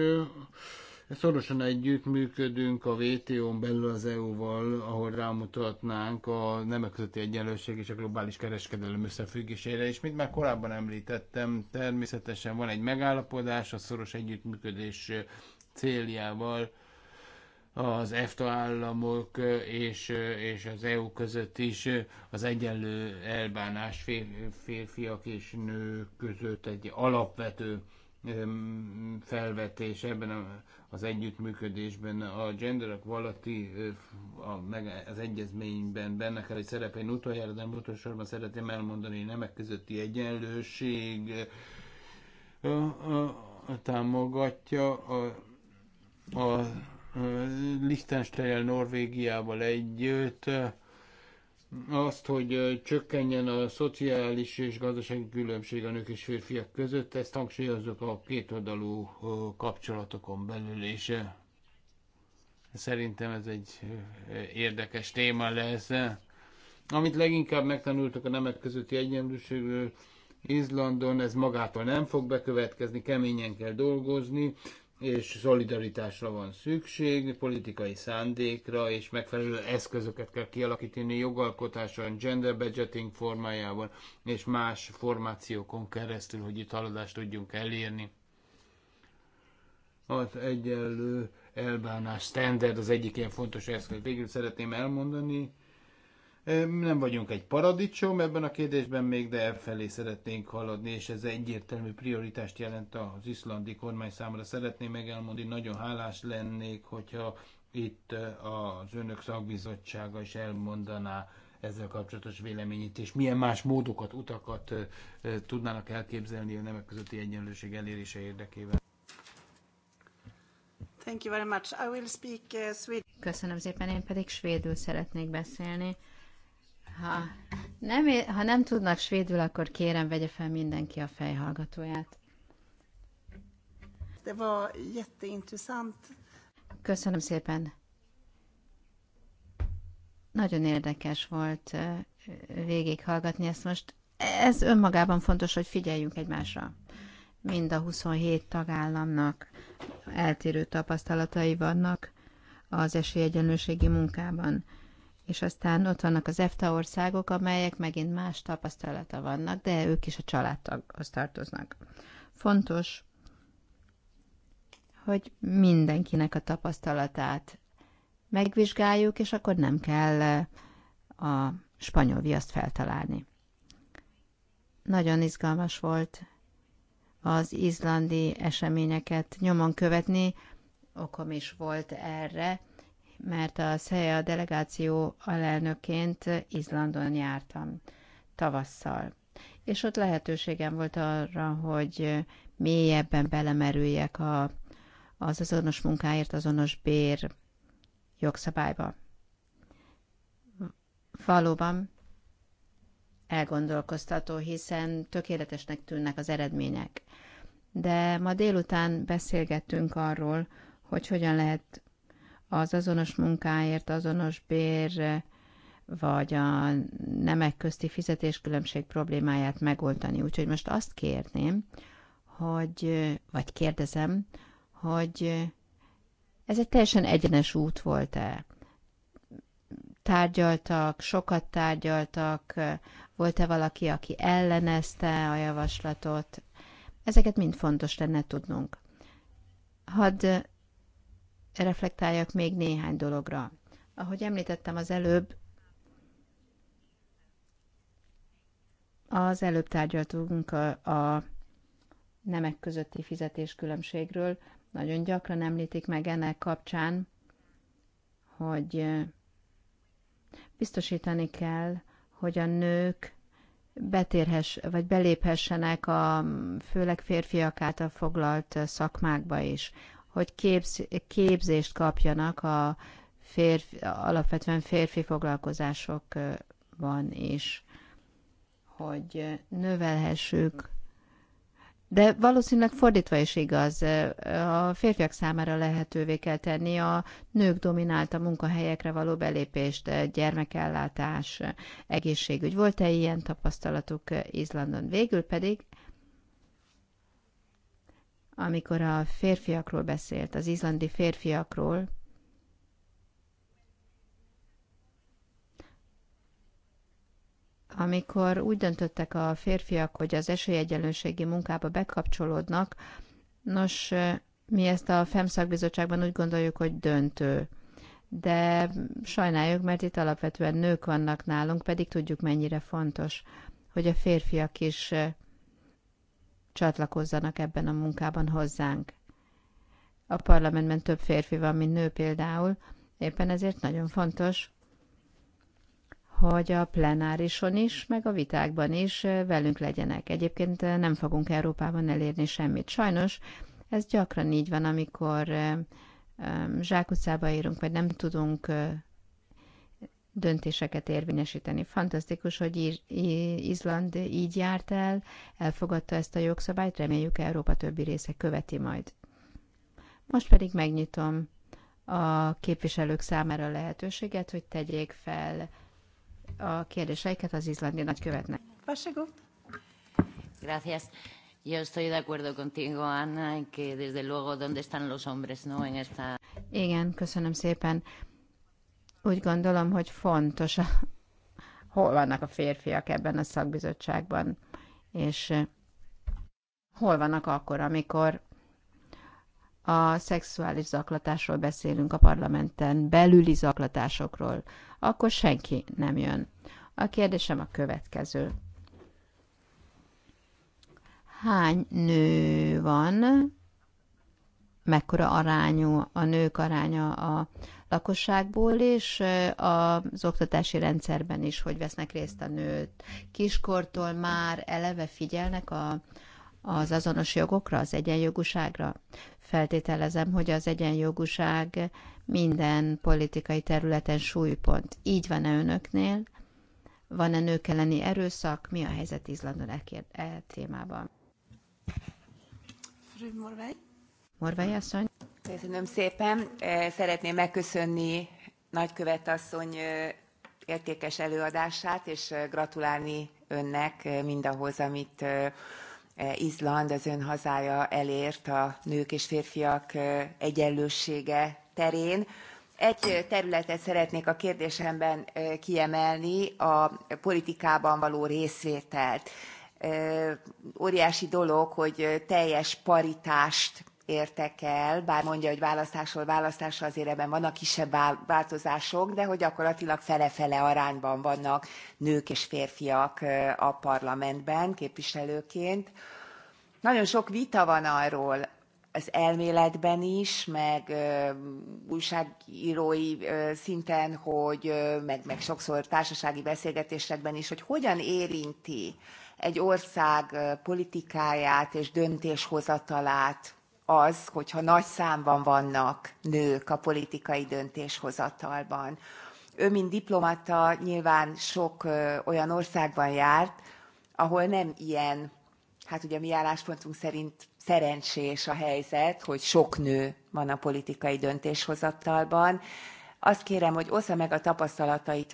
Szorosan együttműködünk a WTO-n belül az EU-val, ahol rámutatnánk a nemek közötti egyenlőség és a globális kereskedelem összefüggésére, és mint már korábban említettem, természetesen van egy megállapodás a szoros együttműködés céljával, az EFTA államok és, és az EU között is az egyenlő elbánás férfiak és nők között egy alapvető felvetés ebben az együttműködésben. A Gender Equality az egyezményben benne kell, egy szerepe. Én utoljára, de utolsóban szeretném elmondani, hogy nemek közötti egyenlőség támogatja a, a Liechtenstein Norvégiával együtt azt, hogy csökkenjen a szociális és gazdasági különbség a nők és férfiak között, ezt hangsúlyozok a kétoldalú kapcsolatokon belül, és szerintem ez egy érdekes téma lesz. Amit leginkább megtanultak a nemek közötti egyenlőségről, Izlandon ez magától nem fog bekövetkezni, keményen kell dolgozni, és szolidaritásra van szükség, politikai szándékra, és megfelelő eszközöket kell kialakítani jogalkotáson, gender budgeting formájában, és más formációkon keresztül, hogy itt haladást tudjunk elérni. Az egyenlő elbánás standard az egyik ilyen fontos eszköz. Végül szeretném elmondani, nem vagyunk egy paradicsom ebben a kérdésben még, de felé szeretnénk haladni, és ez egyértelmű prioritást jelent az iszlandi kormány számára. Szeretném meg elmondani, nagyon hálás lennék, hogyha itt eh, az önök szakbizottsága is elmondaná ezzel kapcsolatos véleményét, és milyen más módokat, utakat eh, eh, tudnának elképzelni a nemek közötti egyenlőség elérése érdekében. Thank you very much. I will speak, uh, Köszönöm szépen, én pedig svédül szeretnék beszélni. Ha nem, ha nem tudnak svédül, akkor kérem, vegye fel mindenki a fejhallgatóját. Det var jätteintressant. Köszönöm szépen. Nagyon érdekes volt végighallgatni ezt most. Ez önmagában fontos, hogy figyeljünk egymásra. Mind a 27 tagállamnak eltérő tapasztalatai vannak az esélyegyenlőségi munkában és aztán ott vannak az EFTA országok, amelyek megint más tapasztalata vannak, de ők is a családtaghoz tartoznak. Fontos, hogy mindenkinek a tapasztalatát megvizsgáljuk, és akkor nem kell eh, a spanyol viaszt feltalálni. Nagyon izgalmas volt az izlandi eseményeket nyomon követni, okom is volt erre, mert a SZEA delegáció alelnöként Izlandon jártam tavasszal. És ott lehetőségem volt arra, hogy mélyebben belemerüljek a, az azonos munkáért azonos bér jogszabályba. Valóban elgondolkoztató, hiszen tökéletesnek tűnnek az eredmények. De ma délután beszélgettünk arról, hogy hogyan lehet az azonos munkáért azonos bér vagy a nemek közti fizetéskülönbség problémáját megoldani. Úgyhogy most azt kérném, hogy, vagy kérdezem, hogy ez egy teljesen egyenes út volt-e? Tárgyaltak, sokat tárgyaltak, volt-e valaki, aki ellenezte a javaslatot? Ezeket mind fontos lenne tudnunk. Hadd reflektáljak még néhány dologra. Ahogy említettem az előbb, az előbb tárgyaltunk a, a nemek közötti fizetés különbségről. Nagyon gyakran említik meg ennek kapcsán, hogy biztosítani kell, hogy a nők betérhess, vagy beléphessenek a főleg férfiak által foglalt szakmákba is hogy képz, képzést kapjanak a férfi, alapvetően férfi foglalkozásokban is, hogy növelhessük. De valószínűleg fordítva is igaz. A férfiak számára lehetővé kell tenni a nők a munkahelyekre való belépést, gyermekellátás, egészségügy. Volt-e ilyen tapasztalatuk Izlandon? Végül pedig amikor a férfiakról beszélt, az izlandi férfiakról, amikor úgy döntöttek a férfiak, hogy az esélyegyenlőségi munkába bekapcsolódnak, nos, mi ezt a FEM szakbizottságban úgy gondoljuk, hogy döntő. De sajnáljuk, mert itt alapvetően nők vannak nálunk, pedig tudjuk mennyire fontos, hogy a férfiak is csatlakozzanak ebben a munkában hozzánk. A parlamentben több férfi van, mint nő például, éppen ezért nagyon fontos, hogy a plenárison is, meg a vitákban is velünk legyenek. Egyébként nem fogunk Európában elérni semmit. Sajnos ez gyakran így van, amikor zsákutcába érünk, vagy nem tudunk döntéseket érvényesíteni. Fantasztikus, hogy Izland így járt el, elfogadta ezt a jogszabályt, reméljük Európa többi része követi majd. Most pedig megnyitom a képviselők számára a lehetőséget, hogy tegyék fel a kérdéseiket az izlandi nagykövetnek. Pasegut. Gracias. Yo estoy de acuerdo contigo, Ana, que desde luego dónde están los hombres, ¿no? En esta... Igen, köszönöm szépen. Úgy gondolom, hogy fontos, hol vannak a férfiak ebben a szakbizottságban, és hol vannak akkor, amikor a szexuális zaklatásról beszélünk a parlamenten, belüli zaklatásokról, akkor senki nem jön. A kérdésem a következő. Hány nő van, mekkora arányú a nők aránya a lakosságból, is az oktatási rendszerben is, hogy vesznek részt a nőt. Kiskortól már eleve figyelnek a, az azonos jogokra, az egyenjogúságra. Feltételezem, hogy az egyenjogúság minden politikai területen súlypont. Így van-e önöknél? Van-e nők elleni erőszak? Mi a helyzet Izlandon e, e témában? Fru Morvai asszony. Köszönöm szépen. Eh, szeretném megköszönni nagykövet asszony eh, értékes előadását, és eh, gratulálni önnek mindahhoz, amit Izland, az ön hazája elért a nők és férfiak egyenlősége terén. Egy területet szeretnék a kérdésemben kiemelni, a politikában való részvételt. Óriási dolog, hogy teljes paritást értek el, bár mondja, hogy választásról választásra azért ebben vannak kisebb változások, de hogy gyakorlatilag fele-fele arányban vannak nők és férfiak a parlamentben képviselőként. Nagyon sok vita van arról, az elméletben is, meg ö, újságírói ö, szinten, hogy ö, meg, meg sokszor társasági beszélgetésekben is, hogy hogyan érinti egy ország politikáját és döntéshozatalát az, hogyha nagy számban vannak nők a politikai döntéshozatalban. Ő, mint diplomata, nyilván sok ö, olyan országban járt, ahol nem ilyen, hát ugye mi álláspontunk szerint szerencsés a helyzet, hogy sok nő van a politikai döntéshozatalban. Azt kérem, hogy ossza meg a tapasztalatait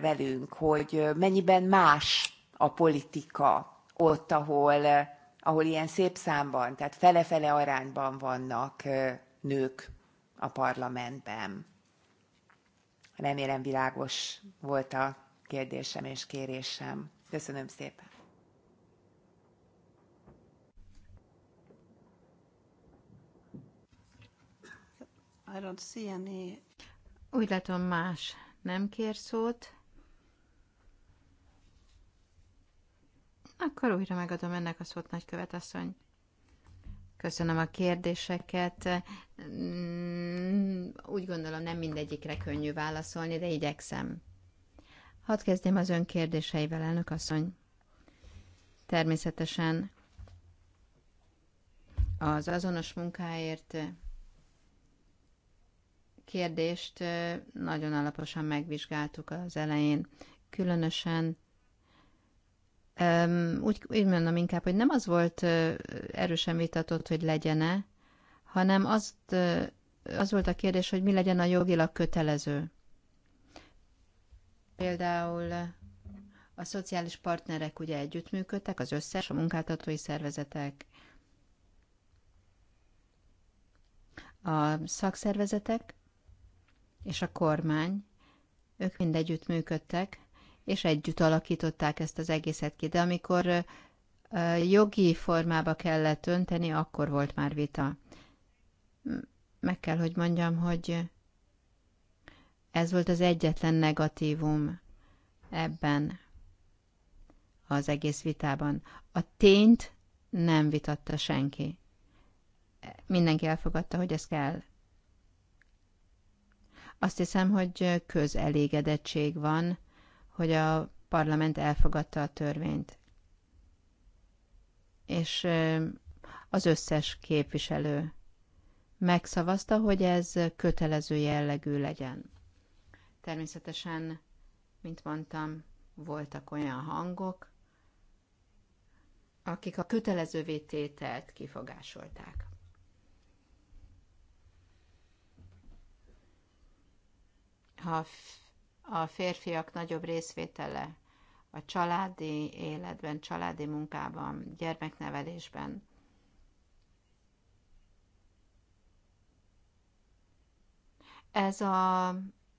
velünk, hogy mennyiben más a politika ott, ahol ahol ilyen szép számban, tehát fele-fele arányban vannak nők a parlamentben. Remélem világos volt a kérdésem és kérésem. Köszönöm szépen. I don't see any... Úgy látom, más nem kér szót. Akkor újra megadom ennek a szót, nagykövet asszony. Köszönöm a kérdéseket. Mm, úgy gondolom, nem mindegyikre könnyű válaszolni, de igyekszem. Hadd kezdjem az ön kérdéseivel, elnök asszony. Természetesen az azonos munkáért kérdést nagyon alaposan megvizsgáltuk az elején, különösen úgy, úgy mondom inkább, hogy nem az volt erősen vitatott, hogy legyene, hanem azt, az volt a kérdés, hogy mi legyen a jogilag kötelező. Például a szociális partnerek ugye együttműködtek, az összes, a munkáltatói szervezetek, a szakszervezetek és a kormány, ők mind együttműködtek, és együtt alakították ezt az egészet ki. De amikor jogi formába kellett önteni, akkor volt már vita. Meg kell, hogy mondjam, hogy ez volt az egyetlen negatívum ebben az egész vitában. A tényt nem vitatta senki. Mindenki elfogadta, hogy ez kell. Azt hiszem, hogy közelégedettség van hogy a parlament elfogadta a törvényt. És az összes képviselő megszavazta, hogy ez kötelező jellegű legyen. Természetesen, mint mondtam, voltak olyan hangok, akik a kötelezővé tételt kifogásolták. Ha a férfiak nagyobb részvétele a családi életben, családi munkában, gyermeknevelésben. Ez a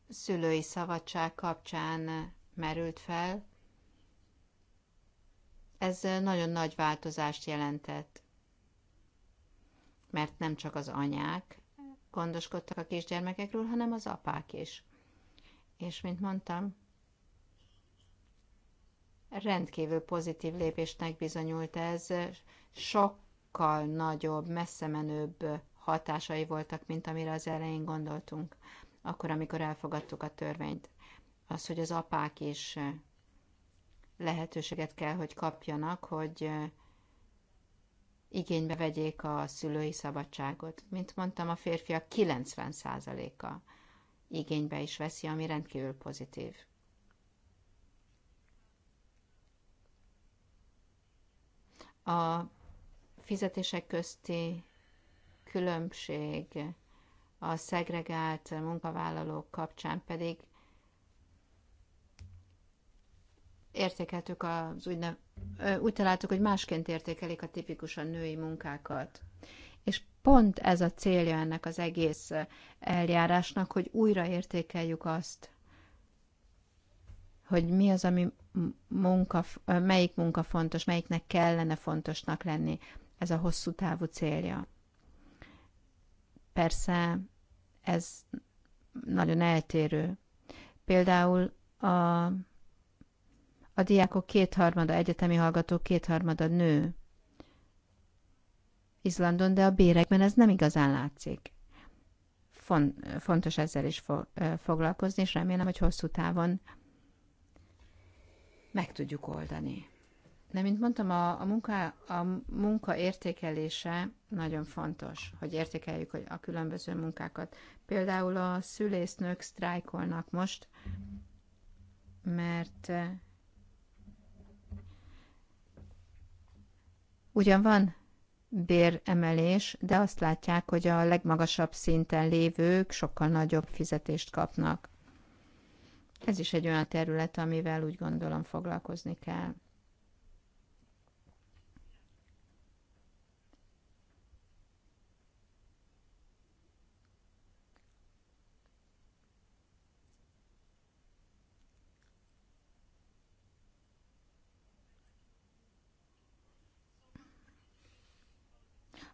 szülői szabadság kapcsán merült fel. Ez nagyon nagy változást jelentett, mert nem csak az anyák gondoskodtak a kisgyermekekről, hanem az apák is és mint mondtam, rendkívül pozitív lépésnek bizonyult ez, sokkal nagyobb, messze menőbb hatásai voltak, mint amire az elején gondoltunk, akkor, amikor elfogadtuk a törvényt. Az, hogy az apák is lehetőséget kell, hogy kapjanak, hogy igénybe vegyék a szülői szabadságot. Mint mondtam, a férfiak 90%-a igénybe is veszi, ami rendkívül pozitív. A fizetések közti különbség a szegregált munkavállalók kapcsán pedig értékeltük az úgynev, úgy találtuk, hogy másként értékelik a tipikusan női munkákat. Pont ez a célja ennek az egész eh, eljárásnak, hogy újraértékeljük azt, hogy mi az, ami munka, eh, melyik munka fontos, melyiknek kellene fontosnak lenni. Ez a hosszú távú célja. Persze ez nagyon eltérő. Például a, a diákok kétharmada, egyetemi hallgatók kétharmada nő. Izlandon, de a bérekben ez nem igazán látszik. Fontos ezzel is foglalkozni, és remélem, hogy hosszú távon meg tudjuk oldani. De, mint mondtam, a, a, munka, a munka értékelése nagyon fontos, hogy értékeljük hogy a különböző munkákat. Például a szülésznők sztrájkolnak most, mert ugyan van béremelés, de azt látják, hogy a legmagasabb szinten lévők sokkal nagyobb fizetést kapnak. Ez is egy olyan terület, amivel úgy gondolom foglalkozni kell.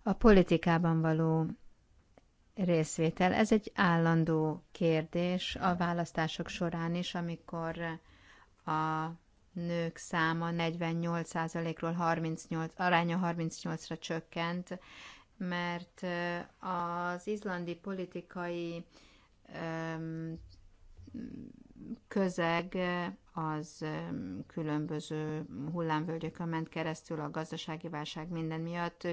a politikában való részvétel. Ez egy állandó kérdés a választások során is, amikor a nők száma 48%-ról 38, aránya 38-ra csökkent, mert az izlandi politikai közeg az különböző hullámvölgyökön ment keresztül, a gazdasági válság minden miatt,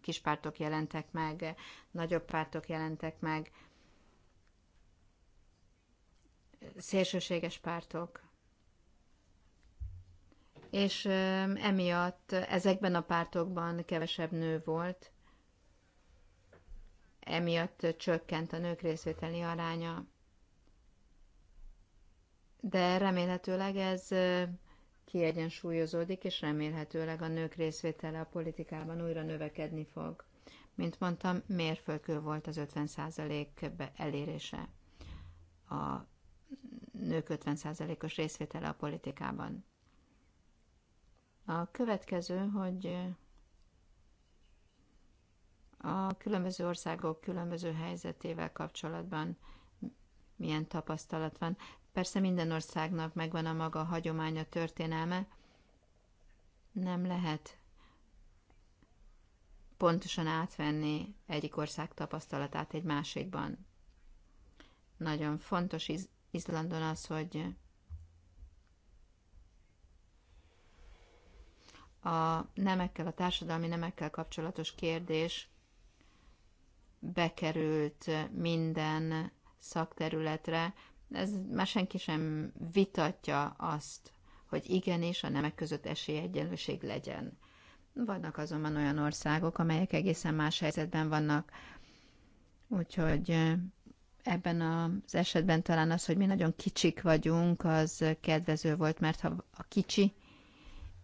kis pártok jelentek meg, nagyobb pártok jelentek meg, szélsőséges pártok. És emiatt ezekben a pártokban kevesebb nő volt, emiatt csökkent a nők részvételi aránya de remélhetőleg ez kiegyensúlyozódik, és remélhetőleg a nők részvétele a politikában újra növekedni fog. Mint mondtam, mérföldkő volt az 50% elérése. A nők 50%-os részvétele a politikában. A következő, hogy a különböző országok különböző helyzetével kapcsolatban milyen tapasztalat van. Persze minden országnak megvan a maga hagyománya, történelme. Nem lehet pontosan átvenni egyik ország tapasztalatát egy másikban. Nagyon fontos Iz- Izlandon az, hogy a nemekkel, a társadalmi nemekkel kapcsolatos kérdés bekerült minden szakterületre, ez már senki sem vitatja azt, hogy igenis a nemek között esélyegyenlőség legyen. Vannak azonban olyan országok, amelyek egészen más helyzetben vannak, úgyhogy ebben az esetben talán az, hogy mi nagyon kicsik vagyunk, az kedvező volt, mert ha a kicsi,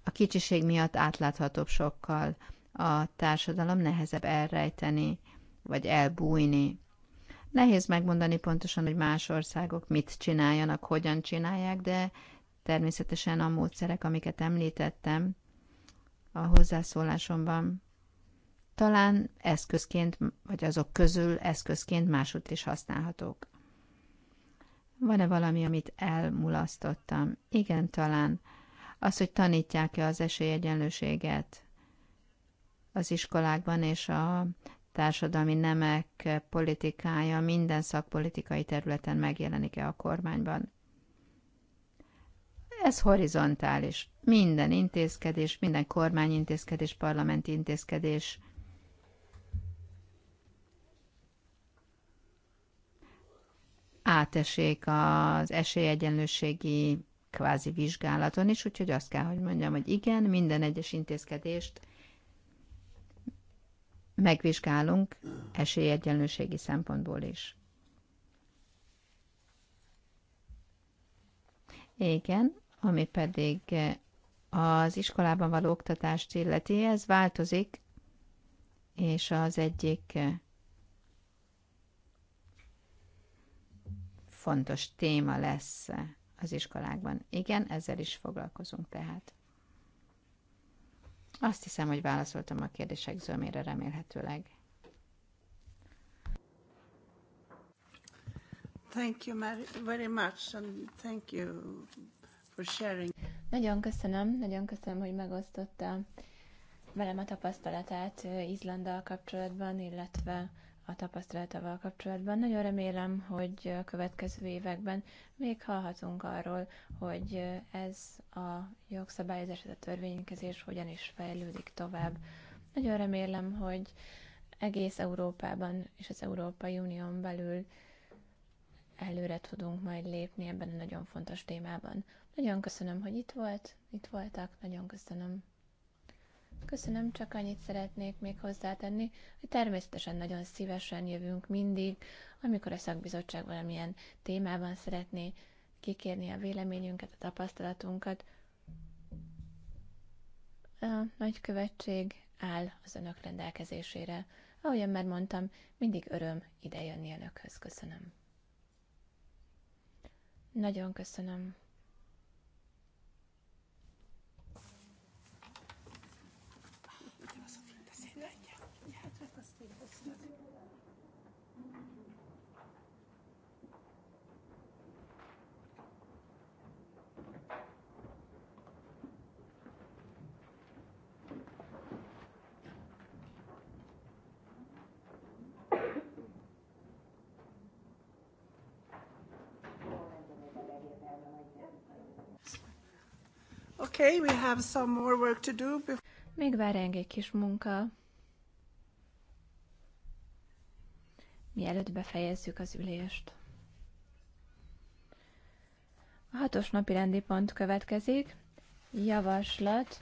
a kicsiség miatt átláthatóbb sokkal a társadalom nehezebb elrejteni, vagy elbújni Nehéz megmondani pontosan, hogy más országok mit csináljanak, hogyan csinálják, de természetesen a módszerek, amiket említettem a hozzászólásomban, talán eszközként, vagy azok közül eszközként máshogy is használhatók. Van-e valami, amit elmulasztottam? Igen, talán. Az, hogy tanítják-e az esélyegyenlőséget az iskolákban és a társadalmi nemek politikája minden szakpolitikai területen megjelenik-e a kormányban. Ez horizontális. Minden intézkedés, minden kormányintézkedés, parlamenti intézkedés átesék az esélyegyenlőségi kvázi vizsgálaton is, úgyhogy azt kell, hogy mondjam, hogy igen, minden egyes intézkedést megvizsgálunk esélyegyenlőségi szempontból is. Igen, ami pedig eh, az iskolában való oktatást illeti, ez változik, és az egyik eh, fontos téma lesz eh, az iskolákban. Igen, ezzel is foglalkozunk tehát. Azt hiszem, hogy válaszoltam a kérdések zömére remélhetőleg. Thank you very much, and thank you for sharing. Nagyon köszönöm, nagyon köszönöm, hogy megosztotta velem a tapasztalatát Izlanddal kapcsolatban, illetve a tapasztalatával kapcsolatban. Nagyon remélem, hogy a következő években még hallhatunk arról, hogy ez a jogszabályozás, ez a törvénykezés hogyan is fejlődik tovább. Nagyon remélem, hogy egész Európában és az Európai Unión belül előre tudunk majd lépni ebben a nagyon fontos témában. Nagyon köszönöm, hogy itt volt, itt voltak, nagyon köszönöm. Köszönöm, csak annyit szeretnék még hozzátenni, hogy természetesen nagyon szívesen jövünk mindig, amikor a szakbizottság valamilyen témában szeretné kikérni a véleményünket, a tapasztalatunkat. A nagykövetség áll az önök rendelkezésére. Ahogyan már mondtam, mindig öröm idejönni önökhöz. Köszönöm. Nagyon köszönöm. Okay, we have some more work to do Még vár egy kis munka. Mielőtt befejezzük az ülést. A hatos napi rendi pont következik. Javaslat.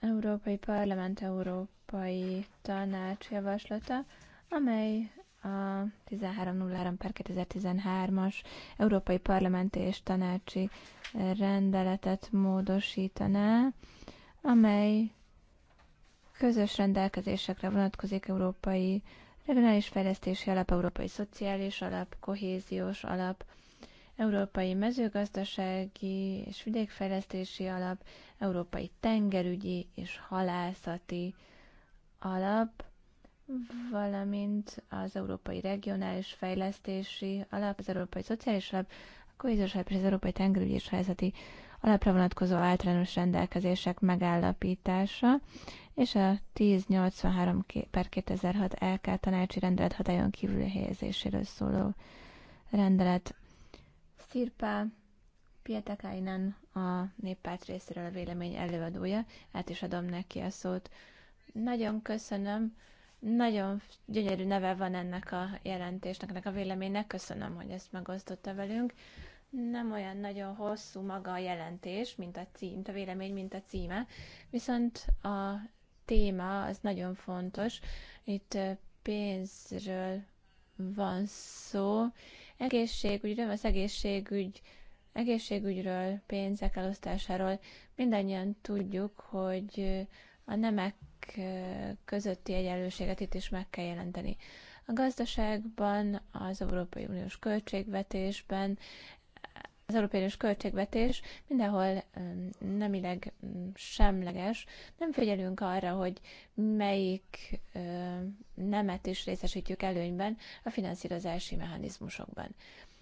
Európai Parlament, Európai Tanács javaslata, amely a 1303 per 2013-as Európai Parlamenti és Tanácsi rendeletet módosítaná, amely közös rendelkezésekre vonatkozik Európai Regionális Fejlesztési Alap, Európai Szociális Alap, Kohéziós Alap, Európai Mezőgazdasági és Vidékfejlesztési Alap, Európai Tengerügyi és Halászati Alap, valamint az Európai Regionális Fejlesztési Alap, az Európai Szociális Alap, a Kohéziós Alap és az Európai Tengerügyi és Helyzeti Alapra vonatkozó általános rendelkezések megállapítása, és a 1083 per 2006 LK tanácsi rendelet hatályon kívül helyezéséről szóló rendelet. Szirpa Pietekainen a néppárt részéről a vélemény előadója, át is adom neki a szót. Nagyon köszönöm nagyon gyönyörű neve van ennek a jelentésnek, ennek a véleménynek. Köszönöm, hogy ezt megosztotta velünk. Nem olyan nagyon hosszú maga a jelentés, mint a, cím, a vélemény, mint a címe, viszont a téma az nagyon fontos. Itt pénzről van szó. Egészségügyről, az egészségügy, egészségügyről, pénzek elosztásáról mindannyian tudjuk, hogy a nemek közötti egyenlőséget itt is meg kell jelenteni. A gazdaságban, az Európai Uniós költségvetésben, az Európai Uniós költségvetés mindenhol um, nemileg um, semleges. Nem figyelünk arra, hogy melyik um, nemet is részesítjük előnyben a finanszírozási mechanizmusokban.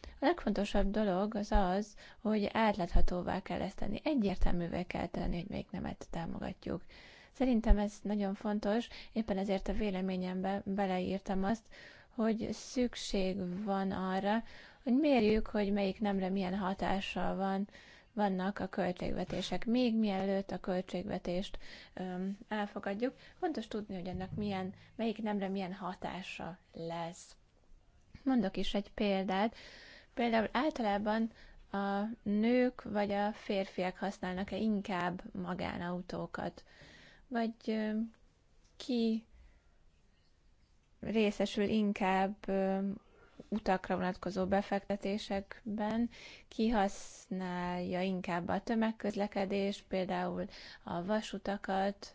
A legfontosabb dolog az az, hogy átláthatóvá kell ezt tenni, egyértelművé kell tenni, hogy melyik nemet támogatjuk. Szerintem ez nagyon fontos, éppen ezért a véleményembe beleírtam azt, hogy szükség van arra, hogy mérjük, hogy melyik nemre milyen hatással van, vannak a költségvetések. Még mielőtt a költségvetést öm, elfogadjuk, fontos tudni, hogy ennek milyen, melyik nemre milyen hatása lesz. Mondok is egy példát. Például általában a nők vagy a férfiak használnak-e inkább magánautókat vagy ki részesül inkább utakra vonatkozó befektetésekben kihasználja inkább a tömegközlekedés, például a vasutakat,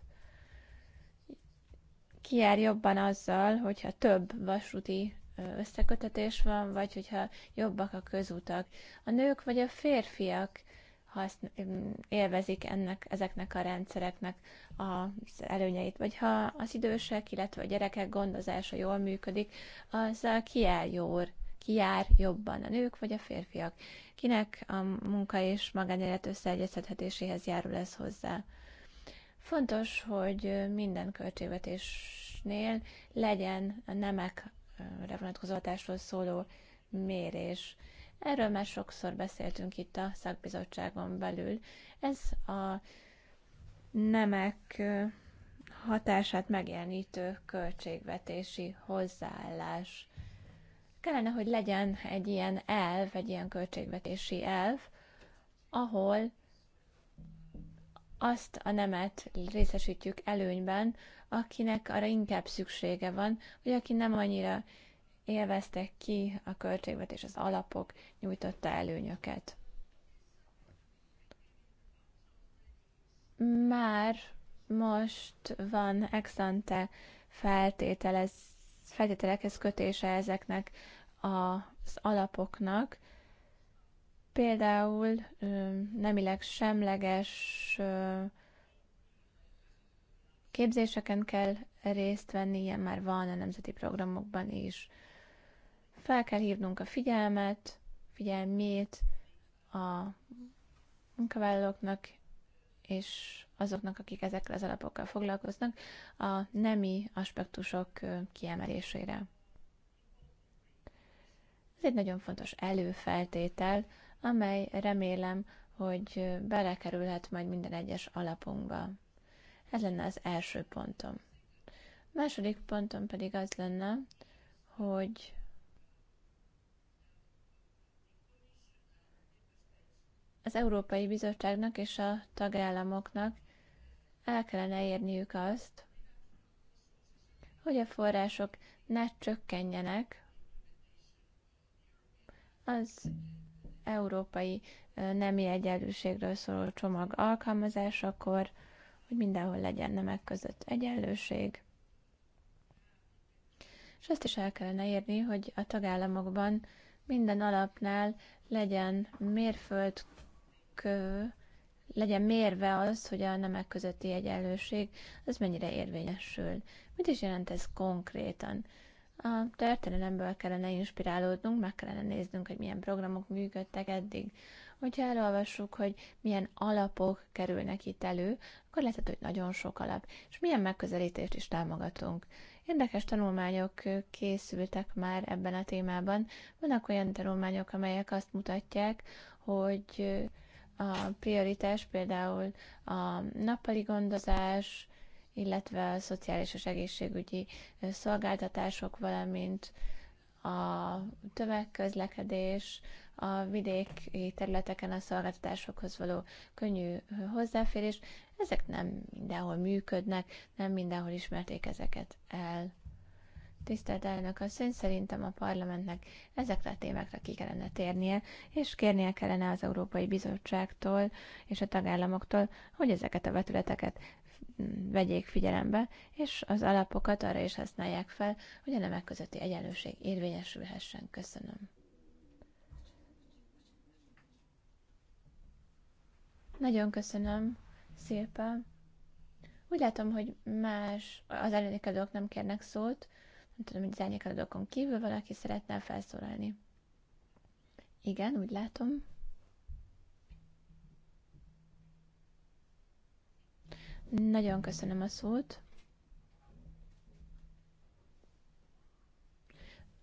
ki jár jobban azzal, hogyha több vasúti összekötetés van, vagy hogyha jobbak a közutak. A nők vagy a férfiak haszn- mm, élvezik ennek, ezeknek a rendszereknek az előnyeit. Vagy ha az idősek, illetve a gyerekek gondozása jól működik, az kiáll jól, jár jobban a nők vagy a férfiak. Kinek a munka és magánélet összeegyeztethetéséhez járul ez hozzá. Fontos, hogy minden költségvetésnél legyen a nemekre vonatkozó hatásról szóló mérés. Erről már sokszor beszéltünk itt a szakbizottságon belül. Ez a nemek hatását megjelenítő költségvetési hozzáállás. Kellene, hogy legyen egy ilyen elv, egy ilyen költségvetési elv, ahol azt a nemet részesítjük előnyben, akinek arra inkább szüksége van, vagy aki nem annyira élveztek ki a költségvetés, az alapok nyújtotta előnyöket. Már most van exante feltételez, feltételekhez kötése ezeknek az alapoknak, például nemileg semleges képzéseken kell részt venni, ilyen már van a nemzeti programokban is. Fel kell hívnunk a figyelmet, figyelmét a munkavállalóknak és azoknak, akik ezekkel az alapokkal foglalkoznak, a nemi aspektusok kiemelésére. Ez egy nagyon fontos előfeltétel, amely remélem, hogy belekerülhet majd minden egyes alapunkba. Ez lenne az első pontom. A második pontom pedig az lenne, hogy az Európai Bizottságnak és a tagállamoknak el kellene érniük azt, hogy a források ne csökkenjenek az európai nemi egyenlőségről szóló csomag alkalmazásakor, hogy mindenhol legyen nemek között egyenlőség. És azt is el kellene érni, hogy a tagállamokban minden alapnál legyen mérföld legyen mérve az, hogy a nemek közötti egyenlőség az mennyire érvényesül. Mit is jelent ez konkrétan? A történelemből kellene inspirálódnunk, meg kellene néznünk, hogy milyen programok működtek eddig. Hogyha elolvassuk, hogy milyen alapok kerülnek itt elő, akkor lehet, hogy nagyon sok alap, és milyen megközelítést is támogatunk. Érdekes tanulmányok készültek már ebben a témában. Vannak olyan tanulmányok, amelyek azt mutatják, hogy a prioritás például a nappali gondozás, illetve a szociális és egészségügyi szolgáltatások, valamint a tömegközlekedés, a vidéki területeken a szolgáltatásokhoz való könnyű hozzáférés, ezek nem mindenhol működnek, nem mindenhol ismerték ezeket el. Tisztelt elnök asszony, szerintem a parlamentnek ezekre a témákra ki kellene térnie, és kérnie kellene az Európai Bizottságtól és a tagállamoktól, hogy ezeket a vetületeket vegyék figyelembe, és az alapokat arra is használják fel, hogy a nemek közötti egyenlőség érvényesülhessen. Köszönöm. Nagyon köszönöm, Szilpa. Úgy látom, hogy más az előnyekadók nem kérnek szót, nem tudom, hogy zárnyékadókon kívül valaki szeretne felszólalni. Igen, úgy látom. Nagyon köszönöm a szót.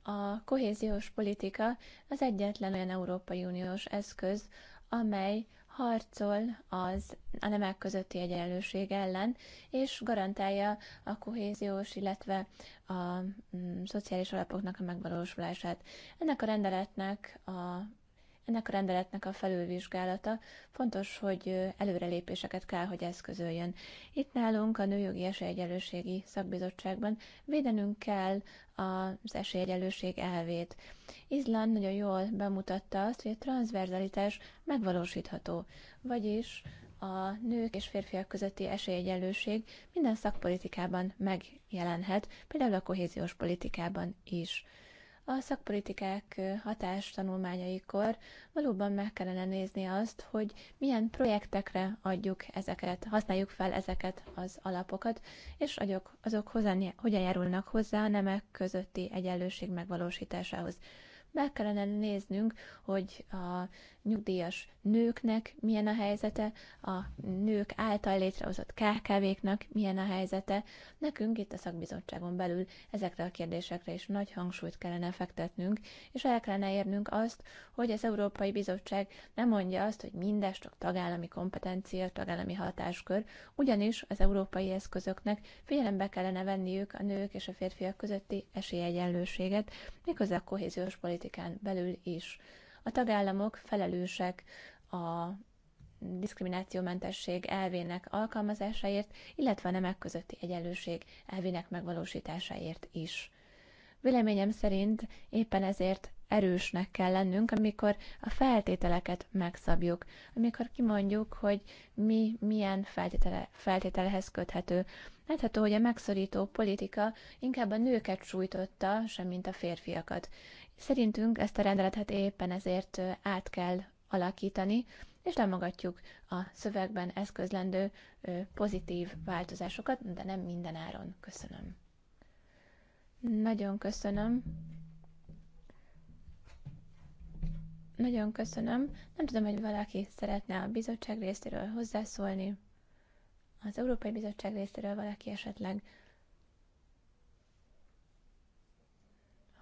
A kohéziós politika az egyetlen olyan Európai Uniós eszköz, amely harcol az a nemek közötti egyenlőség ellen, és garantálja a kohéziós, illetve a mm, szociális alapoknak a megvalósulását. Ennek a rendeletnek a ennek a rendeletnek a felülvizsgálata fontos, hogy előrelépéseket kell, hogy eszközöljön. Itt nálunk a Nőjogi Esélyegyelőségi Szakbizottságban védenünk kell az esélyegyelőség elvét. Izland nagyon jól bemutatta azt, hogy a transverzalitás megvalósítható, vagyis a nők és férfiak közötti esélyegyenlőség minden szakpolitikában megjelenhet, például a kohéziós politikában is a szakpolitikák tanulmányaikor valóban meg kellene nézni azt, hogy milyen projektekre adjuk ezeket, használjuk fel ezeket az alapokat, és azok hozzán, hogyan járulnak hozzá a nemek közötti egyenlőség megvalósításához. Meg kellene néznünk, hogy a nyugdíjas nőknek milyen a helyzete, a nők által létrehozott KKV-knak milyen a helyzete. Nekünk itt a szakbizottságon belül ezekre a kérdésekre is nagy hangsúlyt kellene fektetnünk, és el kellene érnünk azt, hogy az Európai Bizottság nem mondja azt, hogy mindest csak tagállami kompetencia, tagállami hatáskör, ugyanis az európai eszközöknek figyelembe kellene venniük a nők és a férfiak közötti esélyegyenlőséget, méghozzá a kohéziós politikán belül is. A tagállamok felelősek a diszkriminációmentesség elvének alkalmazásáért, illetve a nemek közötti egyenlőség elvének megvalósításáért is. Véleményem szerint éppen ezért erősnek kell lennünk, amikor a feltételeket megszabjuk, amikor kimondjuk, hogy mi milyen feltétele, feltételehez köthető. Látható, hogy a megszorító politika inkább a nőket sújtotta, semmint a férfiakat. Szerintünk ezt a rendeletet éppen ezért át kell alakítani, és támogatjuk a szövegben eszközlendő pozitív változásokat, de nem minden áron. Köszönöm. Nagyon köszönöm. Nagyon köszönöm. Nem tudom, hogy valaki szeretne a bizottság részéről hozzászólni. Az Európai Bizottság részéről valaki esetleg.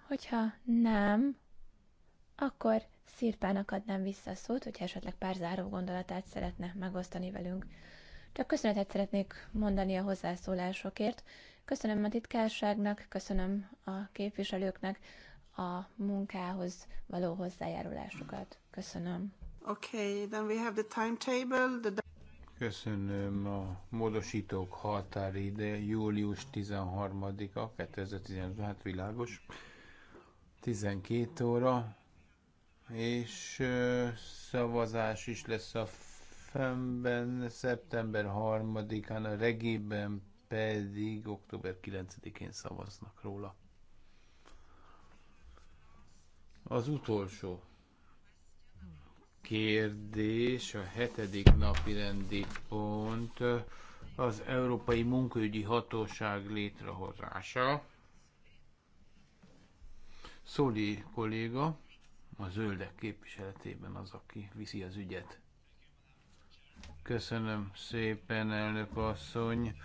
Hogyha nem, akkor Szirpának adnám vissza a szót, hogyha esetleg pár záró gondolatát szeretne megosztani velünk. Csak köszönetet szeretnék mondani a hozzászólásokért. Köszönöm a titkárságnak, köszönöm a képviselőknek, a munkához való hozzájárulásukat. Köszönöm. Okay, then we have the timetable. The... Köszönöm a módosítók határide, július 13-a, 2016 hát világos, 12 óra, és szavazás is lesz a fennben szeptember 3-án, a regében pedig október 9-én szavaznak róla. Az utolsó kérdés, a hetedik napi rendi pont, az Európai Munkaügyi Hatóság létrehozása. Szóli kolléga, a zöldek képviseletében az, aki viszi az ügyet. Köszönöm szépen, elnök asszony.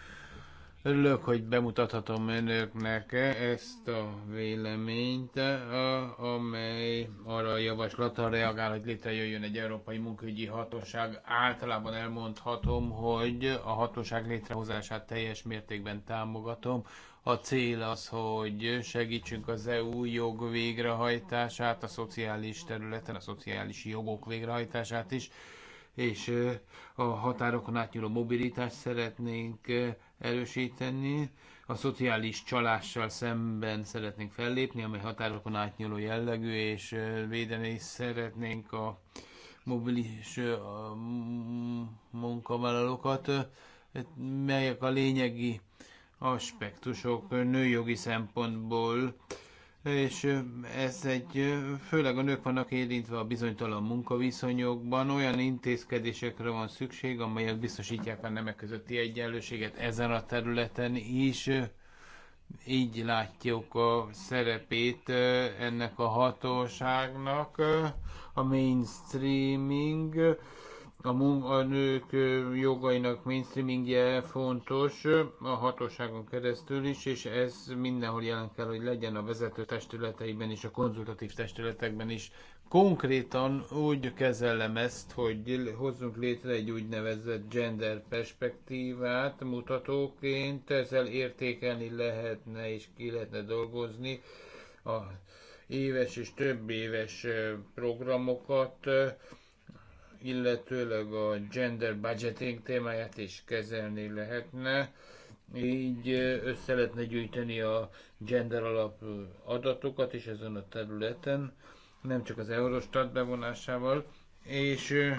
Örülök, hogy bemutathatom önöknek ezt a véleményt, amely arra a javaslatra reagál, hogy létrejöjjön egy Európai Munkaügyi Hatóság. Általában elmondhatom, hogy a hatóság létrehozását teljes mértékben támogatom. A cél az, hogy segítsünk az EU jog végrehajtását, a szociális területen, a szociális jogok végrehajtását is, és a határokon átnyúló mobilitást szeretnénk erősíteni. A szociális csalással szemben szeretnénk fellépni, amely határokon átnyúló jellegű, és védeni szeretnénk a mobilis a munkavállalókat, hát, melyek a lényegi aspektusok nőjogi szempontból és ez egy, főleg a nők vannak érintve a bizonytalan munkaviszonyokban, olyan intézkedésekre van szükség, amelyek biztosítják a nemek közötti egyenlőséget ezen a területen is. Így látjuk a szerepét ennek a hatóságnak, a mainstreaming, a munkanők jogainak mainstreamingje fontos a hatóságon keresztül is, és ez mindenhol jelen kell, hogy legyen a vezető testületeiben és a konzultatív testületekben is. Konkrétan úgy kezelem ezt, hogy hozzunk létre egy úgynevezett gender perspektívát mutatóként, ezzel értékelni lehetne és ki lehetne dolgozni a éves és több éves programokat, illetőleg a gender budgeting témáját is kezelni lehetne. Így össze lehetne gyűjteni a gender alapú adatokat is ezen a területen, nem csak az Eurostat bevonásával, és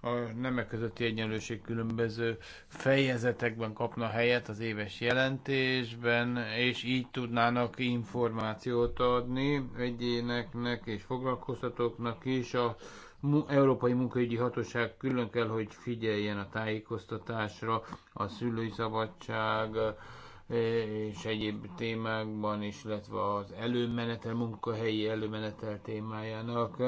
a nemek közötti egyenlőség különböző fejezetekben kapna helyet az éves jelentésben, és így tudnának információt adni egyéneknek és foglalkoztatóknak is a Európai Munkaügyi Hatóság külön kell, hogy figyeljen a tájékoztatásra, a szülői szabadság és egyéb témákban is, illetve az előmenetel, munkahelyi előmenetel témájának.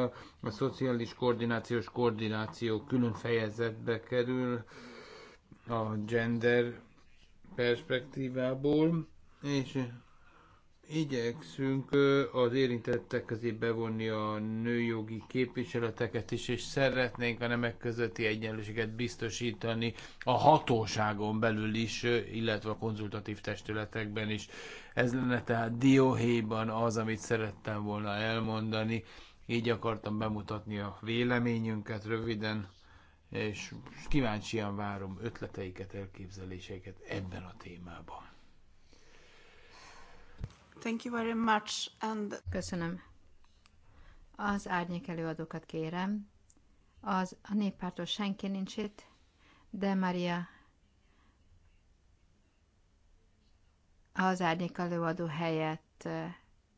A szociális koordinációs koordináció külön fejezetbe kerül a gender perspektívából, és igyekszünk az érintettek közé bevonni a nőjogi képviseleteket is, és szeretnénk a nemek közötti egyenlőséget biztosítani a hatóságon belül is, illetve a konzultatív testületekben is. Ez lenne tehát dióhéjban az, amit szerettem volna elmondani. Így akartam bemutatni a véleményünket röviden, és kíváncsian várom ötleteiket, elképzeléseiket ebben a témában. Thank you very much. And... Köszönöm. Az árnyék előadókat kérem. Az, a néppártól senki nincs itt, de Maria az árnyék előadó helyett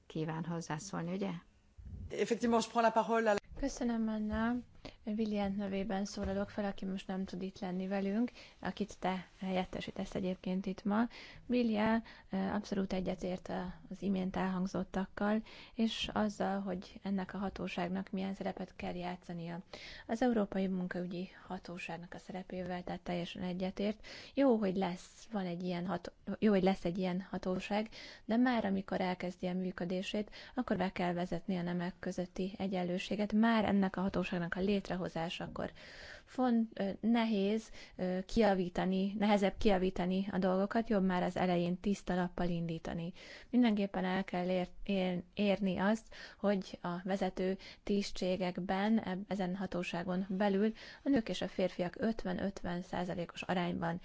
kíván hozzászólni, ugye? Effectivement, je prends la parole. Köszönöm, Anna. William nevében szólalok fel, aki most nem tud itt lenni velünk, akit te helyettesítesz egyébként itt ma. Vilja eh, abszolút egyetért az imént elhangzottakkal, és azzal, hogy ennek a hatóságnak milyen szerepet kell játszania. Az Európai Munkaügyi Hatóságnak a szerepével, tehát teljesen egyetért. Jó, hogy lesz, van egy ilyen hat- jó, hogy lesz egy ilyen hatóság, de már amikor elkezdi a működését, akkor be kell vezetni a nemek közötti egyenlőséget, már ennek a hatóságnak a létre akkor Font, nehéz kiavítani, nehezebb kiavítani a dolgokat, jobb már az elején tiszta lappal indítani. Mindenképpen el kell ér, ér, érni azt, hogy a vezető tisztségekben, ezen hatóságon belül a nők és a férfiak 50-50 százalékos -50 arányban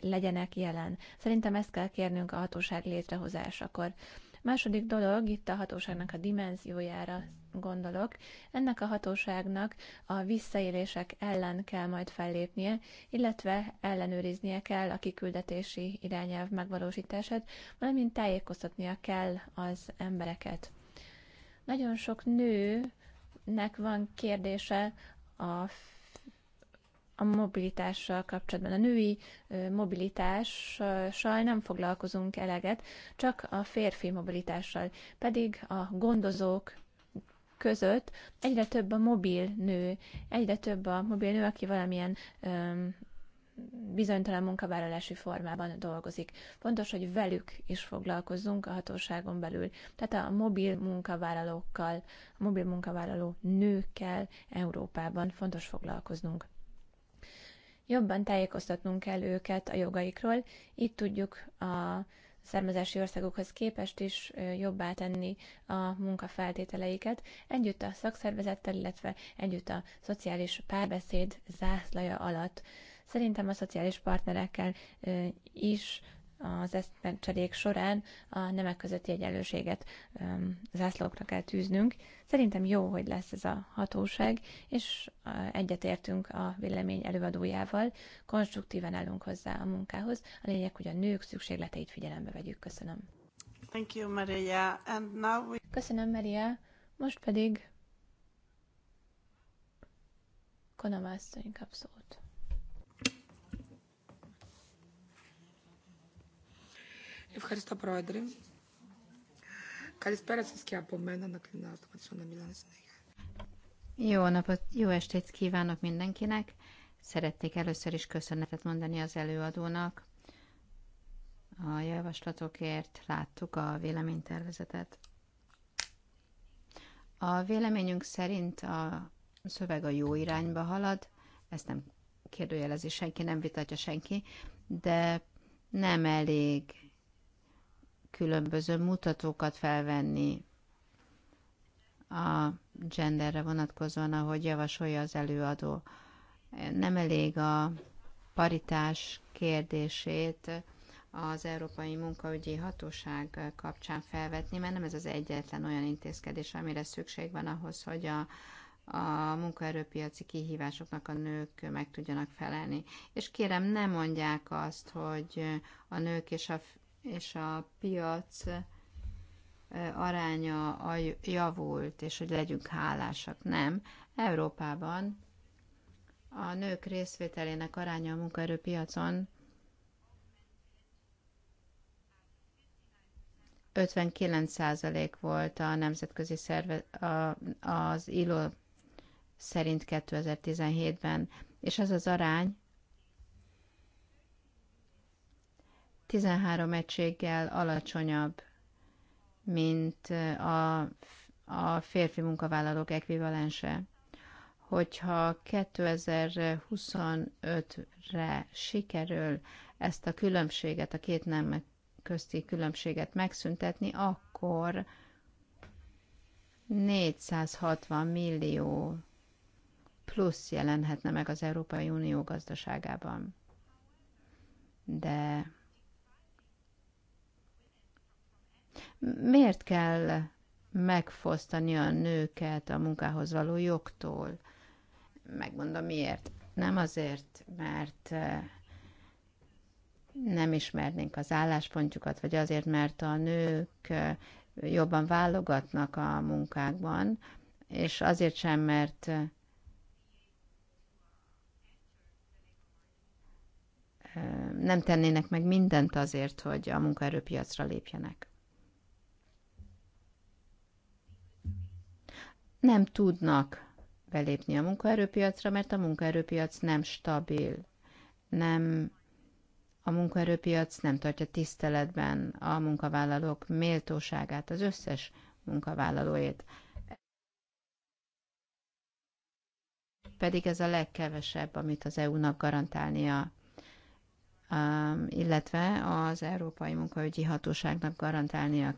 legyenek jelen. Szerintem ezt kell kérnünk a hatóság létrehozásakor. Második dolog, itt a hatóságnak a dimenziójára gondolok. Ennek a hatóságnak a visszaélések ellen kell majd fellépnie, illetve ellenőriznie kell a kiküldetési irányelv megvalósítását, valamint tájékoztatnia kell az embereket. Nagyon sok nőnek van kérdése a a mobilitással kapcsolatban. A női mobilitással nem foglalkozunk eleget, csak a férfi mobilitással. Pedig a gondozók, között egyre több a mobil nő, egyre több a mobil nő, aki valamilyen öm, bizonytalan munkavállalási formában dolgozik. Fontos, hogy velük is foglalkozzunk a hatóságon belül. Tehát a mobil munkavállalókkal, a mobil munkavállaló nőkkel Európában fontos foglalkoznunk. Jobban tájékoztatnunk kell őket a jogaikról, Itt tudjuk a származási országokhoz képest is jobbá tenni a munkafeltételeiket, együtt a szakszervezettel, illetve együtt a szociális párbeszéd zászlaja alatt. Szerintem a szociális partnerekkel is az eszmecserék során a nemek közötti egyenlőséget zászlókra kell tűznünk. Szerintem jó, hogy lesz ez a hatóság, és egyetértünk a vélemény előadójával, konstruktíven állunk hozzá a munkához. A lényeg, hogy a nők szükségleteit figyelembe vegyük. Köszönöm. Thank you, Maria. And now we... Köszönöm, Maria. Most pedig Konama asszony kap Ευχαριστώ, Πρόεδρε. Καλησπέρα σας και από μένα να κλείνω το να μιλάνε συνέχεια. Jó napot, jó estét kívánok mindenkinek! Szeretnék először is köszönetet mondani az előadónak a javaslatokért, láttuk a véleménytervezetet. A véleményünk szerint a szöveg a jó irányba halad, ezt nem kérdőjelezi senki, nem vitatja senki, de nem elég különböző mutatókat felvenni a genderre vonatkozóan, ahogy javasolja az előadó. Nem elég a paritás kérdését az Európai Munkaügyi Hatóság kapcsán felvetni, mert nem ez az egyetlen olyan intézkedés, amire szükség van ahhoz, hogy a, a munkaerőpiaci kihívásoknak a nők meg tudjanak felelni. És kérem, ne mondják azt, hogy a nők és a és a piac aránya javult, és hogy legyünk hálásak. Nem. Európában a nők részvételének aránya a munkaerőpiacon 59% volt a nemzetközi szerve, a, az ILO szerint 2017-ben, és ez az arány 13 egységgel alacsonyabb, mint a, a férfi munkavállalók ekvivalense. Hogyha 2025-re sikerül ezt a különbséget, a két nem közti különbséget megszüntetni, akkor 460 millió plusz jelenhetne meg az Európai Unió gazdaságában. De Miért kell megfosztani a nőket a munkához való jogtól? Megmondom miért. Nem azért, mert eh, nem ismernénk az álláspontjukat, vagy azért, mert a nők eh, jobban válogatnak a munkákban, és azért sem, mert eh, nem tennének meg mindent azért, hogy a munkaerőpiacra lépjenek. nem tudnak belépni a munkaerőpiacra, mert a munkaerőpiac nem stabil, nem a munkaerőpiac nem tartja tiszteletben a munkavállalók méltóságát, az összes munkavállalóét. Pedig ez a legkevesebb, amit az EU-nak garantálnia, um, illetve az Európai Munkaügyi Hatóságnak garantálnia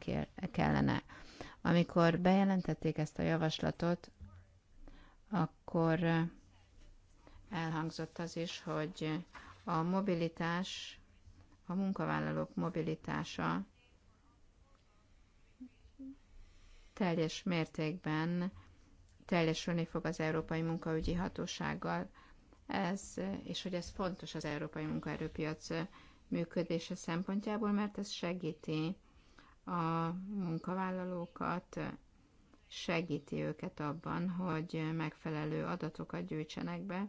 kellene. Amikor bejelentették ezt a javaslatot, akkor eh, elhangzott az is, hogy a mobilitás, a munkavállalók mobilitása teljes mértékben teljesülni fog az Európai Munkaügyi Hatósággal, ez, és hogy ez fontos az európai munkaerőpiac működése szempontjából, mert ez segíti a munkavállalókat, segíti őket abban, hogy megfelelő adatokat gyűjtsenek be,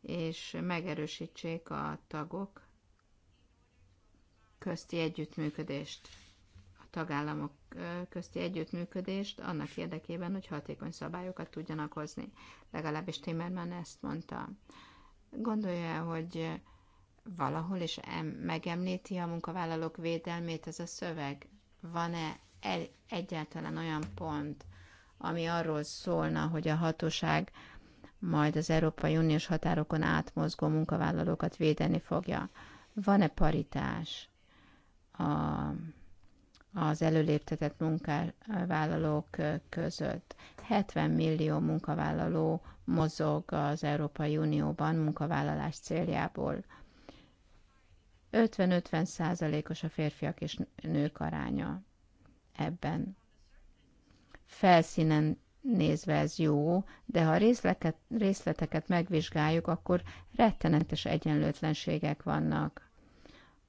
és megerősítsék a tagok közti együttműködést, a tagállamok közti együttműködést annak érdekében, hogy hatékony szabályokat tudjanak hozni. Legalábbis Timmerman ezt mondta. Gondolja, hogy valahol is em- megemlíti a munkavállalók védelmét ez a szöveg? van-e egyáltalán olyan pont, ami arról szólna, hogy a hatóság majd az Európai Uniós határokon átmozgó munkavállalókat védeni fogja. Van-e paritás a, az előléptetett munkavállalók között? 70 millió munkavállaló mozog az Európai Unióban munkavállalás céljából. 50-50 százalékos -50 a férfiak és nők aránya ebben. Felszínen nézve ez jó, de ha részleket, részleteket megvizsgáljuk, akkor rettenetes egyenlőtlenségek vannak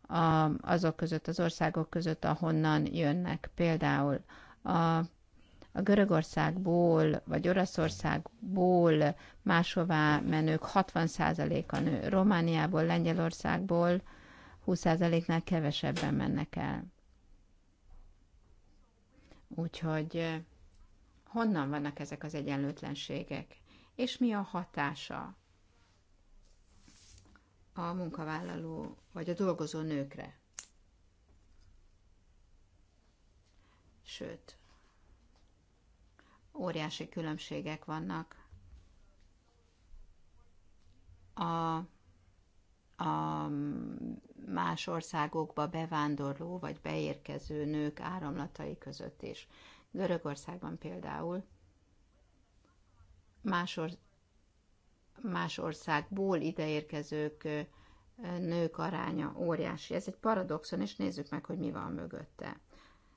a, azok között, az országok között, ahonnan jönnek. Például a a Görögországból vagy Oroszországból máshová menők 60%-a nő, Romániából, Lengyelországból 20%-nál kevesebben mennek el. Úgyhogy honnan vannak ezek az egyenlőtlenségek, és mi a hatása a munkavállaló vagy a dolgozó nőkre? Sőt, óriási különbségek vannak a a más országokba bevándorló vagy beérkező nők áramlatai között is. Görögországban például más, or- más országból ideérkezők nők aránya óriási. Ez egy paradoxon, és nézzük meg, hogy mi van mögötte.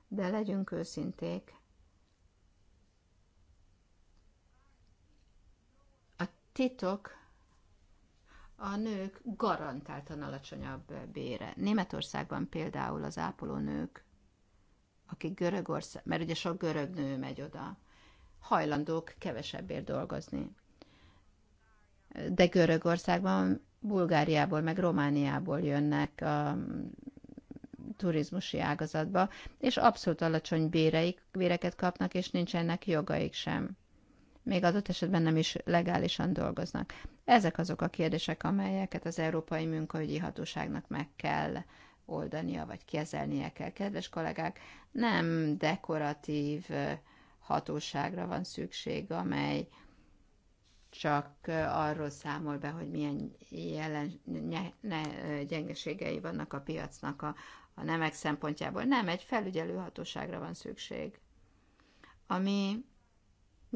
De legyünk őszinték, a titok a nők garantáltan alacsonyabb bére. Németországban például az ápolónők, akik Görögország, mert ugye sok görög nő megy oda, hajlandók kevesebbért dolgozni. De Görögországban, Bulgáriából, meg Romániából jönnek a turizmusi ágazatba, és abszolút alacsony béreik, béreket kapnak, és nincsenek jogaik sem még adott esetben nem is legálisan dolgoznak. Ezek azok a kérdések, amelyeket az Európai Munkaügyi Hatóságnak meg kell oldania, vagy kezelnie kell. Kedves kollégák, nem dekoratív hatóságra van szükség, amely csak arról számol be, hogy milyen jelen, ne, ne, gyengeségei vannak a piacnak a, a nemek szempontjából. Nem, egy felügyelő hatóságra van szükség, ami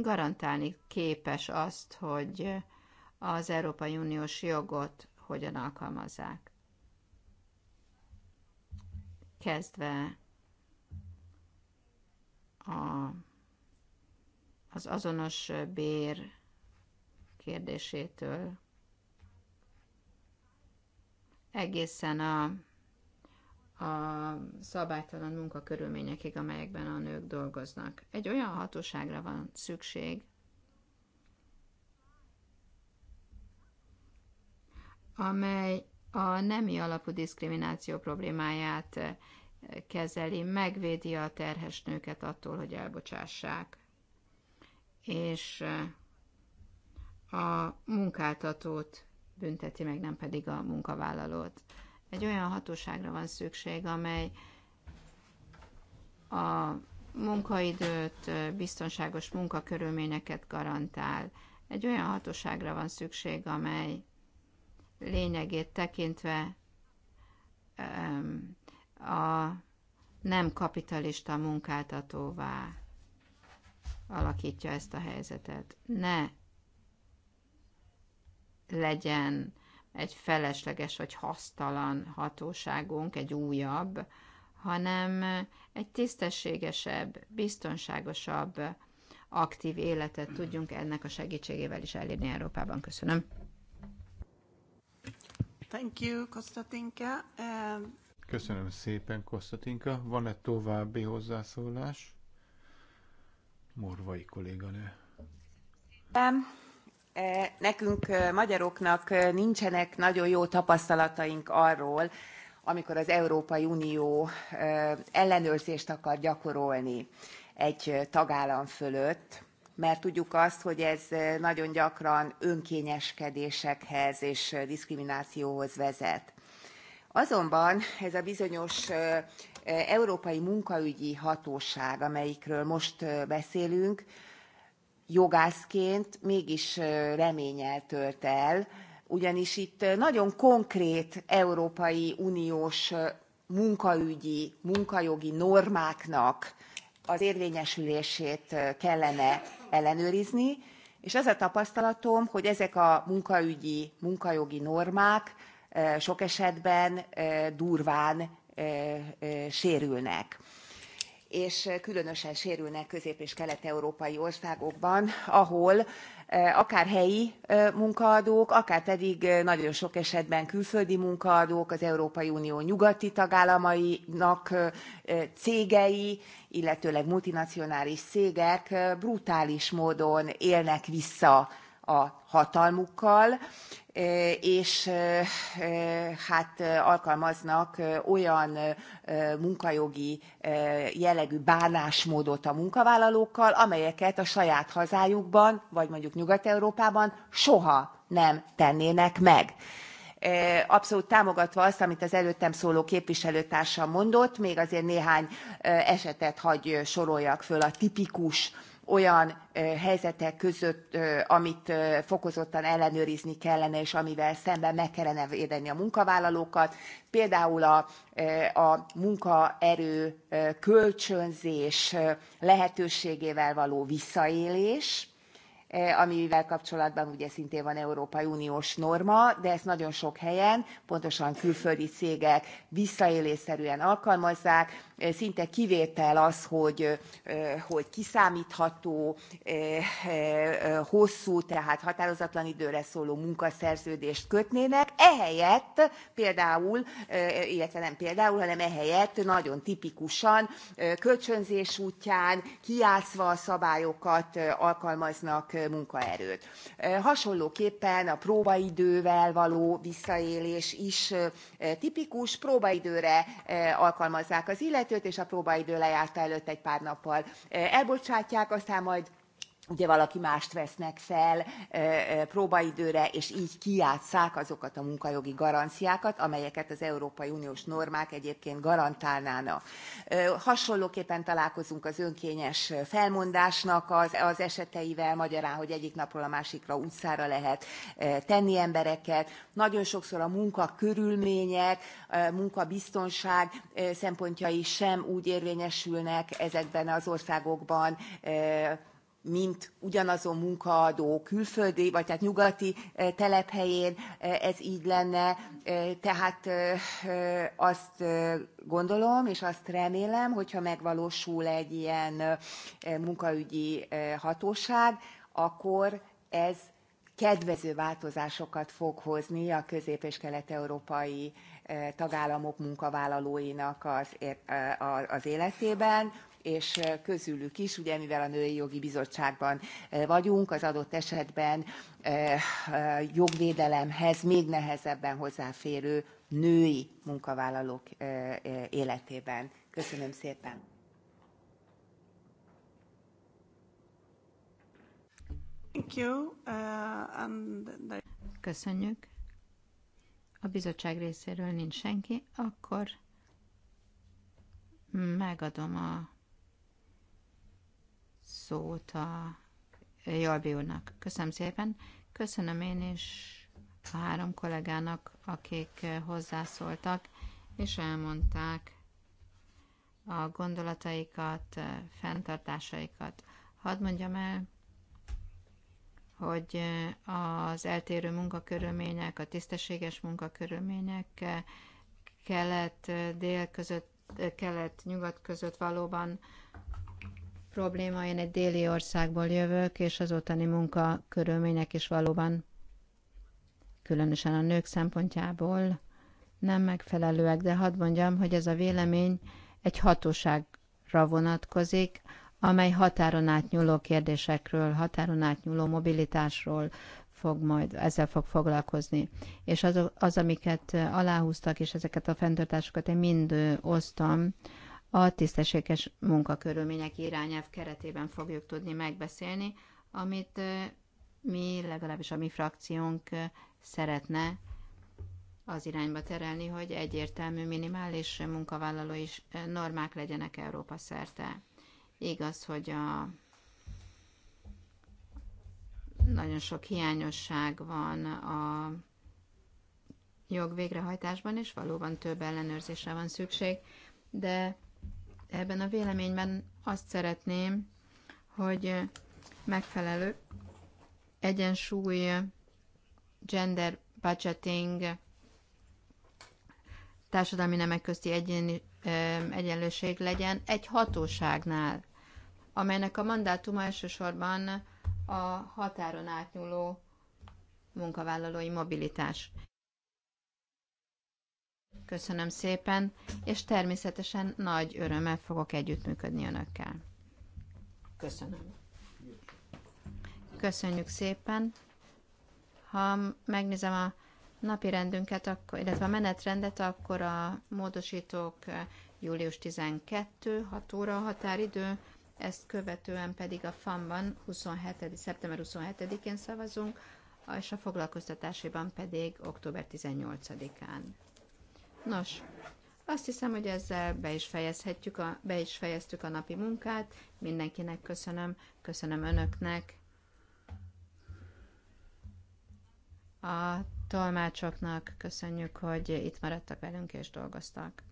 garantálni képes azt, hogy az Európai Uniós jogot hogyan alkalmazzák. Kezdve a, az azonos bér kérdésétől egészen a a szabálytalan munkakörülményekig, amelyekben a nők dolgoznak. Egy olyan hatóságra van szükség, amely a nemi alapú diszkrimináció problémáját eh, kezeli, megvédi a terhes nőket attól, hogy elbocsássák, és eh, a munkáltatót bünteti meg, nem pedig a munkavállalót. Egy olyan hatóságra van szükség, amely a munkaidőt, biztonságos munkakörülményeket garantál. Egy olyan hatóságra van szükség, amely lényegét tekintve a nem kapitalista munkáltatóvá alakítja ezt a helyzetet. Ne legyen egy felesleges vagy hasztalan hatóságunk, egy újabb, hanem egy tisztességesebb, biztonságosabb, aktív életet tudjunk ennek a segítségével is elérni Európában. Köszönöm. Thank you, Kostatinka. Um... Köszönöm szépen, Kostatinka. Van-e további hozzászólás? Morvai kolléganő. Um. E, nekünk e, magyaroknak e, nincsenek nagyon jó tapasztalataink arról, amikor az Európai Unió ellenőrzést akar gyakorolni egy tagállam fölött, mert tudjuk azt, hogy ez nagyon gyakran önkényeskedésekhez és diszkriminációhoz vezet. Azonban ez a bizonyos Európai Munkaügyi Hatóság, amelyikről most beszélünk, jogászként mégis reménnyel tölt el, ugyanis itt nagyon konkrét Európai Uniós munkaügyi, munkajogi normáknak az érvényesülését kellene ellenőrizni, és az a tapasztalatom, hogy ezek a munkaügyi, munkajogi normák sok esetben durván sérülnek és eh, különösen sérülnek közép és kelet európai országokban ahol eh, akár helyi eh, munkaadók akár pedig nagyon sok esetben külföldi munkaadók az európai unió nyugati tagállamainak cégei illetőleg multinacionális cégek brutális módon élnek vissza a hatalmukkal, e, és e, e, hát alkalmaznak olyan munkajogi jellegű bánásmódot a munkavállalókkal, amelyeket a saját hazájukban, vagy mondjuk Nyugat-Európában soha nem tennének meg abszolút támogatva azt amit az előttem szóló képviselőtársam mondott még azért néhány esetet hagy soroljak föl a tipikus olyan helyzetek között, amit fokozottan ellenőrizni kellene, és amivel szemben meg kellene védeni a munkavállalókat. Például a, a munkaerő kölcsönzés lehetőségével való visszaélés, E, amivel kapcsolatban ugye szintén van európai uniós norma de ezt nagyon sok helyen pontosan külföldi cégek visszaélésszerűen alkalmazzák e, szinte kivétel az hogy e, hogy kiszámtható hosszú tehát határozatlan időre szóló munkaszerződést kötnének ehelyett például illetve nem például hanem ehelyett nagyon tipikusan kölcsönzés útján kiátszva a szabályokat alkalmaznak munkaerőt. Hasonlóképpen a próbaidővel való visszaélés is tipikus. Próbaidőre alkalmazzák az illetőt, és a próbaidő lejárta előtt egy pár nappal elbocsátják, aztán majd ugye valaki mást vesznek fel próbaidőre, és így kiátszák azokat a munkajogi garanciákat, amelyeket az Európai Uniós normák egyébként garantálnának. Hasonlóképpen találkozunk az önkényes felmondásnak az, az eseteivel, magyarán, hogy egyik napról a másikra utcára lehet tenni embereket. Nagyon sokszor a munka körülmények, munkabiztonság szempontjai sem úgy érvényesülnek ezekben az országokban, mint ugyanazon munkaadó külföldi, vagy tehát nyugati eh, telephelyén eh, ez így lenne. Eh, tehát azt gondolom, és azt remélem, hogyha megvalósul egy ilyen munkaügyi hatóság, akkor ez kedvező változásokat fog hozni a közép- és kelet-európai tagállamok munkavállalóinak az, az életében és közülük is, ugye mivel a Női Jogi Bizottságban vagyunk, az adott esetben jogvédelemhez még nehezebben hozzáférő női munkavállalók életében. Köszönöm szépen! Uh, Köszönjük. A bizottság részéről nincs senki, akkor megadom a szót a Jalbiónak. Köszönöm szépen. Köszönöm én is a három kollégának, akik hozzászóltak, és elmondták a gondolataikat, fenntartásaikat. Hadd mondjam el, hogy az eltérő munkakörülmények, a tisztességes munkakörülmények kelet-dél között, kelet-nyugat között valóban probléma, én egy déli országból jövök, és az ottani munkakörülmények is valóban, különösen a nők szempontjából nem megfelelőek, de hadd mondjam, hogy ez a vélemény egy hatóságra vonatkozik, amely határon átnyúló kérdésekről, határon átnyúló mobilitásról fog majd, ezzel fog foglalkozni. És az, az amiket aláhúztak, és ezeket a fenntartásokat én mind osztam, a tisztességes munkakörülmények irányelv keretében fogjuk tudni megbeszélni, amit mi, legalábbis a mi frakciónk szeretne az irányba terelni, hogy egyértelmű minimális munkavállalói normák legyenek Európa szerte. Igaz, hogy a nagyon sok hiányosság van a jogvégrehajtásban és valóban több ellenőrzésre van szükség, de ebben a véleményben azt szeretném, hogy megfelelő egyensúly gender budgeting társadalmi nemek közti egyén, egyenlőség legyen egy hatóságnál, amelynek a mandátuma elsősorban a határon átnyúló munkavállalói mobilitás. Köszönöm szépen, és természetesen nagy örömmel fogok együttműködni önökkel. Köszönöm. Köszönjük szépen. Ha megnézem a napi rendünket, akkor, illetve a menetrendet, akkor a módosítók július 12, 6 óra a határidő, ezt követően pedig a FAM-ban 27. szeptember 27-én szavazunk, és a foglalkoztatásiban pedig október 18-án. Nos, azt hiszem, hogy ezzel be is, fejezhetjük a, be is fejeztük a napi munkát. Mindenkinek köszönöm, köszönöm önöknek, a tolmácsoknak, köszönjük, hogy itt maradtak velünk és dolgoztak.